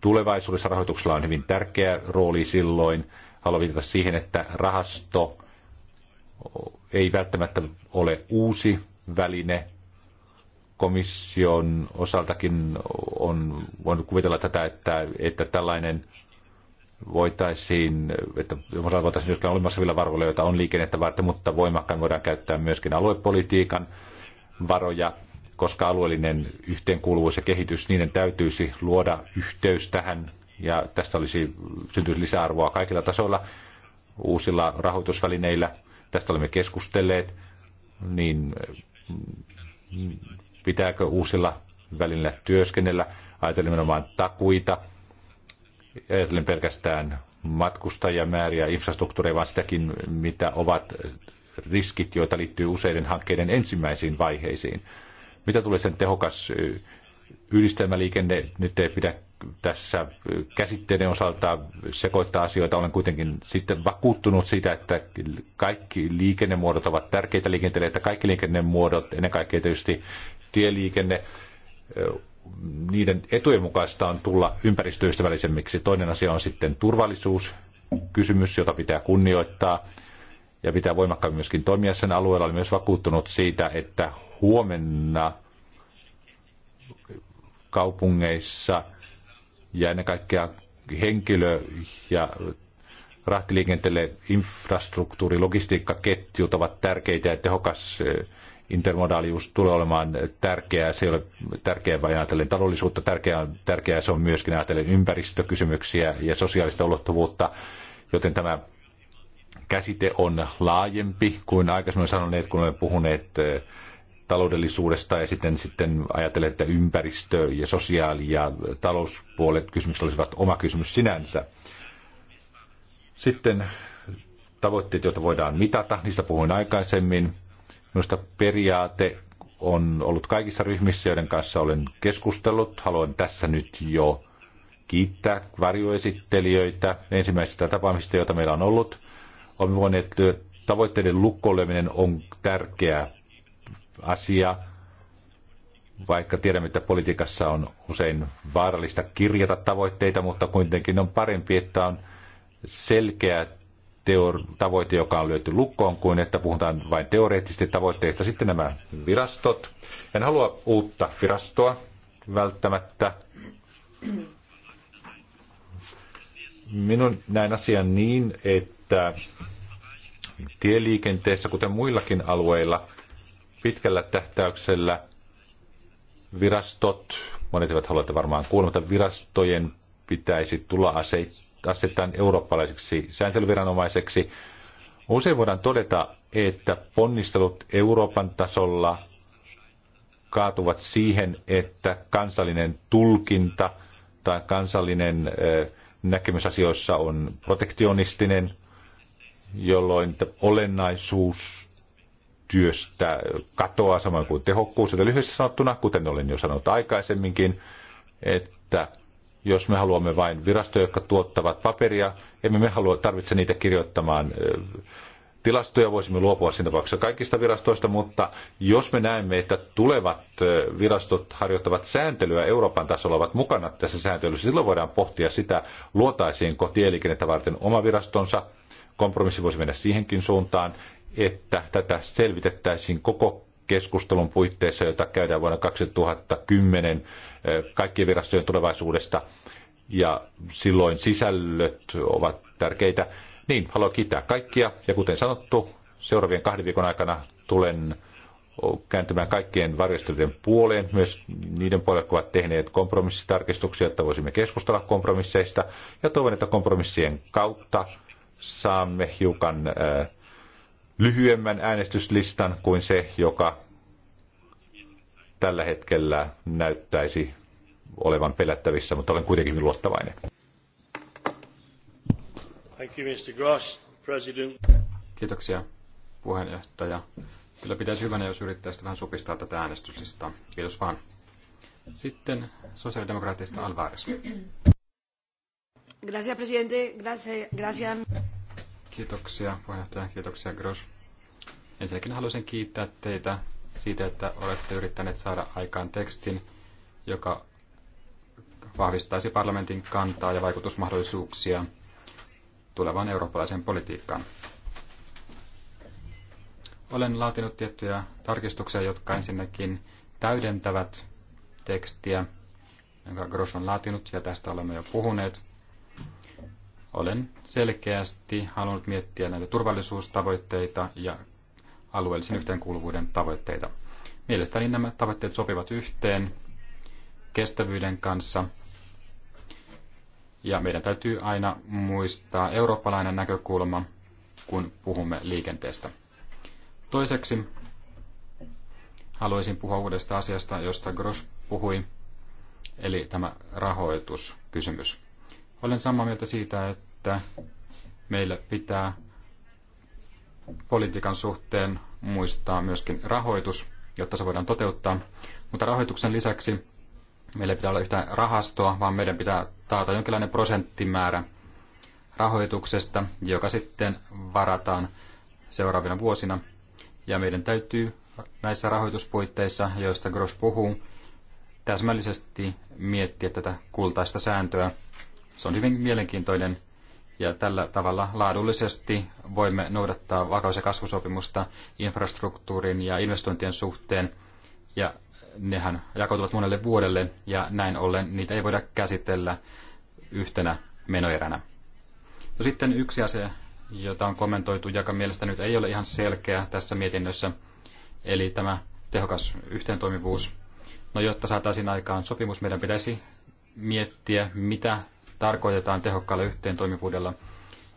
C: tulevaisuudessa rahoituksella on hyvin tärkeä rooli silloin. Haluan viitata siihen, että rahasto ei välttämättä ole uusi väline, komission osaltakin on voinut kuvitella tätä, että, että tällainen voitaisiin, että voitaisiin joskin olemassa vielä varoilla, joita on liikennettä varten, mutta voimakkaan voidaan käyttää myöskin aluepolitiikan varoja, koska alueellinen yhteenkuuluvuus ja kehitys, niiden täytyisi luoda yhteys tähän ja tästä olisi syntynyt lisäarvoa kaikilla tasoilla uusilla rahoitusvälineillä. Tästä olemme keskustelleet, niin pitääkö uusilla välillä työskennellä. Ajattelin nimenomaan takuita, ajattelin pelkästään matkustajamääriä, infrastruktuuria, vaan sitäkin, mitä ovat riskit, joita liittyy useiden hankkeiden ensimmäisiin vaiheisiin. Mitä tulee sen tehokas yhdistelmäliikenne, nyt ei pidä tässä käsitteiden osalta sekoittaa asioita. Olen kuitenkin sitten vakuuttunut siitä, että kaikki liikennemuodot ovat tärkeitä liikenteelle, että kaikki liikennemuodot, ennen kaikkea tietysti tieliikenne, niiden etujen mukaista on tulla ympäristöystävällisemmiksi. Toinen asia on sitten turvallisuuskysymys, jota pitää kunnioittaa ja pitää voimakkaammin myöskin toimia sen alueella. Olen myös vakuuttunut siitä, että huomenna kaupungeissa ja ennen kaikkea henkilö- ja rahtiliikenteelle infrastruktuuri, logistiikkaketjut ovat tärkeitä ja tehokas intermodaalius tulee olemaan tärkeää. Se ei ole tärkeää vain ajatellen taloudellisuutta, tärkeää, tärkeää se on myöskin ajatellen ympäristökysymyksiä ja sosiaalista ulottuvuutta, joten tämä käsite on laajempi kuin aikaisemmin sanoneet, kun olemme puhuneet eh, taloudellisuudesta ja sitten, sitten ajatellen, että ympäristö ja sosiaali- ja talouspuolet kysymykset olisivat oma kysymys sinänsä. Sitten tavoitteet, joita voidaan mitata, niistä puhuin aikaisemmin Minusta periaate on ollut kaikissa ryhmissä, joiden kanssa olen keskustellut. Haluan tässä nyt jo kiittää varjoesittelijöitä ensimmäisistä tapaamisista, joita meillä on ollut. Olemme voineet tavoitteiden lukkoileminen on tärkeä asia, vaikka tiedämme, että politiikassa on usein vaarallista kirjata tavoitteita, mutta kuitenkin on parempi, että on selkeät teor- tavoite, joka on löyty lukkoon, kuin että puhutaan vain teoreettisesti tavoitteista. Sitten nämä virastot. En halua uutta virastoa välttämättä. Minun näin asian niin, että tieliikenteessä, kuten muillakin alueilla, pitkällä tähtäyksellä virastot, monet eivät halua, että varmaan kuulemata virastojen pitäisi tulla aseittain asetetaan eurooppalaiseksi sääntelyviranomaiseksi. Usein voidaan todeta, että ponnistelut Euroopan tasolla kaatuvat siihen, että kansallinen tulkinta tai kansallinen näkemys asioissa on protektionistinen, jolloin olennaisuus työstä katoaa samoin kuin tehokkuus. Eli lyhyesti sanottuna, kuten olen jo sanonut aikaisemminkin, että jos me haluamme vain virastoja, jotka tuottavat paperia, emme me halua, tarvitse niitä kirjoittamaan tilastoja, voisimme luopua siinä tapauksessa kaikista virastoista, mutta jos me näemme, että tulevat virastot harjoittavat sääntelyä Euroopan tasolla, ovat mukana tässä sääntelyssä, silloin voidaan pohtia sitä, luotaisiinko tieliikennettä varten oma virastonsa. Kompromissi voisi mennä siihenkin suuntaan, että tätä selvitettäisiin koko keskustelun puitteissa, jota käydään vuonna 2010 kaikkien virastojen tulevaisuudesta. Ja silloin sisällöt ovat tärkeitä. Niin, haluan kiittää kaikkia. Ja kuten sanottu, seuraavien kahden viikon aikana tulen kääntymään kaikkien varjostelujen puoleen, myös niiden puolelle, jotka ovat tehneet kompromissitarkistuksia, että voisimme keskustella kompromisseista. Ja toivon, että kompromissien kautta saamme hiukan äh, lyhyemmän äänestyslistan kuin se, joka tällä hetkellä näyttäisi olevan
B: pelättävissä, mutta olen kuitenkin hyvin luottavainen. Thank you, Mr. Gross, President. Kiitoksia, puheenjohtaja. Kyllä pitäisi hyvänä, jos yrittäisi vähän supistaa tätä äänestyslistaa. Kiitos vaan. Sitten sosiaalidemokraattista Alvarez.
A: Gracias, presidente. Gracias.
B: Kiitoksia puheenjohtaja, kiitoksia Gros. Ensinnäkin haluaisin kiittää teitä siitä, että olette yrittäneet saada aikaan tekstin, joka vahvistaisi parlamentin kantaa ja vaikutusmahdollisuuksia tulevaan eurooppalaiseen politiikkaan. Olen laatinut tiettyjä tarkistuksia, jotka ensinnäkin täydentävät tekstiä, jonka Gros on laatinut, ja tästä olemme jo puhuneet olen selkeästi halunnut miettiä näitä turvallisuustavoitteita ja alueellisen yhteenkuuluvuuden tavoitteita. Mielestäni nämä tavoitteet sopivat yhteen kestävyyden kanssa. Ja meidän täytyy aina muistaa eurooppalainen näkökulma, kun puhumme liikenteestä. Toiseksi haluaisin puhua uudesta asiasta, josta Grosch puhui, eli tämä rahoituskysymys. Olen samaa mieltä siitä, että että meillä pitää politiikan suhteen muistaa myöskin rahoitus, jotta se voidaan toteuttaa. Mutta rahoituksen lisäksi meillä pitää olla yhtään rahastoa, vaan meidän pitää taata jonkinlainen prosenttimäärä rahoituksesta, joka sitten varataan seuraavina vuosina. Ja meidän täytyy näissä rahoituspuitteissa, joista Gross puhuu, täsmällisesti miettiä tätä kultaista sääntöä. Se on hyvin mielenkiintoinen ja tällä tavalla laadullisesti voimme noudattaa vakaus- ja kasvusopimusta infrastruktuurin ja investointien suhteen. Ja nehän jakautuvat monelle vuodelle ja näin ollen niitä ei voida käsitellä yhtenä menoeränä. No sitten yksi asia, jota on kommentoitu, joka mielestäni nyt ei ole ihan selkeä tässä mietinnössä, eli tämä tehokas yhteentoimivuus. No jotta saataisiin aikaan sopimus, meidän pitäisi miettiä, mitä tarkoitetaan tehokkaalla yhteentoimivuudella.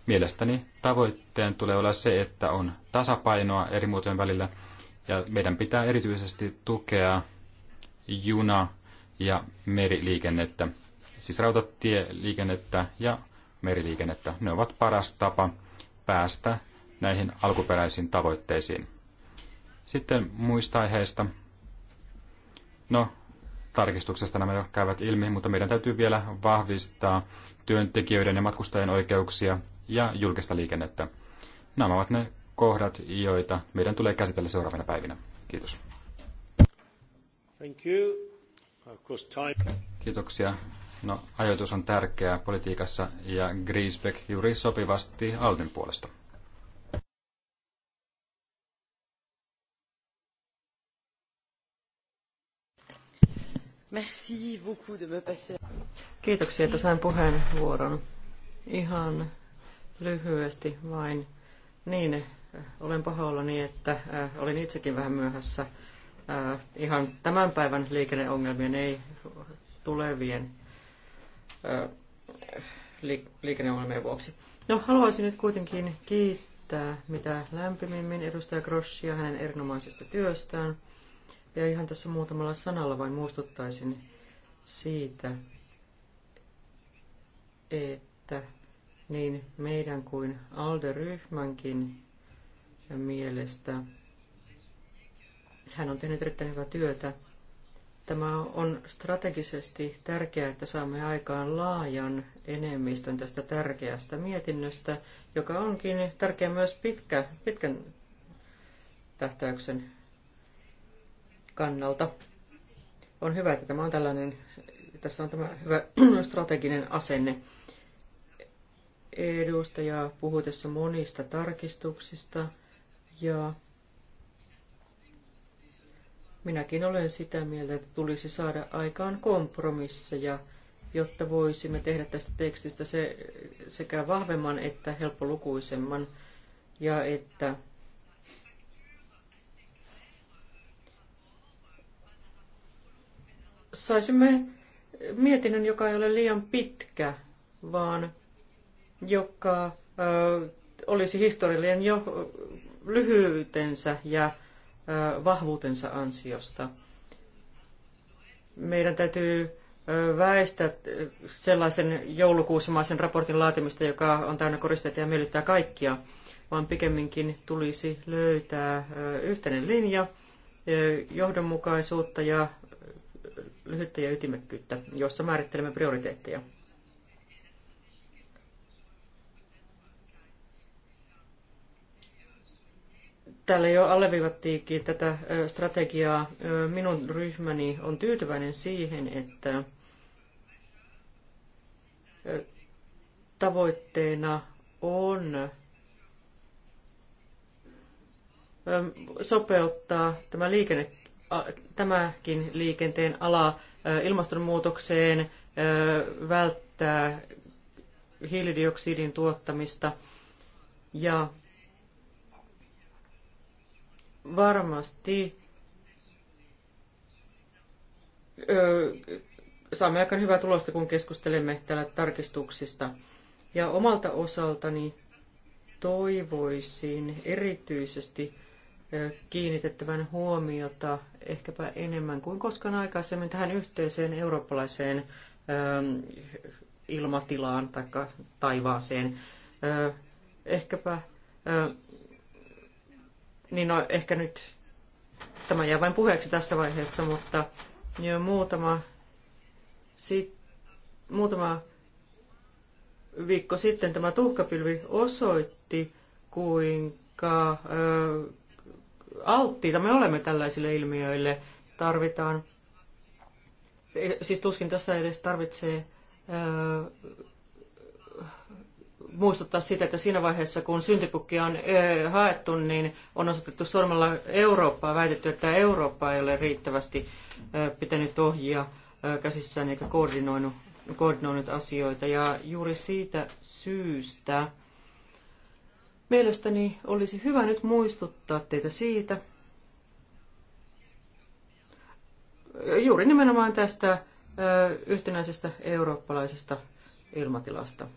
B: Mielestäni tavoitteen tulee olla se, että on tasapainoa eri muotojen välillä ja meidän pitää erityisesti tukea juna- ja meriliikennettä, siis rautatieliikennettä ja meriliikennettä. Ne ovat paras tapa päästä näihin alkuperäisiin tavoitteisiin. Sitten muista aiheista. No, tarkistuksesta nämä jo käyvät ilmi, mutta meidän täytyy vielä vahvistaa työntekijöiden ja matkustajien oikeuksia ja julkista liikennettä. Nämä ovat ne kohdat, joita meidän tulee käsitellä seuraavina päivinä.
A: Kiitos. Thank you. Of course, time.
B: Kiitoksia. No, ajoitus on tärkeää politiikassa ja Griesbeck juuri sopivasti Alden puolesta.
A: Merci beaucoup de me passer. Kiitoksia, että sain puheenvuoron. Ihan lyhyesti vain. Niin, olen pahoillani, että äh, olin itsekin vähän myöhässä. Äh, ihan tämän päivän liikenneongelmien, ei tulevien äh, liikenneongelmien vuoksi. No, haluaisin nyt kuitenkin kiittää mitä lämpimimmin edustaja Groschia hänen erinomaisesta työstään. Ja ihan tässä muutamalla sanalla vain muistuttaisin siitä, että niin meidän kuin ALDE-ryhmänkin mielestä hän on tehnyt erittäin hyvää työtä. Tämä on strategisesti tärkeää, että saamme aikaan laajan enemmistön tästä tärkeästä mietinnöstä, joka onkin tärkeä myös pitkä, pitkän tähtäyksen kannalta. On hyvä, että tämä on tällainen, tässä on tämä hyvä strateginen asenne. Edustaja puhui tässä monista tarkistuksista ja minäkin olen sitä mieltä, että tulisi saada aikaan kompromisseja, jotta voisimme tehdä tästä tekstistä se, sekä vahvemman että helppolukuisemman ja että saisimme mietinnön, joka ei ole liian pitkä, vaan joka olisi historiallinen jo lyhyytensä ja vahvuutensa ansiosta. Meidän täytyy väistää sellaisen joulukuusimaisen raportin laatimista, joka on täynnä koristeita ja miellyttää kaikkia, vaan pikemminkin tulisi löytää yhteinen linja, johdonmukaisuutta ja lyhyttä ja ytimekkyyttä, jossa määrittelemme prioriteetteja. Täällä jo alleviivattiinkin tätä strategiaa. Minun ryhmäni on tyytyväinen siihen, että tavoitteena on sopeuttaa tämä liikenne tämäkin liikenteen ala ilmastonmuutokseen välttää hiilidioksidin tuottamista ja varmasti saamme aika hyvää tulosta, kun keskustelemme täällä tarkistuksista. Ja omalta osaltani toivoisin erityisesti kiinnitettävän huomiota ehkäpä enemmän kuin koskaan aikaisemmin tähän yhteiseen eurooppalaiseen ilmatilaan tai taivaaseen. Ehkäpä, niin no, ehkä nyt tämä jää vain puheeksi tässä vaiheessa, mutta muutama, sit, muutama viikko sitten tämä tuhkapilvi osoitti, kuinka alttiita me olemme tällaisille ilmiöille. Tarvitaan, e, siis tuskin tässä edes tarvitsee muistuttaa sitä, että siinä vaiheessa, kun syntipukki on haettu, niin on osoitettu sormella Eurooppaa, väitetty, että Eurooppa ei ole riittävästi pitänyt ohjia käsissään eikä koordinoinut, koordinoinut asioita. Ja juuri siitä syystä Mielestäni olisi hyvä nyt muistuttaa teitä siitä, juuri nimenomaan tästä yhtenäisestä eurooppalaisesta ilmatilasta.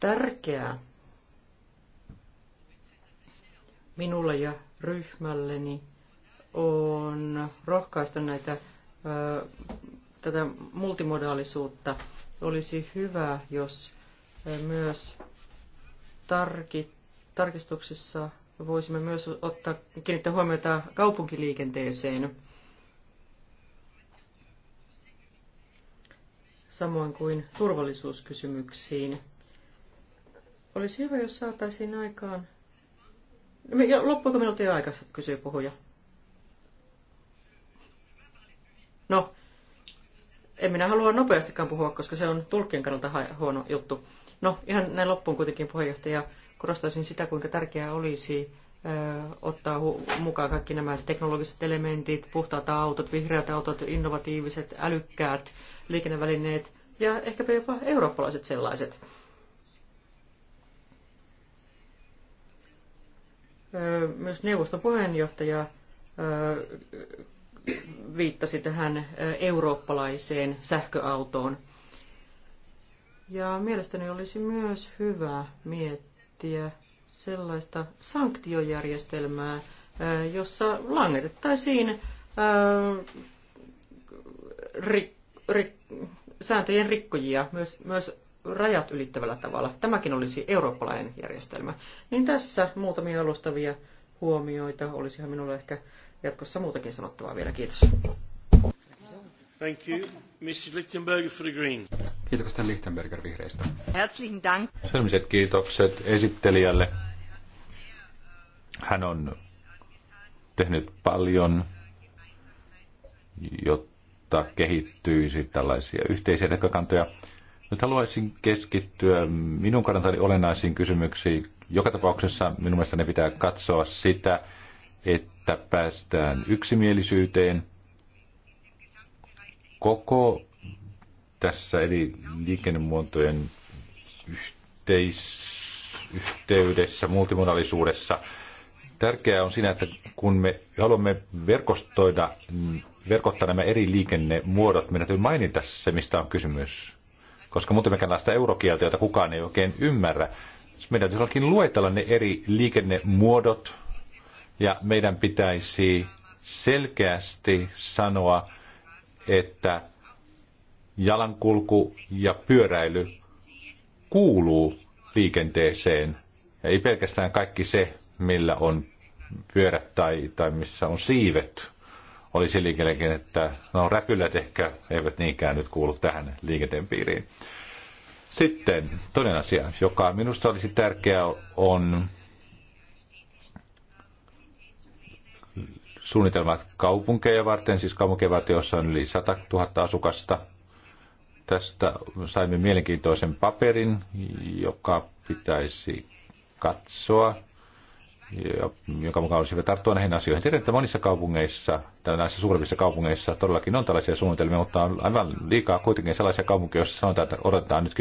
A: Tärkeää minulle ja ryhmälleni on rohkaista näitä tätä multimodaalisuutta. Olisi hyvä, jos myös tarki, tarkistuksissa voisimme myös ottaa, kiinnittää huomiota kaupunkiliikenteeseen, samoin kuin turvallisuuskysymyksiin. Olisi hyvä, jos saataisiin aikaan... Loppuiko minulta jo aika, kysyy puhuja. No, en minä halua nopeastikaan puhua, koska se on tulkien kannalta huono juttu. No, ihan näin loppuun kuitenkin puheenjohtaja. Korostaisin sitä, kuinka tärkeää olisi ottaa mukaan kaikki nämä teknologiset elementit, puhtaat autot, vihreät autot, innovatiiviset, älykkäät liikennevälineet ja ehkäpä jopa eurooppalaiset sellaiset. Myös neuvoston puheenjohtaja viittasi tähän eurooppalaiseen sähköautoon. Ja mielestäni olisi myös hyvä miettiä sellaista sanktiojärjestelmää, jossa langetettaisiin sääntöjen rikkojia myös, myös rajat ylittävällä tavalla. Tämäkin olisi eurooppalainen järjestelmä. Niin tässä muutamia alustavia huomioita. Olisihan minulla ehkä jatkossa muutakin sanottavaa vielä. Kiitos. Thank you. Mrs. Lichtenberger for the Green. Kiitoksia
B: Lichtenberger vihreistä.
A: Herzlichen Dank.
C: Sellaiset kiitokset esittelijälle. Hän on tehnyt paljon, jotta kehittyisi tällaisia yhteisiä näkökantoja. Nyt haluaisin keskittyä minun kannaltani olennaisiin kysymyksiin. Joka tapauksessa minun mielestäni pitää katsoa sitä, että päästään yksimielisyyteen koko tässä eli liikennemuotojen yhteis, yhteydessä, multimodalisuudessa. Tärkeää on siinä, että kun me haluamme verkostoida, verkottaa nämä eri liikennemuodot, meidän täytyy mainita se, mistä on kysymys. Koska muuten me sitä eurokieltä, jota kukaan ei oikein ymmärrä. Meidän täytyy luetella ne eri liikennemuodot, ja meidän pitäisi selkeästi sanoa, että jalankulku ja pyöräily kuuluu liikenteeseen. Ja ei pelkästään kaikki se, millä on pyörät tai, tai missä on siivet, olisi liikennekin, että no räpylät ehkä eivät niinkään nyt kuulu tähän liikenteen piiriin. Sitten toinen asia, joka minusta olisi tärkeää, on suunnitelmat kaupunkeja varten, siis kaupunkeja varten, jossa on yli 100 000 asukasta. Tästä saimme mielenkiintoisen paperin, joka pitäisi katsoa, jonka mukaan hyvä tarttua näihin asioihin. Tiedän, että monissa kaupungeissa, tai näissä suurimmissa kaupungeissa todellakin on tällaisia suunnitelmia, mutta on aivan liikaa kuitenkin sellaisia kaupunkeja, joissa sanotaan, että odotetaan nyt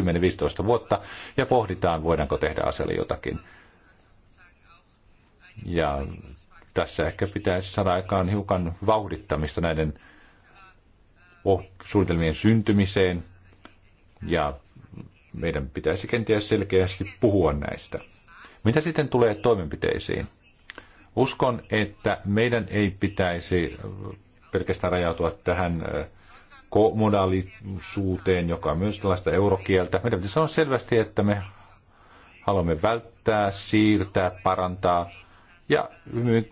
C: 10-15 vuotta ja pohditaan, voidaanko tehdä asialle jotakin. Ja tässä ehkä pitäisi saada aikaan hiukan vauhdittamista näiden oh- suunnitelmien syntymiseen ja meidän pitäisi kenties selkeästi puhua näistä. Mitä sitten tulee toimenpiteisiin? Uskon, että meidän ei pitäisi äh, pelkästään rajautua tähän äh, modaalisuuteen, joka on myös tällaista eurokieltä. Meidän pitäisi sanoa selvästi, että me haluamme välttää, siirtää, parantaa ja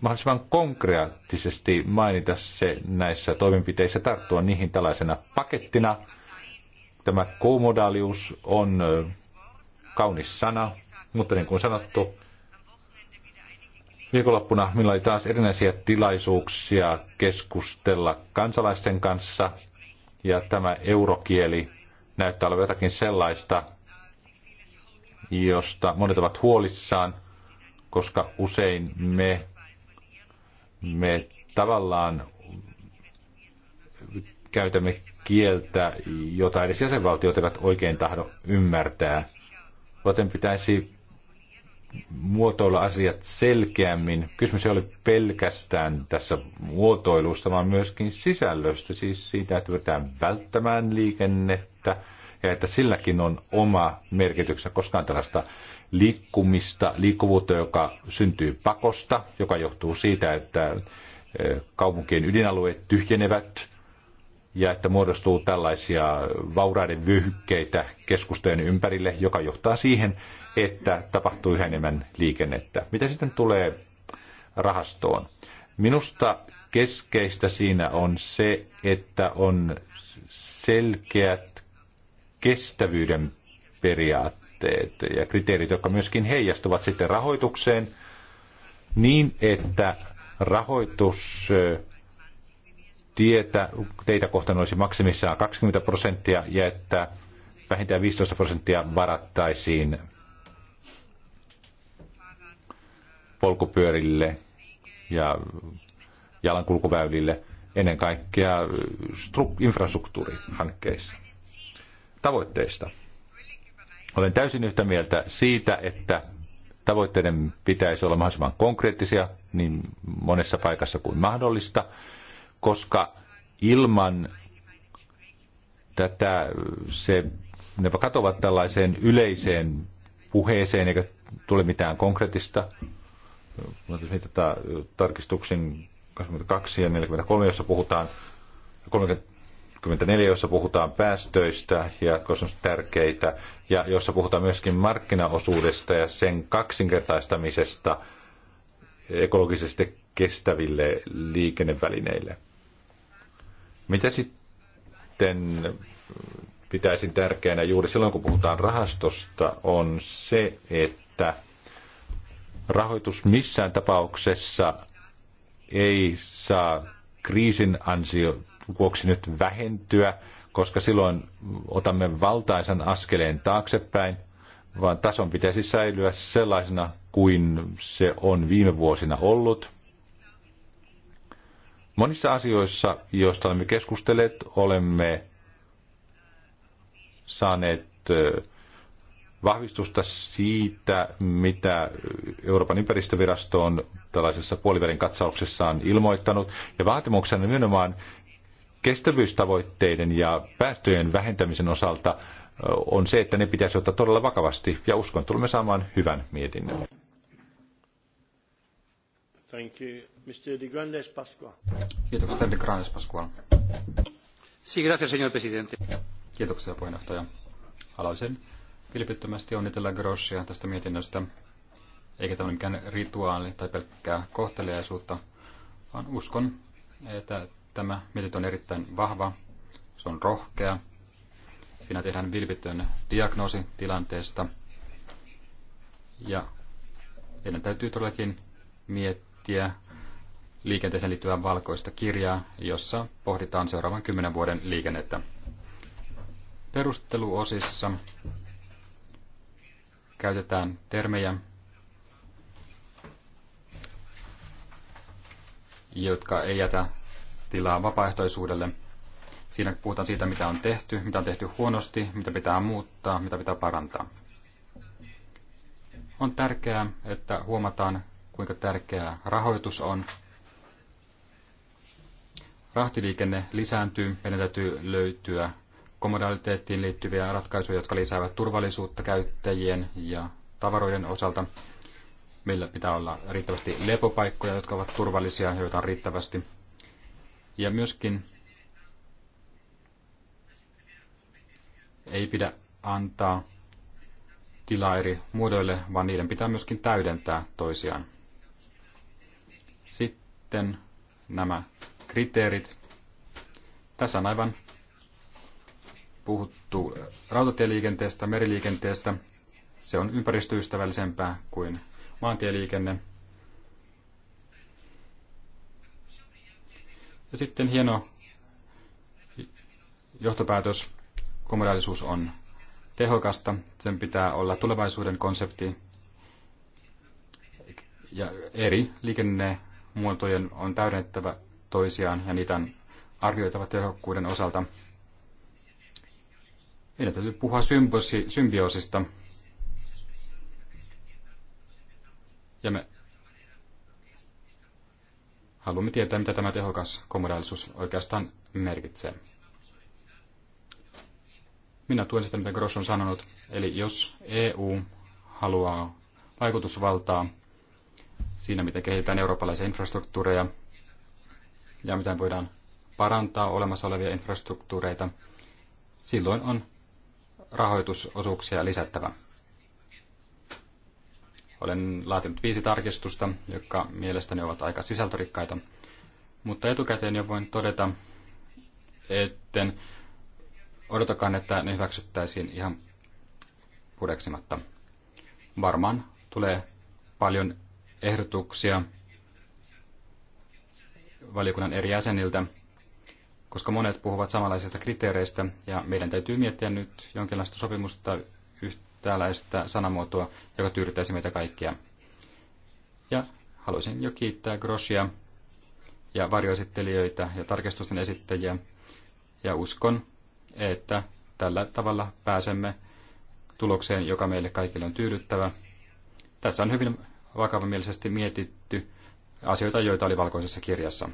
C: mahdollisimman konkreettisesti mainita se näissä toimenpiteissä, tarttua niihin tällaisena pakettina. Tämä komodalius on kaunis sana, mutta niin kuin sanottu, viikonloppuna minulla oli taas erinäisiä tilaisuuksia keskustella kansalaisten kanssa, ja tämä eurokieli näyttää olevan jotakin sellaista, josta monet ovat huolissaan – koska usein me, me tavallaan käytämme kieltä, jota edes jäsenvaltiot eivät oikein tahdo ymmärtää. Joten pitäisi muotoilla asiat selkeämmin. Kysymys ei ole pelkästään tässä muotoilusta, vaan myöskin sisällöstä, siis siitä, että pyritään välttämään liikennettä ja että silläkin on oma merkityksensä. Koskaan tällaista liikkumista, liikkuvuutta, joka syntyy pakosta, joka johtuu siitä, että eh, kaupunkien ydinalueet tyhjenevät ja että muodostuu tällaisia vauraiden vyöhykkeitä keskustojen ympärille, joka johtaa siihen, että tapahtuu yhä enemmän liikennettä. Mitä sitten tulee rahastoon? Minusta keskeistä siinä on se, että on selkeät kestävyyden periaatteet tavoitteet ja kriteerit, jotka myöskin heijastuvat sitten rahoitukseen, niin että rahoitus tietä, teitä kohtaan olisi maksimissaan 20 prosenttia ja että vähintään 15 prosenttia varattaisiin polkupyörille ja jalankulkuväylille ennen kaikkea infrastruktuurihankkeissa. Tavoitteista. Olen täysin yhtä mieltä siitä, että tavoitteiden pitäisi olla mahdollisimman konkreettisia niin monessa paikassa kuin mahdollista, koska ilman tätä se, ne katovat tällaiseen yleiseen puheeseen eikä tule mitään konkreettista. Tätä tarkistuksen 22 ja 43, jossa puhutaan 24, jossa puhutaan päästöistä ja on tärkeitä, ja jossa puhutaan myöskin markkinaosuudesta ja sen kaksinkertaistamisesta ekologisesti kestäville liikennevälineille. Mitä sitten pitäisin tärkeänä juuri silloin, kun puhutaan rahastosta, on se, että rahoitus missään tapauksessa ei saa kriisin ansio, vuoksi nyt vähentyä, koska silloin otamme valtaisen askeleen taaksepäin, vaan tason pitäisi säilyä sellaisena kuin se on viime vuosina ollut. Monissa asioissa, joista olemme keskustelleet, olemme saaneet vahvistusta siitä, mitä Euroopan ympäristövirasto on tällaisessa puolivälin katsauksessaan ilmoittanut. Ja vaatimuksena nimenomaan kestävyystavoitteiden ja päästöjen vähentämisen osalta on se, että ne pitäisi ottaa todella vakavasti ja uskon, että tulemme saamaan hyvän mietinnön.
A: Thank you. Mr. De Grandes Pascual.
B: Kiitoksia, De Grandes Pascual. Sí, gracias, señor presidente. Kiitoksia, puheenjohtaja. Haluaisin vilpittömästi onnitella Groschia tästä mietinnöstä. Eikä tämä mikään rituaali tai pelkkää kohteliaisuutta, vaan uskon, että Tämä mietintö on erittäin vahva, se on rohkea. Siinä tehdään vilpitön diagnoosi tilanteesta. Ja meidän täytyy todellakin miettiä liikenteeseen liittyvää valkoista kirjaa, jossa pohditaan seuraavan kymmenen vuoden liikennettä. Perusteluosissa käytetään termejä, jotka ei jätä tilaa vapaaehtoisuudelle. Siinä puhutaan siitä, mitä on tehty, mitä on tehty huonosti, mitä pitää muuttaa, mitä pitää parantaa. On tärkeää, että huomataan, kuinka tärkeää rahoitus on. Rahtiliikenne lisääntyy, meidän täytyy löytyä komodaliteettiin liittyviä ratkaisuja, jotka lisäävät turvallisuutta käyttäjien ja tavaroiden osalta. Meillä pitää olla riittävästi lepopaikkoja, jotka ovat turvallisia, joita on riittävästi. Ja myöskin ei pidä antaa tilaa eri muodoille, vaan niiden pitää myöskin täydentää toisiaan. Sitten nämä kriteerit. Tässä on aivan puhuttu rautatieliikenteestä, meriliikenteestä. Se on ympäristöystävällisempää kuin maantieliikenne. Ja sitten hieno johtopäätös. Komodaalisuus on tehokasta. Sen pitää olla tulevaisuuden konsepti. Ja eri liikennemuotojen on täydennettävä toisiaan ja niitä on arvioitava tehokkuuden osalta. Meidän täytyy puhua symbioosista. Ja me haluamme tietää, mitä tämä tehokas komodaalisuus oikeastaan merkitsee. Minä tuen sitä, mitä Gross on sanonut. Eli jos EU haluaa vaikutusvaltaa siinä, miten kehitetään eurooppalaisia infrastruktuureja ja miten voidaan parantaa olemassa olevia infrastruktuureita, silloin on rahoitusosuuksia lisättävä. Olen laatinut viisi tarkistusta, jotka mielestäni ovat aika sisältörikkaita. Mutta etukäteen jo voin todeta, etten odotakaan, että ne hyväksyttäisiin ihan pudeksimatta. Varmaan tulee paljon ehdotuksia valiokunnan eri jäseniltä, koska monet puhuvat samanlaisista kriteereistä, ja meidän täytyy miettiä nyt jonkinlaista sopimusta esittää sanamuotoa, joka tyydyttäisi meitä kaikkia. Ja haluaisin jo kiittää Grosia ja varjoesittelijöitä ja tarkistusten esittäjiä. Ja uskon, että tällä tavalla pääsemme tulokseen, joka meille kaikille on tyydyttävä. Tässä on hyvin vakavamielisesti mietitty asioita, joita oli valkoisessa kirjassa.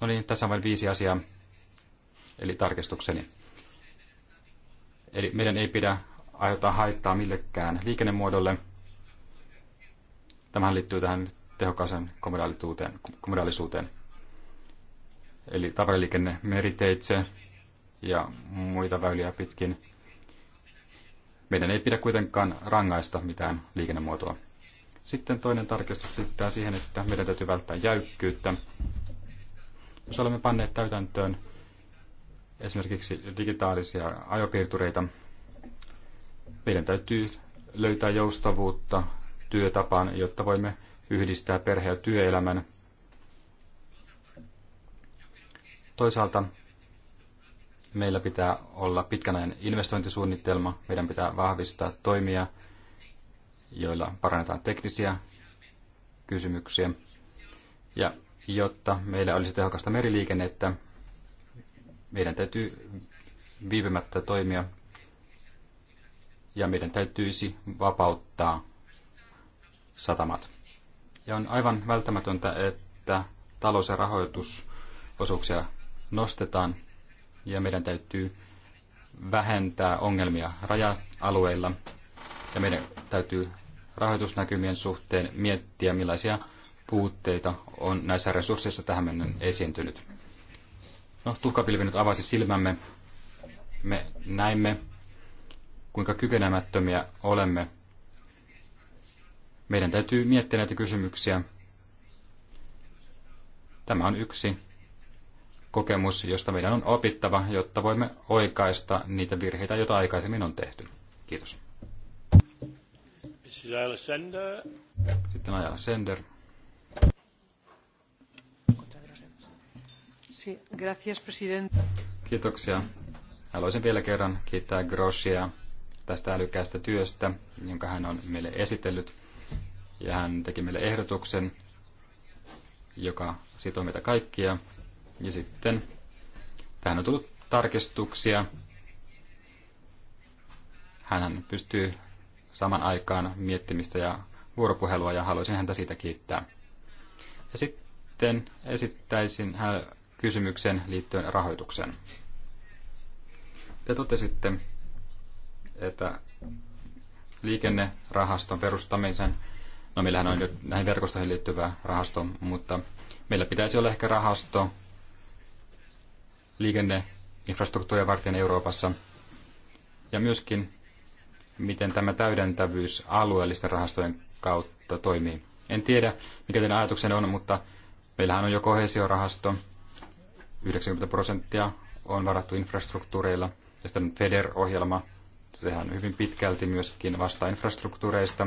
B: No niin, tässä on vain viisi asiaa, eli tarkistukseni. Eli meidän ei pidä aiheuttaa haittaa millekään liikennemuodolle. Tämähän liittyy tähän tehokkaaseen komodaalisuuteen. komodaalisuuteen. Eli tavaraliikenne meriteitse ja muita väyliä pitkin. Meidän ei pidä kuitenkaan rangaista mitään liikennemuotoa. Sitten toinen tarkistus liittää siihen, että meidän täytyy välttää jäykkyyttä. Jos olemme panneet täytäntöön esimerkiksi digitaalisia ajopiirtureita. Meidän täytyy löytää joustavuutta työtapaan, jotta voimme yhdistää perhe- ja työelämän. Toisaalta meillä pitää olla pitkän ajan investointisuunnitelma. Meidän pitää vahvistaa toimia, joilla parannetaan teknisiä kysymyksiä. Ja jotta meillä olisi tehokasta meriliikennettä, meidän täytyy viipymättä toimia ja meidän täytyisi vapauttaa satamat. Ja on aivan välttämätöntä, että talous- ja rahoitusosuuksia nostetaan ja meidän täytyy vähentää ongelmia raja-alueilla ja meidän täytyy rahoitusnäkymien suhteen miettiä, millaisia puutteita on näissä resursseissa tähän mennessä esiintynyt. No, tuhkapilvi nyt avasi silmämme. Me näimme, kuinka kykenemättömiä olemme. Meidän täytyy miettiä näitä kysymyksiä. Tämä on yksi kokemus, josta meidän on opittava, jotta voimme oikaista niitä virheitä, joita aikaisemmin on tehty. Kiitos. Sitten ajalla Sender.
A: gracias, presidente.
B: Kiitoksia. Haluaisin vielä kerran kiittää Grosia tästä älykkäästä työstä, jonka hän on meille esitellyt. Ja hän teki meille ehdotuksen, joka sitoo meitä kaikkia. Ja sitten tähän on tullut tarkistuksia. Hän pystyy saman aikaan miettimistä ja vuoropuhelua ja haluaisin häntä siitä kiittää. Ja sitten esittäisin kysymyksen liittyen rahoitukseen. Te totesitte, että liikennerahaston perustamisen, no meillähän on jo näihin verkostoihin liittyvä rahasto, mutta meillä pitäisi olla ehkä rahasto liikenneinfrastruktuuria varten Euroopassa ja myöskin miten tämä täydentävyys alueellisten rahastojen kautta toimii. En tiedä, mikä teidän ajatuksenne on, mutta meillähän on jo kohesiorahasto 90 prosenttia on varattu infrastruktuureilla. Ja sitten FEDER-ohjelma, sehän hyvin pitkälti myöskin vastaa infrastruktuureista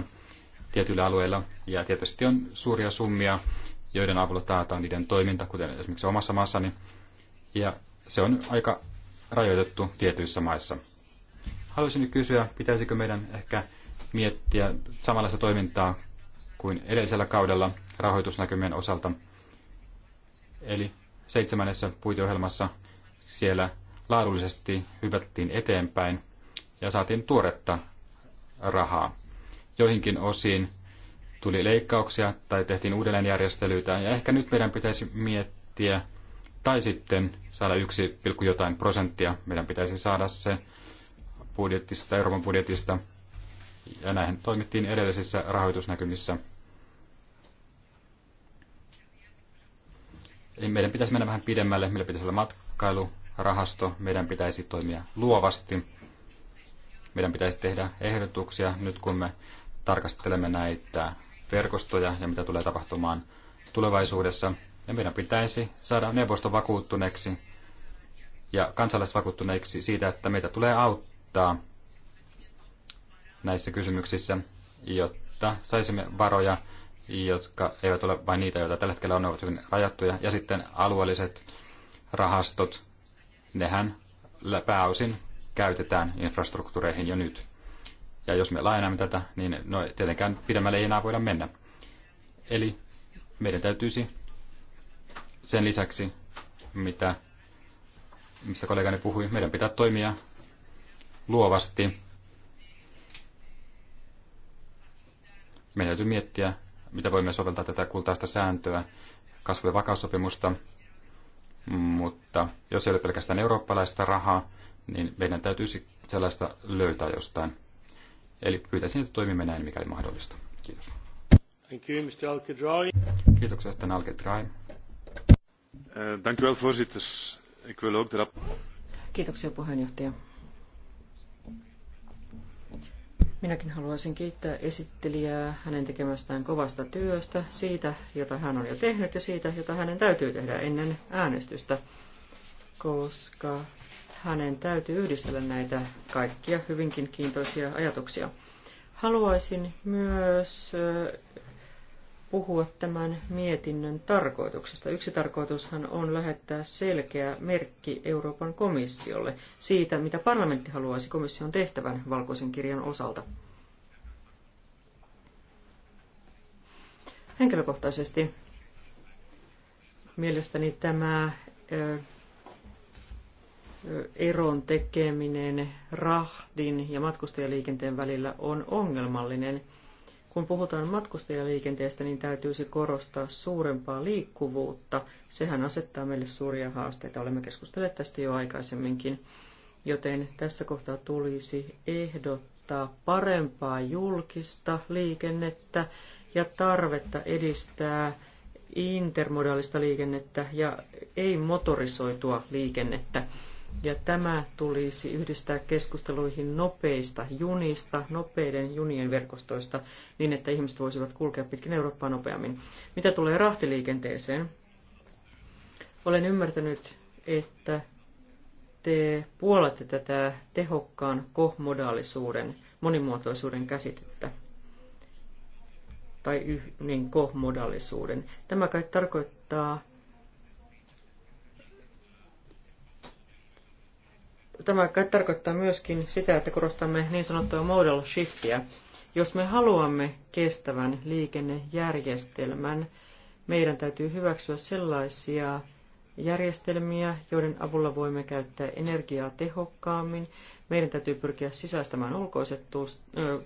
B: tietyillä alueilla. Ja tietysti on suuria summia, joiden avulla taataan niiden toiminta, kuten esimerkiksi omassa maassani. Ja se on aika rajoitettu tietyissä maissa. Haluaisin nyt kysyä, pitäisikö meidän ehkä miettiä samanlaista toimintaa kuin edellisellä kaudella rahoitusnäkymien osalta. Eli seitsemännessä puiteohjelmassa siellä laadullisesti hyvättiin eteenpäin ja saatiin tuoretta rahaa. Joihinkin osiin tuli leikkauksia tai tehtiin uudelleenjärjestelyitä ja ehkä nyt meidän pitäisi miettiä tai sitten saada yksi pilkku jotain prosenttia. Meidän pitäisi saada se budjettista, Euroopan budjetista ja näihin toimittiin edellisissä rahoitusnäkymissä – Eli meidän pitäisi mennä vähän pidemmälle, meillä pitäisi olla matkailurahasto, meidän pitäisi toimia luovasti, meidän pitäisi tehdä ehdotuksia nyt kun me tarkastelemme näitä verkostoja ja mitä tulee tapahtumaan tulevaisuudessa. Ja niin meidän pitäisi saada neuvosto vakuuttuneeksi ja kansalaiset siitä, että meitä tulee auttaa näissä kysymyksissä, jotta saisimme varoja jotka eivät ole vain niitä, joita tällä hetkellä on, ne ovat hyvin rajattuja. Ja sitten alueelliset rahastot, nehän pääosin käytetään infrastruktuureihin jo nyt. Ja jos me lainaamme tätä, niin no, tietenkään pidemmälle ei enää voida mennä. Eli meidän täytyisi sen lisäksi, mitä, mistä kollegani puhui, meidän pitää toimia luovasti. Meidän täytyy miettiä, mitä voimme soveltaa tätä kultaista sääntöä, kasvu- ja vakaussopimusta, mutta jos ei ole pelkästään eurooppalaista rahaa, niin meidän täytyisi sellaista löytää jostain. Eli pyytäisin, että toimimme näin, mikäli mahdollista. Kiitos. Thank you, Mr. Alkedrai. Kiitoksia, Stan Alkedrai. Eh, dank u wel, voorzitter. Ik wil ook de
A: Kiitoksia, puheenjohtaja. Minäkin haluaisin kiittää esittelijää hänen tekemästään kovasta työstä, siitä, jota hän on jo tehnyt ja siitä, jota hänen täytyy tehdä ennen äänestystä, koska hänen täytyy yhdistellä näitä kaikkia hyvinkin kiintoisia ajatuksia. Haluaisin myös puhua tämän mietinnön tarkoituksesta. Yksi tarkoitushan on lähettää selkeä merkki Euroopan komissiolle siitä, mitä parlamentti haluaisi komission tehtävän valkoisen kirjan osalta. Henkilökohtaisesti mielestäni tämä eron tekeminen rahdin ja matkustajaliikenteen välillä on ongelmallinen – kun puhutaan matkustajaliikenteestä, niin täytyisi korostaa suurempaa liikkuvuutta. Sehän asettaa meille suuria haasteita. Olemme keskustelleet tästä jo aikaisemminkin. Joten tässä kohtaa tulisi ehdottaa parempaa julkista liikennettä ja tarvetta edistää intermodaalista liikennettä ja ei-motorisoitua liikennettä ja tämä tulisi yhdistää keskusteluihin nopeista junista, nopeiden junien verkostoista, niin että ihmiset voisivat kulkea pitkin Eurooppaa nopeammin. Mitä tulee rahtiliikenteeseen? Olen ymmärtänyt, että te puolatte tätä tehokkaan kohmodaalisuuden, monimuotoisuuden käsitettä tai yh, niin kohmodaalisuuden. Tämä kai tarkoittaa Tämä tarkoittaa myöskin sitä, että korostamme niin sanottua modal shiftiä. Jos me haluamme kestävän liikennejärjestelmän, meidän täytyy hyväksyä sellaisia järjestelmiä, joiden avulla voimme käyttää energiaa tehokkaammin. Meidän täytyy pyrkiä sisäistämään ulkoiset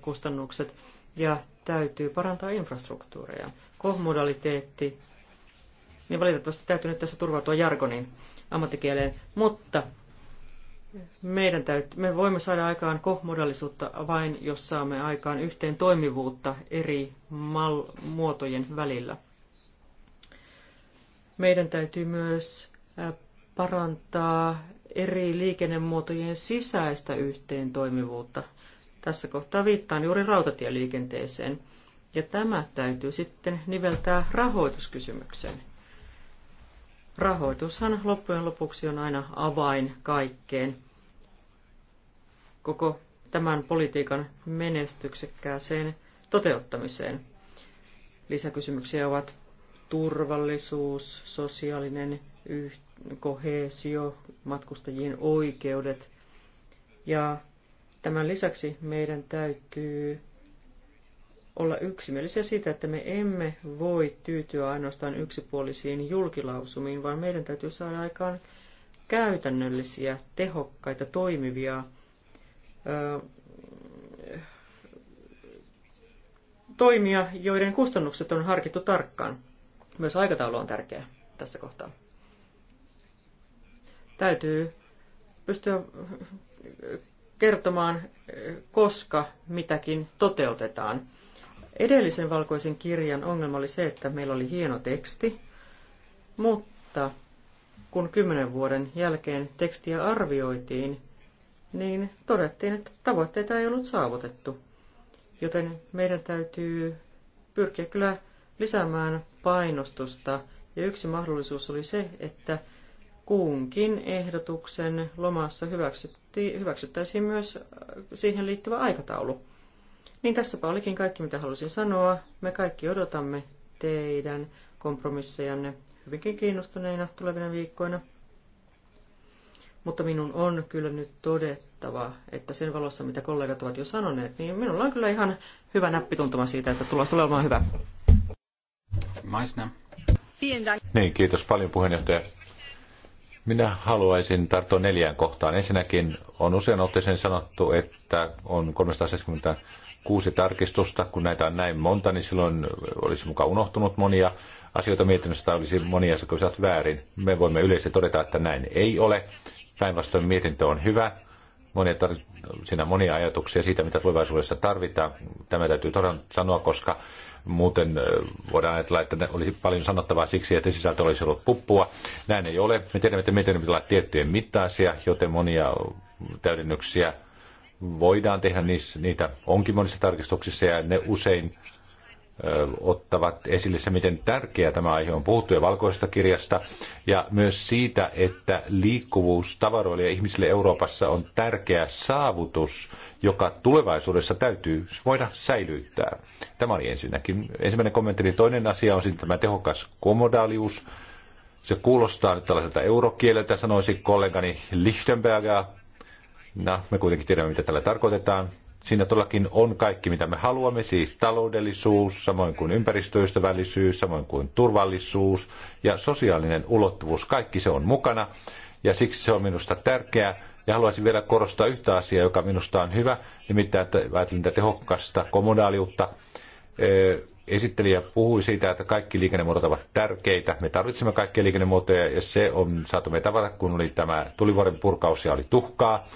A: kustannukset ja täytyy parantaa infrastruktuuria. Kohmodaliteetti, niin valitettavasti täytyy nyt tässä turvautua jargonin ammattikieleen, mutta meidän täytyy, me voimme saada aikaan kohmodallisuutta vain, jos saamme aikaan yhteen toimivuutta eri mal- muotojen välillä. Meidän täytyy myös parantaa eri liikennemuotojen sisäistä yhteen toimivuutta. Tässä kohtaa viittaan juuri rautatieliikenteeseen. Ja tämä täytyy sitten niveltää rahoituskysymykseen. Rahoitushan loppujen lopuksi on aina avain kaikkeen. Koko tämän politiikan menestyksekkääseen toteuttamiseen. Lisäkysymyksiä ovat turvallisuus, sosiaalinen yh- kohesio, matkustajien oikeudet. Ja tämän lisäksi meidän täytyy olla yksimielisiä siitä, että me emme voi tyytyä ainoastaan yksipuolisiin julkilausumiin, vaan meidän täytyy saada aikaan käytännöllisiä, tehokkaita, toimivia ö, toimia, joiden kustannukset on harkittu tarkkaan. Myös aikataulu on tärkeä tässä kohtaa. Täytyy pystyä kertomaan, koska mitäkin toteutetaan Edellisen valkoisen kirjan ongelma oli se, että meillä oli hieno teksti, mutta kun kymmenen vuoden jälkeen tekstiä arvioitiin, niin todettiin, että tavoitteita ei ollut saavutettu. Joten meidän täytyy pyrkiä kyllä lisäämään painostusta. Ja yksi mahdollisuus oli se, että kuunkin ehdotuksen lomassa hyväksyttäisiin myös siihen liittyvä aikataulu. Niin tässäpä olikin kaikki, mitä halusin sanoa. Me kaikki odotamme teidän kompromissejanne hyvinkin kiinnostuneina tulevina viikkoina. Mutta minun on kyllä nyt todettava, että sen valossa, mitä kollegat ovat jo sanoneet, niin minulla on kyllä ihan hyvä näppituntuma siitä, että tulos tulee olemaan hyvä.
B: Maisna.
C: Niin, kiitos paljon puheenjohtaja. Minä haluaisin tarttua neljään kohtaan. Ensinnäkin on usein otteeseen sanottu, että on 370 kuusi tarkistusta. Kun näitä on näin monta, niin silloin olisi mukaan unohtunut monia asioita mietinnöstä, olisi monia asioita olisivat väärin. Me voimme yleisesti todeta, että näin ei ole. Päinvastoin mietintö on hyvä. Monia tar- siinä on monia ajatuksia siitä, mitä tulevaisuudessa tarvitaan. Tämä täytyy todella sanoa, koska muuten voidaan ajatella, että olisi paljon sanottavaa siksi, että sisältö olisi ollut puppua. Näin ei ole. Me tiedämme, että mietinnön pitää olla tiettyjen mittaisia, joten monia täydennyksiä voidaan tehdä, niitä onkin monissa tarkistuksissa ja ne usein ottavat esille se, miten tärkeä tämä aihe on puhuttu ja valkoisesta kirjasta, ja myös siitä, että liikkuvuus tavaroille ja ihmisille Euroopassa on tärkeä saavutus, joka tulevaisuudessa täytyy voida säilyttää. Tämä oli ensinnäkin ensimmäinen kommentti. Toinen asia on sitten tämä tehokas komodaalius. Se kuulostaa nyt tällaiselta eurokieleltä, sanoisi kollegani Lichtenberger, No, me kuitenkin tiedämme, mitä tällä tarkoitetaan. Siinä todellakin on kaikki, mitä me haluamme, siis taloudellisuus, samoin kuin ympäristöystävällisyys, samoin kuin turvallisuus ja sosiaalinen ulottuvuus. Kaikki se on mukana ja siksi se on minusta tärkeää. Ja haluaisin vielä korostaa yhtä asiaa, joka minusta on hyvä, nimittäin että ajattelin tätä kommunaaliutta. Esittelijä puhui siitä, että kaikki liikennemuodot ovat tärkeitä. Me tarvitsemme kaikkia liikennemuotoja ja se on saatu meitä tavata, kun oli tämä tulivuoren purkaus ja oli tuhkaa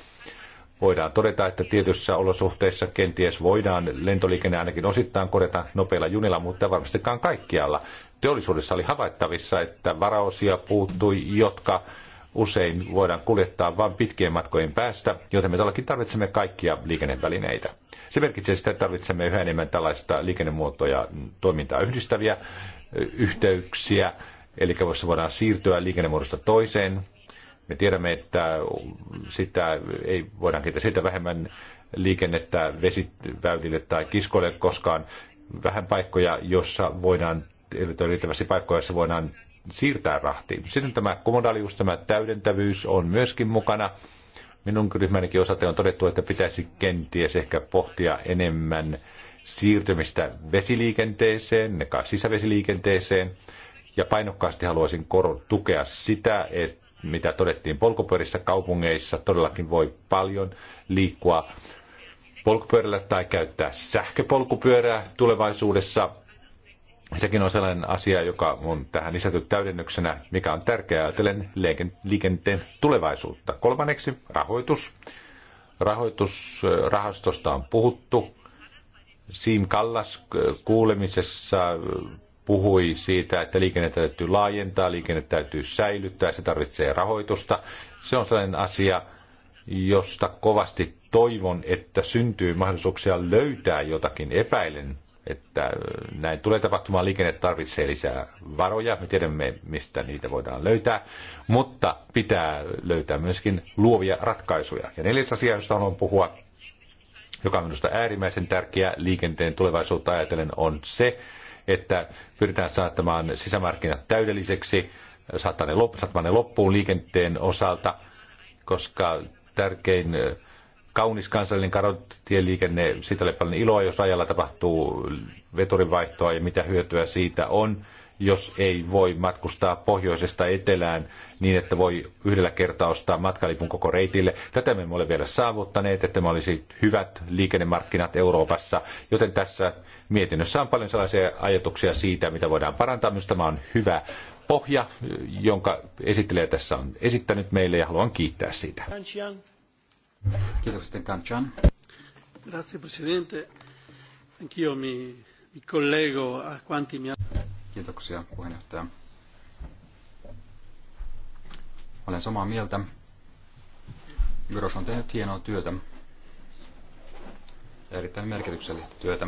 C: voidaan todeta, että tietyissä olosuhteissa kenties voidaan lentoliikenne ainakin osittain korjata nopeilla junilla, mutta varmastikaan kaikkialla. Teollisuudessa oli havaittavissa, että varaosia puuttui, jotka usein voidaan kuljettaa vain pitkien matkojen päästä, joten me todellakin tarvitsemme kaikkia liikennevälineitä. Se merkitsee sitä, että tarvitsemme yhä enemmän tällaista liikennemuotoja toimintaa yhdistäviä yhteyksiä, eli voidaan siirtyä liikennemuodosta toiseen, me tiedämme, että sitä ei voidaan kiittää sitä vähemmän liikennettä vesiväylille tai kiskoille, koskaan vähän paikkoja, jossa voidaan, riittävästi paikkoja, jossa voidaan siirtää rahtiin. Sitten tämä komodalius, tämä täydentävyys on myöskin mukana. Minun ryhmänikin osalta on todettu, että pitäisi kenties ehkä pohtia enemmän siirtymistä vesiliikenteeseen, sisävesiliikenteeseen. Ja painokkaasti haluaisin tukea sitä, että mitä todettiin polkupyörissä kaupungeissa, todellakin voi paljon liikkua polkupyörällä tai käyttää sähköpolkupyörää tulevaisuudessa. Sekin on sellainen asia, joka on tähän lisätty täydennyksenä, mikä on tärkeää ajatellen liikenteen tulevaisuutta. Kolmanneksi rahoitus. Rahoitusrahastosta on puhuttu. Siim Kallas äh, kuulemisessa äh, puhui siitä, että liikenne täytyy laajentaa, liikenne täytyy säilyttää, se tarvitsee rahoitusta. Se on sellainen asia, josta kovasti toivon, että syntyy mahdollisuuksia löytää jotakin. Epäilen, että näin tulee tapahtumaan. Liikenne tarvitsee lisää varoja. Me tiedämme, mistä niitä voidaan löytää. Mutta pitää löytää myöskin luovia ratkaisuja. Ja neljäs asia, josta haluan puhua, joka on minusta äärimmäisen tärkeä liikenteen tulevaisuutta ajatellen, on se, että pyritään saattamaan sisämarkkinat täydelliseksi, saattamaan ne, loppuun, ne loppuun liikenteen osalta, koska tärkein kaunis kansallinen karotieliikenne, siitä oli paljon iloa, jos rajalla tapahtuu veturinvaihtoa ja mitä hyötyä siitä on jos ei voi matkustaa pohjoisesta etelään niin, että voi yhdellä kertaa ostaa matkalipun koko reitille. Tätä me emme ole vielä saavuttaneet, että me olisi hyvät liikennemarkkinat Euroopassa, joten tässä mietinnössä on paljon sellaisia ajatuksia siitä, mitä voidaan parantaa. Minusta tämä on hyvä pohja, jonka esittelijä tässä on esittänyt meille ja haluan kiittää siitä. Kiitoksia,
B: Kanchan.
A: Grazie, Presidente. Anch'io mi, mi
B: collego a quanti mi Kiitoksia puheenjohtaja. Olen samaa mieltä. Gros on tehnyt hienoa työtä ja erittäin merkityksellistä työtä.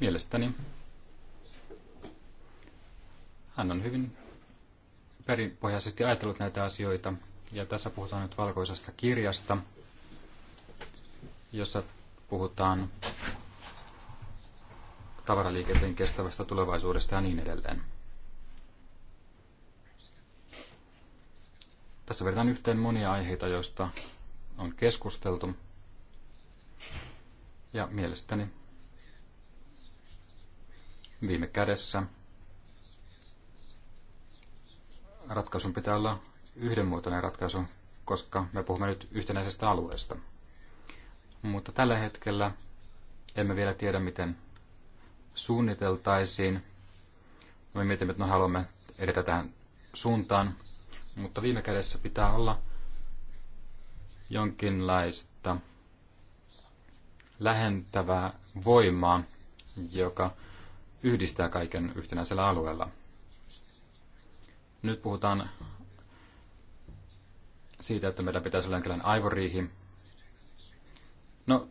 B: Mielestäni hän on hyvin perinpohjaisesti ajatellut näitä asioita. Ja tässä puhutaan nyt valkoisesta kirjasta, jossa puhutaan tavaraliikenteen kestävästä tulevaisuudesta ja niin edelleen. Tässä vedetään yhteen monia aiheita, joista on keskusteltu. Ja mielestäni viime kädessä ratkaisun pitää olla yhdenmuotoinen ratkaisu, koska me puhumme nyt yhtenäisestä alueesta. Mutta tällä hetkellä emme vielä tiedä, miten suunniteltaisiin. Me mietimme, että me no, haluamme edetä tähän suuntaan, mutta viime kädessä pitää olla jonkinlaista lähentävää voimaa, joka yhdistää kaiken yhtenäisellä alueella. Nyt puhutaan siitä, että meidän pitäisi olla jonkinlainen aivoriihi. No,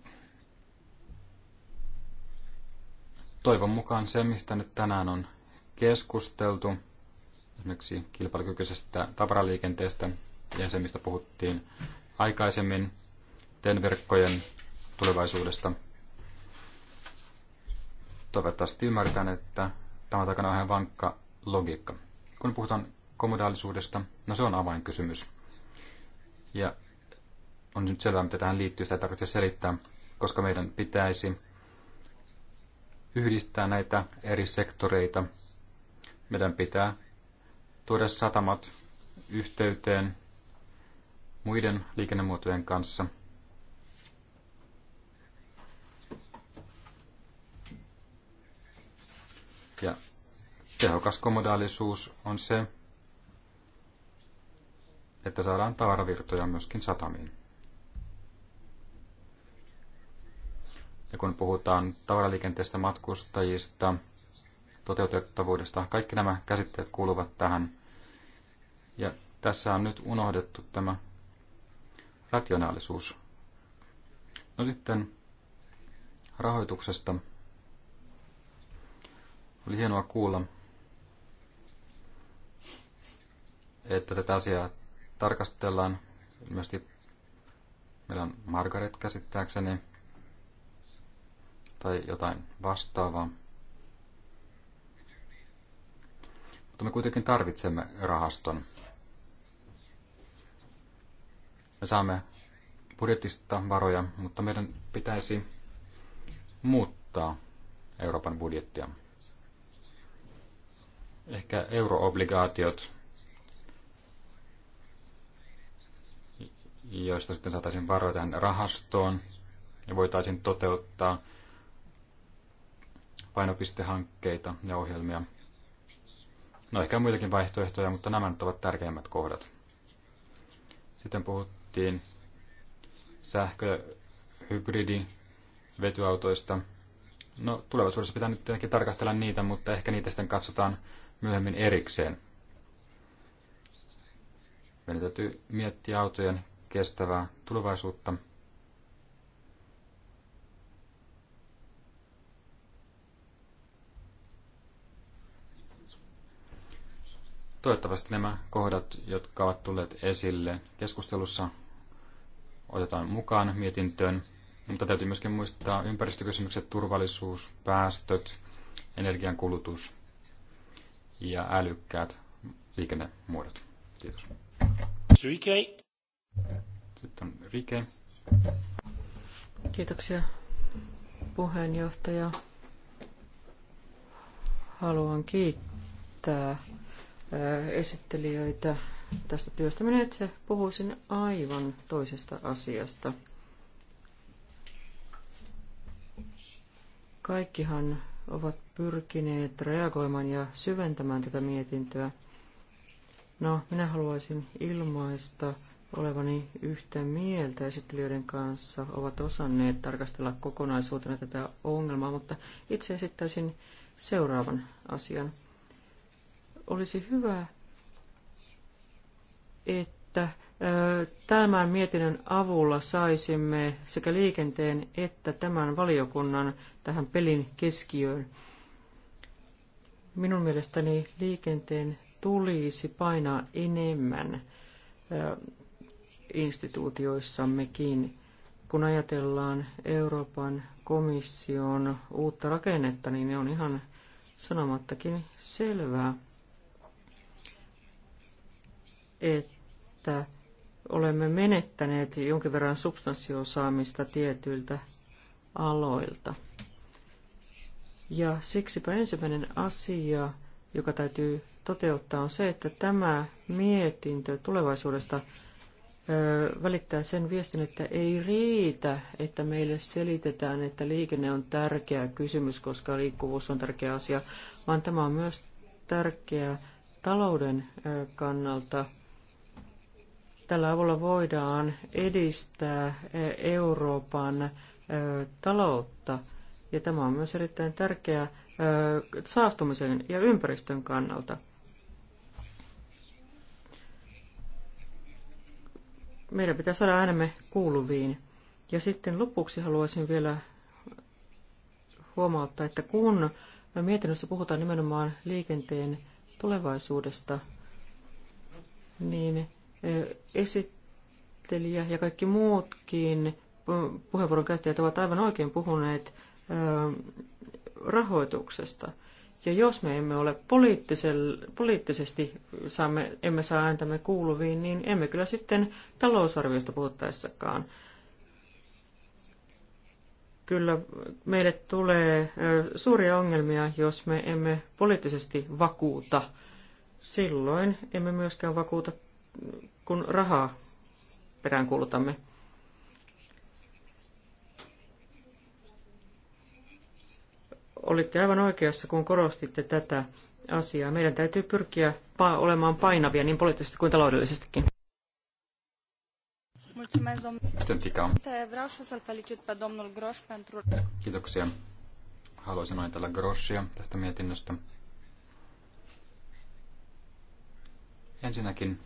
B: Toivon mukaan se, mistä nyt tänään on keskusteltu, esimerkiksi kilpailukykyisestä tavaraliikenteestä ja se, mistä puhuttiin aikaisemmin, TEN-verkkojen tulevaisuudesta. Toivottavasti ymmärretään, että tämä takana on ihan vankka logiikka. Kun puhutaan komodaalisuudesta, no se on avainkysymys. Ja on nyt selvää, mitä tähän liittyy, sitä ei tarvitse selittää, koska meidän pitäisi yhdistää näitä eri sektoreita. Meidän pitää tuoda satamat yhteyteen muiden liikennemuotojen kanssa. Ja tehokas komodaalisuus on se, että saadaan tavaravirtoja myöskin satamiin. Ja kun puhutaan tavaraliikenteestä, matkustajista, toteutettavuudesta, kaikki nämä käsitteet kuuluvat tähän. Ja tässä on nyt unohdettu tämä rationaalisuus. No sitten rahoituksesta. Oli hienoa kuulla, että tätä asiaa tarkastellaan. Ilmeisesti meillä on Margaret käsittääkseni tai jotain vastaavaa. Mutta me kuitenkin tarvitsemme rahaston. Me saamme budjetista varoja, mutta meidän pitäisi muuttaa Euroopan budjettia. Ehkä euroobligaatiot, joista sitten saataisiin varoja tähän rahastoon ja voitaisiin toteuttaa – painopistehankkeita ja ohjelmia. No ehkä muitakin vaihtoehtoja, mutta nämä nyt ovat tärkeimmät kohdat. Sitten puhuttiin sähkö, hybridi, No tulevaisuudessa pitää nyt tietenkin tarkastella niitä, mutta ehkä niitä sitten katsotaan myöhemmin erikseen. Meidän täytyy miettiä autojen kestävää tulevaisuutta – Toivottavasti nämä kohdat, jotka ovat tulleet esille keskustelussa, otetaan mukaan mietintöön, mutta täytyy myöskin muistaa ympäristökysymykset, turvallisuus, päästöt, energiankulutus ja älykkäät liikennemuodot. Kiitos. Rike. Sitten Rike.
A: Kiitoksia puheenjohtaja. Haluan kiittää esittelijöitä tästä työstä. Minä itse puhuisin aivan toisesta asiasta. Kaikkihan ovat pyrkineet reagoimaan ja syventämään tätä mietintöä. No, minä haluaisin ilmaista olevani yhtä mieltä esittelijöiden kanssa, ovat osanneet tarkastella kokonaisuutena tätä ongelmaa, mutta itse esittäisin seuraavan asian. Olisi hyvä, että tämän mietinnön avulla saisimme sekä liikenteen että tämän valiokunnan tähän pelin keskiöön. Minun mielestäni liikenteen tulisi painaa enemmän instituutioissammekin. Kun ajatellaan Euroopan komission uutta rakennetta, niin ne on ihan sanomattakin selvää että olemme menettäneet jonkin verran substanssiosaamista tietyiltä aloilta. Ja siksipä ensimmäinen asia, joka täytyy toteuttaa, on se, että tämä mietintö tulevaisuudesta välittää sen viestin, että ei riitä, että meille selitetään, että liikenne on tärkeä kysymys, koska liikkuvuus on tärkeä asia, vaan tämä on myös tärkeä talouden kannalta – Tällä avulla voidaan edistää e, Euroopan e, taloutta ja tämä on myös erittäin tärkeää e, saastumisen ja ympäristön kannalta. Meidän pitää saada äänemme kuuluviin. Ja sitten lopuksi haluaisin vielä huomauttaa, että kun mietinnössä puhutaan nimenomaan liikenteen tulevaisuudesta, niin Esittelijä ja kaikki muutkin puheenvuoron käyttäjät ovat aivan oikein puhuneet rahoituksesta. Ja jos me emme ole poliittisesti, saamme, emme saa ääntämme kuuluviin, niin emme kyllä sitten talousarviosta puhuttaessakaan. Kyllä meille tulee suuria ongelmia, jos me emme poliittisesti vakuuta. Silloin emme myöskään vakuuta kun rahaa peräänkuulutamme. Olitte aivan oikeassa, kun korostitte tätä asiaa. Meidän täytyy pyrkiä olemaan painavia niin poliittisesti kuin taloudellisestikin. Kiitoksia.
B: Haluaisin onnitella Groschia tästä mietinnöstä. Ensinnäkin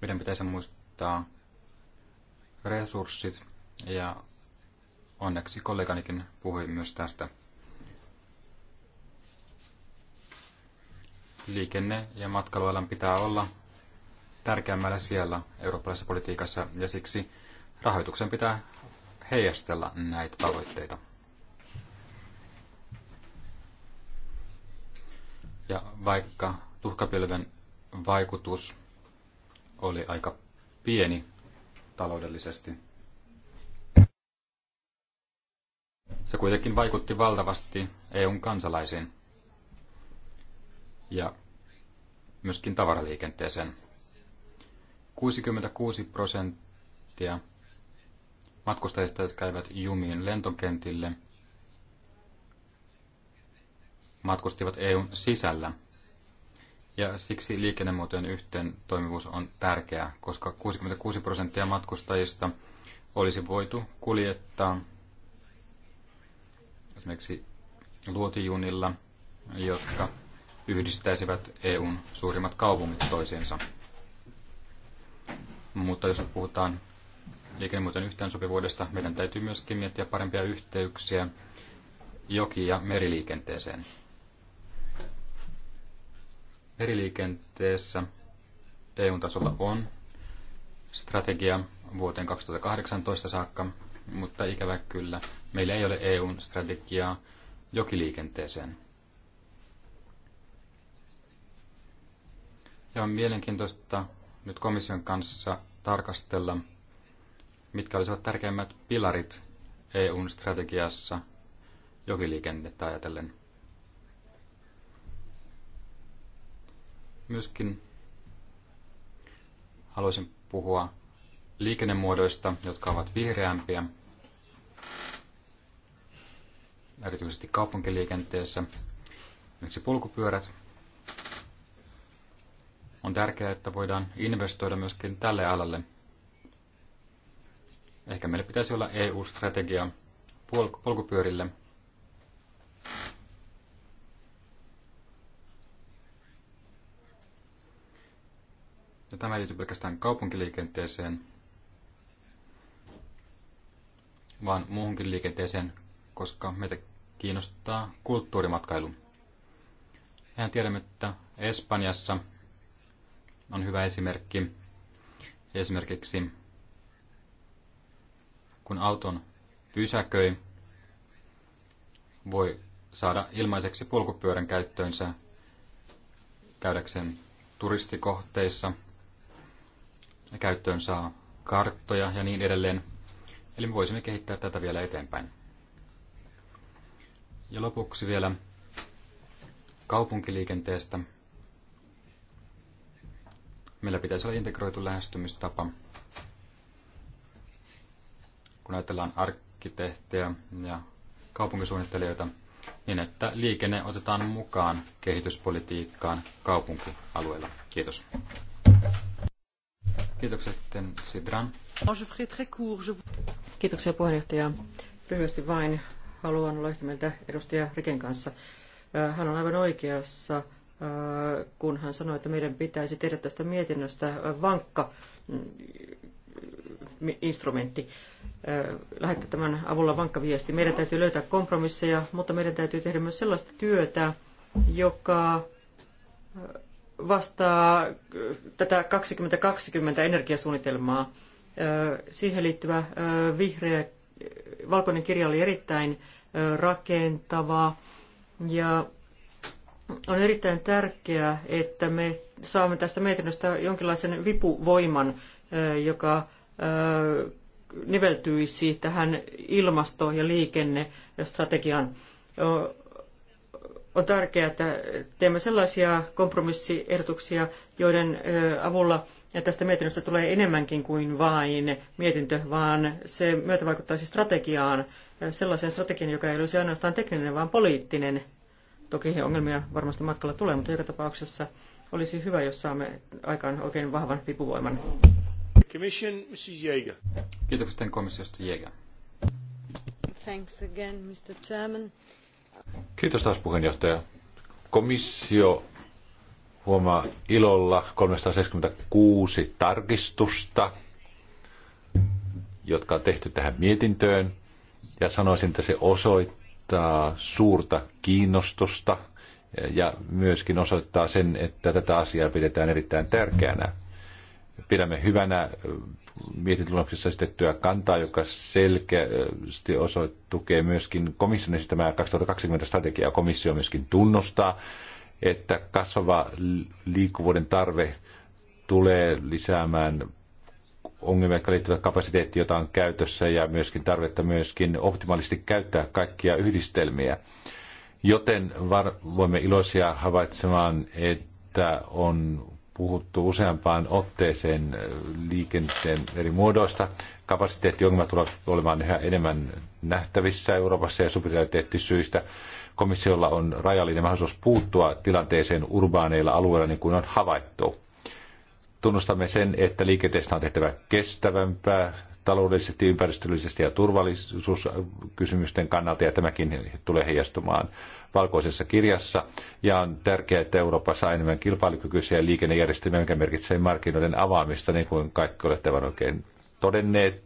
B: meidän pitäisi muistaa resurssit ja onneksi kolleganikin puhui myös tästä. Liikenne- ja matkailualan pitää olla tärkeämmällä siellä eurooppalaisessa politiikassa ja siksi rahoituksen pitää heijastella näitä tavoitteita. Ja vaikka tuhkapilven vaikutus oli aika pieni taloudellisesti. Se kuitenkin vaikutti valtavasti EUn kansalaisiin ja myöskin tavaraliikenteeseen. 66 prosenttia matkustajista, jotka käyvät jumiin lentokentille, matkustivat EUn sisällä – ja siksi liikennemuotojen yhteen toimivuus on tärkeää, koska 66 prosenttia matkustajista olisi voitu kuljettaa esimerkiksi luotijunilla, jotka yhdistäisivät EUn suurimmat kaupungit toisiinsa. Mutta jos puhutaan liikennemuotojen yhteensopivuudesta, meidän täytyy myöskin miettiä parempia yhteyksiä joki- ja meriliikenteeseen. Meriliikenteessä EUn tasolla on strategia vuoteen 2018 saakka, mutta ikävä kyllä meillä ei ole EUn strategiaa jokiliikenteeseen. Ja on mielenkiintoista nyt komission kanssa tarkastella, mitkä olisivat tärkeimmät pilarit EUn strategiassa jokiliikennettä ajatellen. Myöskin haluaisin puhua liikennemuodoista, jotka ovat vihreämpiä, erityisesti kaupunkiliikenteessä. Miksi polkupyörät? On tärkeää, että voidaan investoida myöskin tälle alalle. Ehkä meillä pitäisi olla EU-strategia polkupyörille – Ja tämä ei liity pelkästään kaupunkiliikenteeseen, vaan muuhunkin liikenteeseen, koska meitä kiinnostaa kulttuurimatkailu. Mehän tiedämme, että Espanjassa on hyvä esimerkki. Esimerkiksi kun auton pysäköi, voi saada ilmaiseksi polkupyörän käyttöönsä käydäkseen turistikohteissa – käyttöön saa karttoja ja niin edelleen. Eli me voisimme kehittää tätä vielä eteenpäin. Ja lopuksi vielä kaupunkiliikenteestä. Meillä pitäisi olla integroitu lähestymistapa. Kun ajatellaan arkkitehtejä ja kaupunkisuunnittelijoita, niin että liikenne otetaan mukaan kehityspolitiikkaan kaupunkialueella. Kiitos. Kiitoksia sitten Sidran.
A: Kiitoksia puheenjohtaja. Lyhyesti vain haluan olla yhtä mieltä edustaja Riken kanssa. Hän on aivan oikeassa, kun hän sanoi, että meidän pitäisi tehdä tästä mietinnöstä vankka mm, instrumentti, lähettää tämän avulla vankka viesti. Meidän täytyy löytää kompromisseja, mutta meidän täytyy tehdä myös sellaista työtä, joka vastaa äh, tätä 2020 energiasuunnitelmaa. Äh, siihen liittyvä äh, vihreä, valkoinen kirja oli erittäin rakentava ja on erittäin tärkeää, että me saamme tästä mietinnöstä jonkinlaisen vipuvoiman, joka niveltyisi tähän ilmasto- ja liikennestrategiaan on tärkeää, että teemme sellaisia kompromissiehdotuksia, joiden avulla tästä mietinnöstä tulee enemmänkin kuin vain mietintö, vaan se myötä vaikuttaisi strategiaan, sellaiseen strategiaan, joka ei olisi ainoastaan tekninen, vaan poliittinen. Toki ongelmia varmasti matkalla tulee, mutta joka tapauksessa olisi hyvä, jos saamme aikaan oikein vahvan vipuvoiman.
B: Commission, Mrs. Jäger. Kiitoksia komissiosta Jäger.
A: Thanks again, Mr. Chairman.
C: Kiitos taas puheenjohtaja. Komissio huomaa ilolla 376 tarkistusta, jotka on tehty tähän mietintöön. Ja sanoisin, että se osoittaa suurta kiinnostusta ja myöskin osoittaa sen, että tätä asiaa pidetään erittäin tärkeänä. Pidämme hyvänä mietintöluonnoksessa esitettyä kantaa, joka selkeästi tukee myöskin komission esittämää 2020 strategiaa. Komissio myöskin tunnustaa, että kasvava liikkuvuuden tarve tulee lisäämään ongelmia, jotka liittyvät kapasiteettiin, jota on käytössä, ja myöskin tarvetta myöskin optimaalisesti käyttää kaikkia yhdistelmiä. Joten var, voimme iloisia havaitsemaan, että on puhuttu useampaan otteeseen äh, liikenteen eri muodoista. Kapasiteettiongelmat tulevat olemaan yhä enemmän nähtävissä Euroopassa ja subsidiariteettisyistä. Komissiolla on rajallinen mahdollisuus puuttua tilanteeseen urbaaneilla alueilla, niin kuin on havaittu. Tunnustamme sen, että liikenteestä on tehtävä kestävämpää taloudellisesti, ympäristöllisesti ja turvallisuuskysymysten kannalta, ja tämäkin tulee heijastumaan valkoisessa kirjassa. Ja on tärkeää, että Eurooppa saa enemmän kilpailukykyisiä liikennejärjestelmiä, mikä merkitsee markkinoiden avaamista, niin kuin kaikki olette vain oikein todenneet.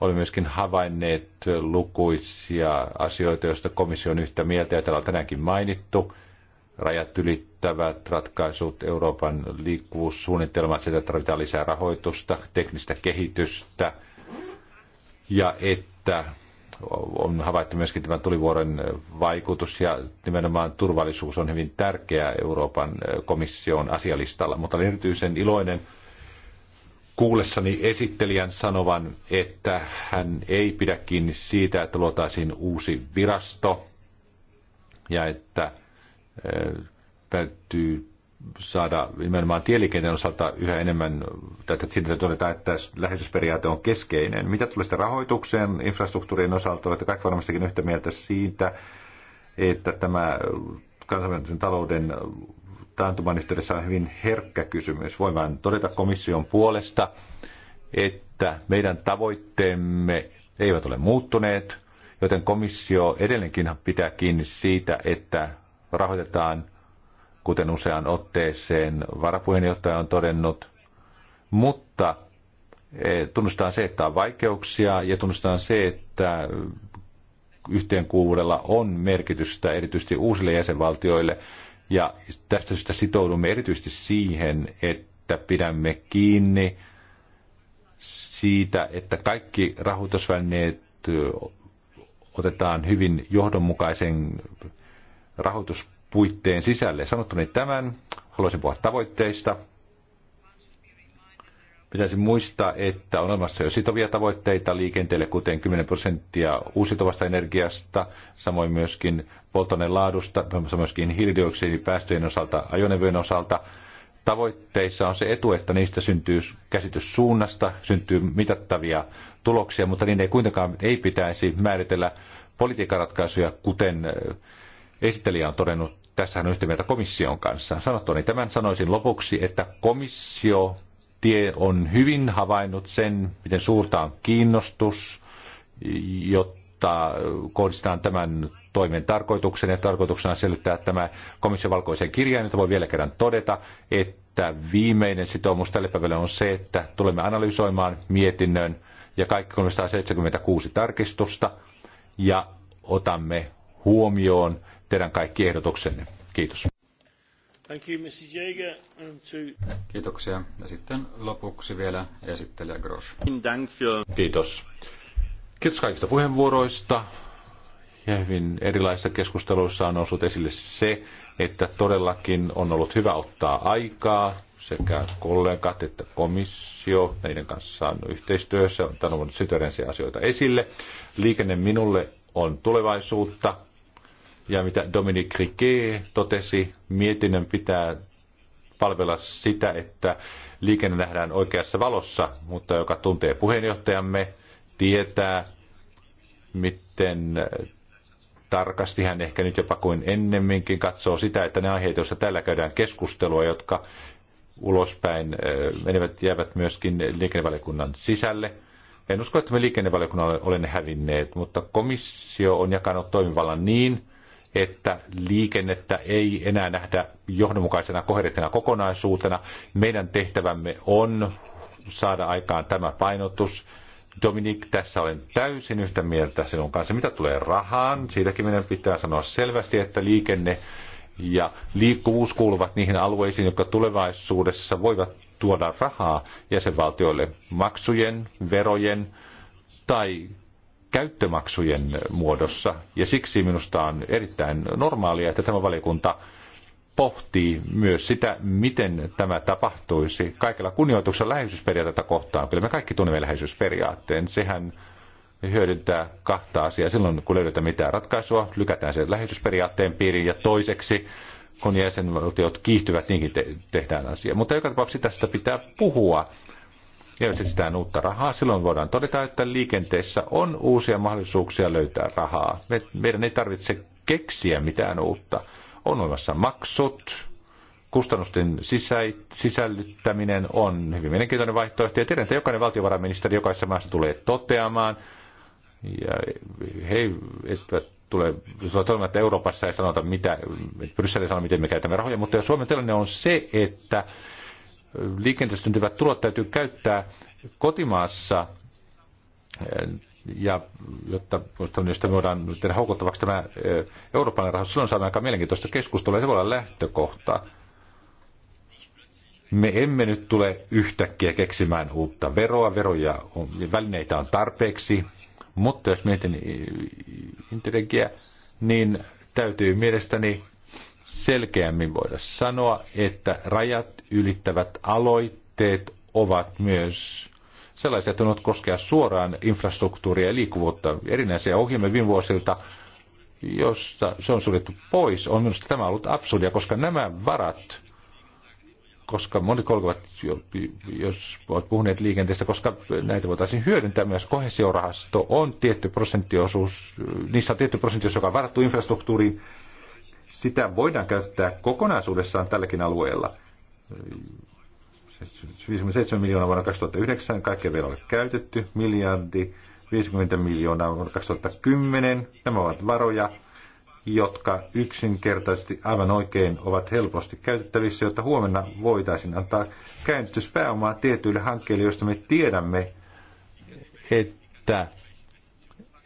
C: Olemme myöskin havainneet lukuisia asioita, joista komissio on yhtä mieltä, ja täällä on tänäänkin mainittu rajat ylittävät ratkaisut, Euroopan liikkuvuussuunnitelmat, sitä tarvitaan lisää rahoitusta, teknistä kehitystä ja että on havaittu myöskin tämän tulivuoren vaikutus ja nimenomaan turvallisuus on hyvin tärkeää Euroopan komission asialistalla. Mutta olen erityisen iloinen kuullessani esittelijän sanovan, että hän ei pidä kiinni siitä, että luotaisiin uusi virasto ja että täytyy saada nimenomaan tieliikenteen osalta yhä enemmän, tai siitä todetaan, että lähetysperiaate on keskeinen. Mitä tulee sitten rahoitukseen infrastruktuurien osalta, olette kaikki varmastikin yhtä mieltä siitä, että tämä kansainvälisen talouden taantuman yhteydessä on hyvin herkkä kysymys. Voin vain todeta komission puolesta, että meidän tavoitteemme eivät ole muuttuneet, joten komissio edelleenkin pitää kiinni siitä, että rahoitetaan – kuten useaan otteeseen varapuheenjohtaja on todennut, mutta e, tunnustetaan se, että on vaikeuksia ja tunnustetaan se, että yhteenkuuvuudella on merkitystä erityisesti uusille jäsenvaltioille. Ja tästä syystä sitoudumme erityisesti siihen, että pidämme kiinni siitä, että kaikki rahoitusvälineet otetaan hyvin johdonmukaisen rahoitus puitteen sisälle. Sanottuni tämän, haluaisin puhua tavoitteista. Pitäisi muistaa, että on olemassa jo sitovia tavoitteita liikenteelle, kuten 10 prosenttia uusiutuvasta energiasta, samoin myöskin polttoaineen laadusta, samoin myöskin hiilidioksidipäästöjen osalta, ajoneuvojen osalta. Tavoitteissa on se etu, että niistä syntyy käsitys suunnasta, syntyy mitattavia tuloksia, mutta niin ei kuitenkaan ei pitäisi määritellä politiikan ratkaisuja, kuten eh, esittelijä on todennut Tässähän on yhtä mieltä komission kanssa. Sanottuani tämän sanoisin lopuksi, että komissio tie on hyvin havainnut sen, miten suurta on kiinnostus, jotta kohdistetaan tämän toimen tarkoituksen ja tarkoituksena selvittää tämä komission valkoisen kirjan, jota voi vielä kerran todeta, että viimeinen sitoumus tälle päivälle on se, että tulemme analysoimaan mietinnön ja kaikki 376 tarkistusta ja otamme huomioon teidän kaikki
B: ehdotuksenne. Kiitos.
A: Thank you, Mrs. Jäger. To...
B: Kiitoksia. Ja sitten lopuksi vielä esittelijä Grosch. Kiitos. Kiitos kaikista puheenvuoroista.
C: Ja hyvin erilaisissa keskusteluissa on noussut esille se, että todellakin on ollut hyvä ottaa aikaa sekä kollegat että komissio, näiden kanssa on yhteistyössä, on tannut asioita esille. Liikenne minulle on tulevaisuutta, ja mitä Dominic Riquet totesi, mietinnön pitää palvella sitä, että liikenne nähdään oikeassa valossa, mutta joka tuntee puheenjohtajamme, tietää, miten tarkasti hän ehkä nyt jopa kuin ennemminkin katsoo sitä, että ne aiheet, joissa täällä käydään keskustelua, jotka ulospäin menevät, jäävät myöskin liikennevaliokunnan sisälle. En usko, että me liikennevaliokunnalle olemme hävinneet, mutta komissio on jakanut toimivallan niin, että liikennettä ei enää nähdä johdonmukaisena kohdettina kokonaisuutena. Meidän tehtävämme on saada aikaan tämä painotus. Dominik, tässä olen täysin yhtä mieltä sinun kanssa. Mitä tulee rahaan, siitäkin meidän pitää sanoa selvästi, että liikenne ja liikkuvuus kuuluvat niihin alueisiin, jotka tulevaisuudessa voivat tuoda rahaa jäsenvaltioille maksujen, verojen tai käyttömaksujen muodossa. Ja siksi minusta on erittäin normaalia, että tämä valiokunta pohtii myös sitä, miten tämä tapahtuisi. Kaikella kunnioituksella läheisyysperiaatetta kohtaan. Kyllä me kaikki tunnemme läheisyysperiaatteen. Sehän hyödyntää kahta asiaa. Silloin kun löydetään mitään ratkaisua, lykätään se läheisyysperiaatteen piiriin. Ja toiseksi, kun jäsenvaltiot kiihtyvät, niinkin te- tehdään asia. Mutta joka tapauksessa tästä pitää puhua ja jos etsitään uutta rahaa, silloin voidaan todeta, että liikenteessä on uusia mahdollisuuksia löytää rahaa. meidän ei tarvitse keksiä mitään uutta. On olemassa maksut, kustannusten sisällyttäminen on hyvin mielenkiintoinen vaihtoehto. Ja tiedän, että jokainen valtiovarainministeri jokaisessa maassa tulee toteamaan, ja he eivät tule, tule että Euroopassa ei sanota mitä, Brysselissä ei miten me käytämme rahoja, mutta jos Suomen tilanne on se, että liikenteestä syntyvät tulot täytyy käyttää kotimaassa, ja jotta niistä voidaan tehdä houkuttavaksi tämä Euroopan rahoitus, silloin saadaan aika mielenkiintoista keskustelua, ja se voi olla lähtökohta. Me emme nyt tule yhtäkkiä keksimään uutta veroa, veroja, on, välineitä on tarpeeksi, mutta jos mietin intelligia, niin täytyy mielestäni selkeämmin voida sanoa, että rajat ylittävät aloitteet ovat myös sellaisia, että ne koskea suoraan infrastruktuuria ja liikkuvuutta. Erinäisiä ohjelmia viime vuosilta, josta se on suljettu pois, on minusta tämä ollut absurdia, koska nämä varat, koska monet kolkovat, jos olet puhuneet liikenteestä, koska näitä voitaisiin hyödyntää myös. Kohesiorahasto on tietty prosenttiosuus, niissä on tietty prosenttiosuus, joka on varattu infrastruktuuriin. Sitä voidaan käyttää kokonaisuudessaan tälläkin alueella. 57 miljoonaa vuonna 2009, kaikkea vielä ole käytetty, miljardi, 50 miljoonaa vuonna 2010. Nämä ovat varoja, jotka yksinkertaisesti aivan oikein ovat helposti käytettävissä, jotta huomenna voitaisiin antaa käynnistyspääomaa tietyille hankkeille, joista me tiedämme, että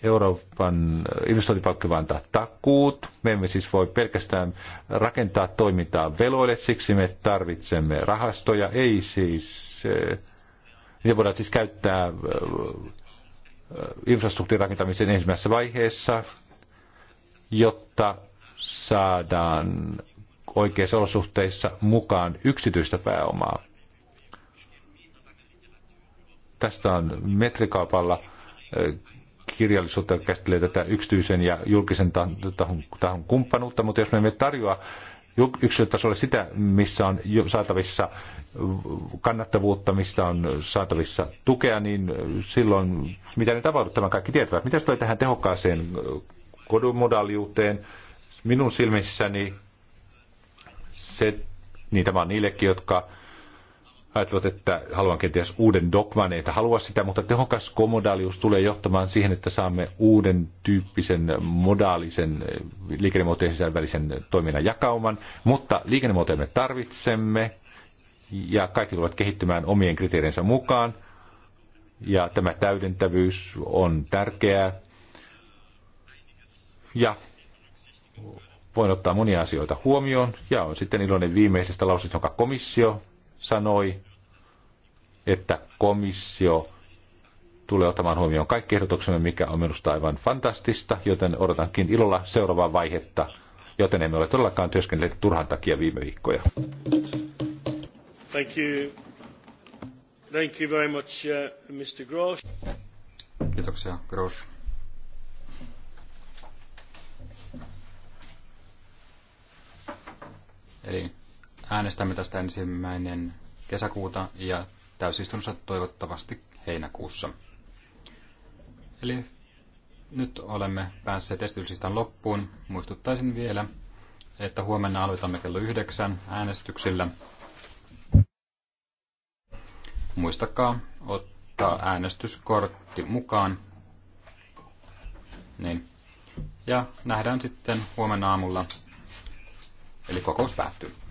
C: Euroopan investointipankki voi antaa takuut. Me emme siis voi pelkästään rakentaa toimintaa veloille, siksi me tarvitsemme rahastoja, ei siis, eh, ne voidaan siis käyttää eh, eh, infrastruktuurin rakentamisen ensimmäisessä vaiheessa, jotta saadaan oikeissa olosuhteissa mukaan yksityistä pääomaa. Tästä on metrikaupalla kirjallisuutta, joka käsittelee tätä yksityisen ja julkisen tahon, tahon kumppanuutta, mutta jos me emme tarjoa yksilötasolle sitä, missä on saatavissa kannattavuutta, mistä on saatavissa tukea, niin silloin mitä ne tapahtuu, tämän kaikki tietävät. Mitä tulee tähän tehokkaaseen kodumodaaliuteen? minun silmissäni se, niin tämä on niillekin, jotka ajattelut, että haluan kenties uuden dogman, että halua sitä, mutta tehokas komodaalius tulee johtamaan siihen, että saamme uuden tyyppisen modaalisen eh, liikennemuotojen sisävälisen toiminnan jakauman, mutta liikennemuotoja me tarvitsemme ja kaikki tulevat kehittymään omien kriteerinsä mukaan. Ja tämä täydentävyys on tärkeää. Ja voin ottaa monia asioita huomioon. Ja on sitten iloinen viimeisestä lausesta, jonka komissio sanoi, että komissio tulee ottamaan huomioon kaikki ehdotuksemme, mikä on minusta aivan fantastista, joten odotankin ilolla seuraavaa vaihetta, joten emme ole todellakaan työskennelleet turhan takia viime viikkoja.
A: Thank you. Thank you very much, uh, Mr. Grosch.
B: Kiitoksia, Grosch. Eli äänestämme tästä ensimmäinen kesäkuuta ja täysistunnossa toivottavasti heinäkuussa. Eli nyt olemme päässeet esityslistan loppuun. Muistuttaisin vielä, että huomenna aloitamme kello yhdeksän äänestyksillä. Muistakaa ottaa äänestyskortti mukaan. Niin. Ja nähdään sitten huomenna aamulla. Eli kokous päättyy.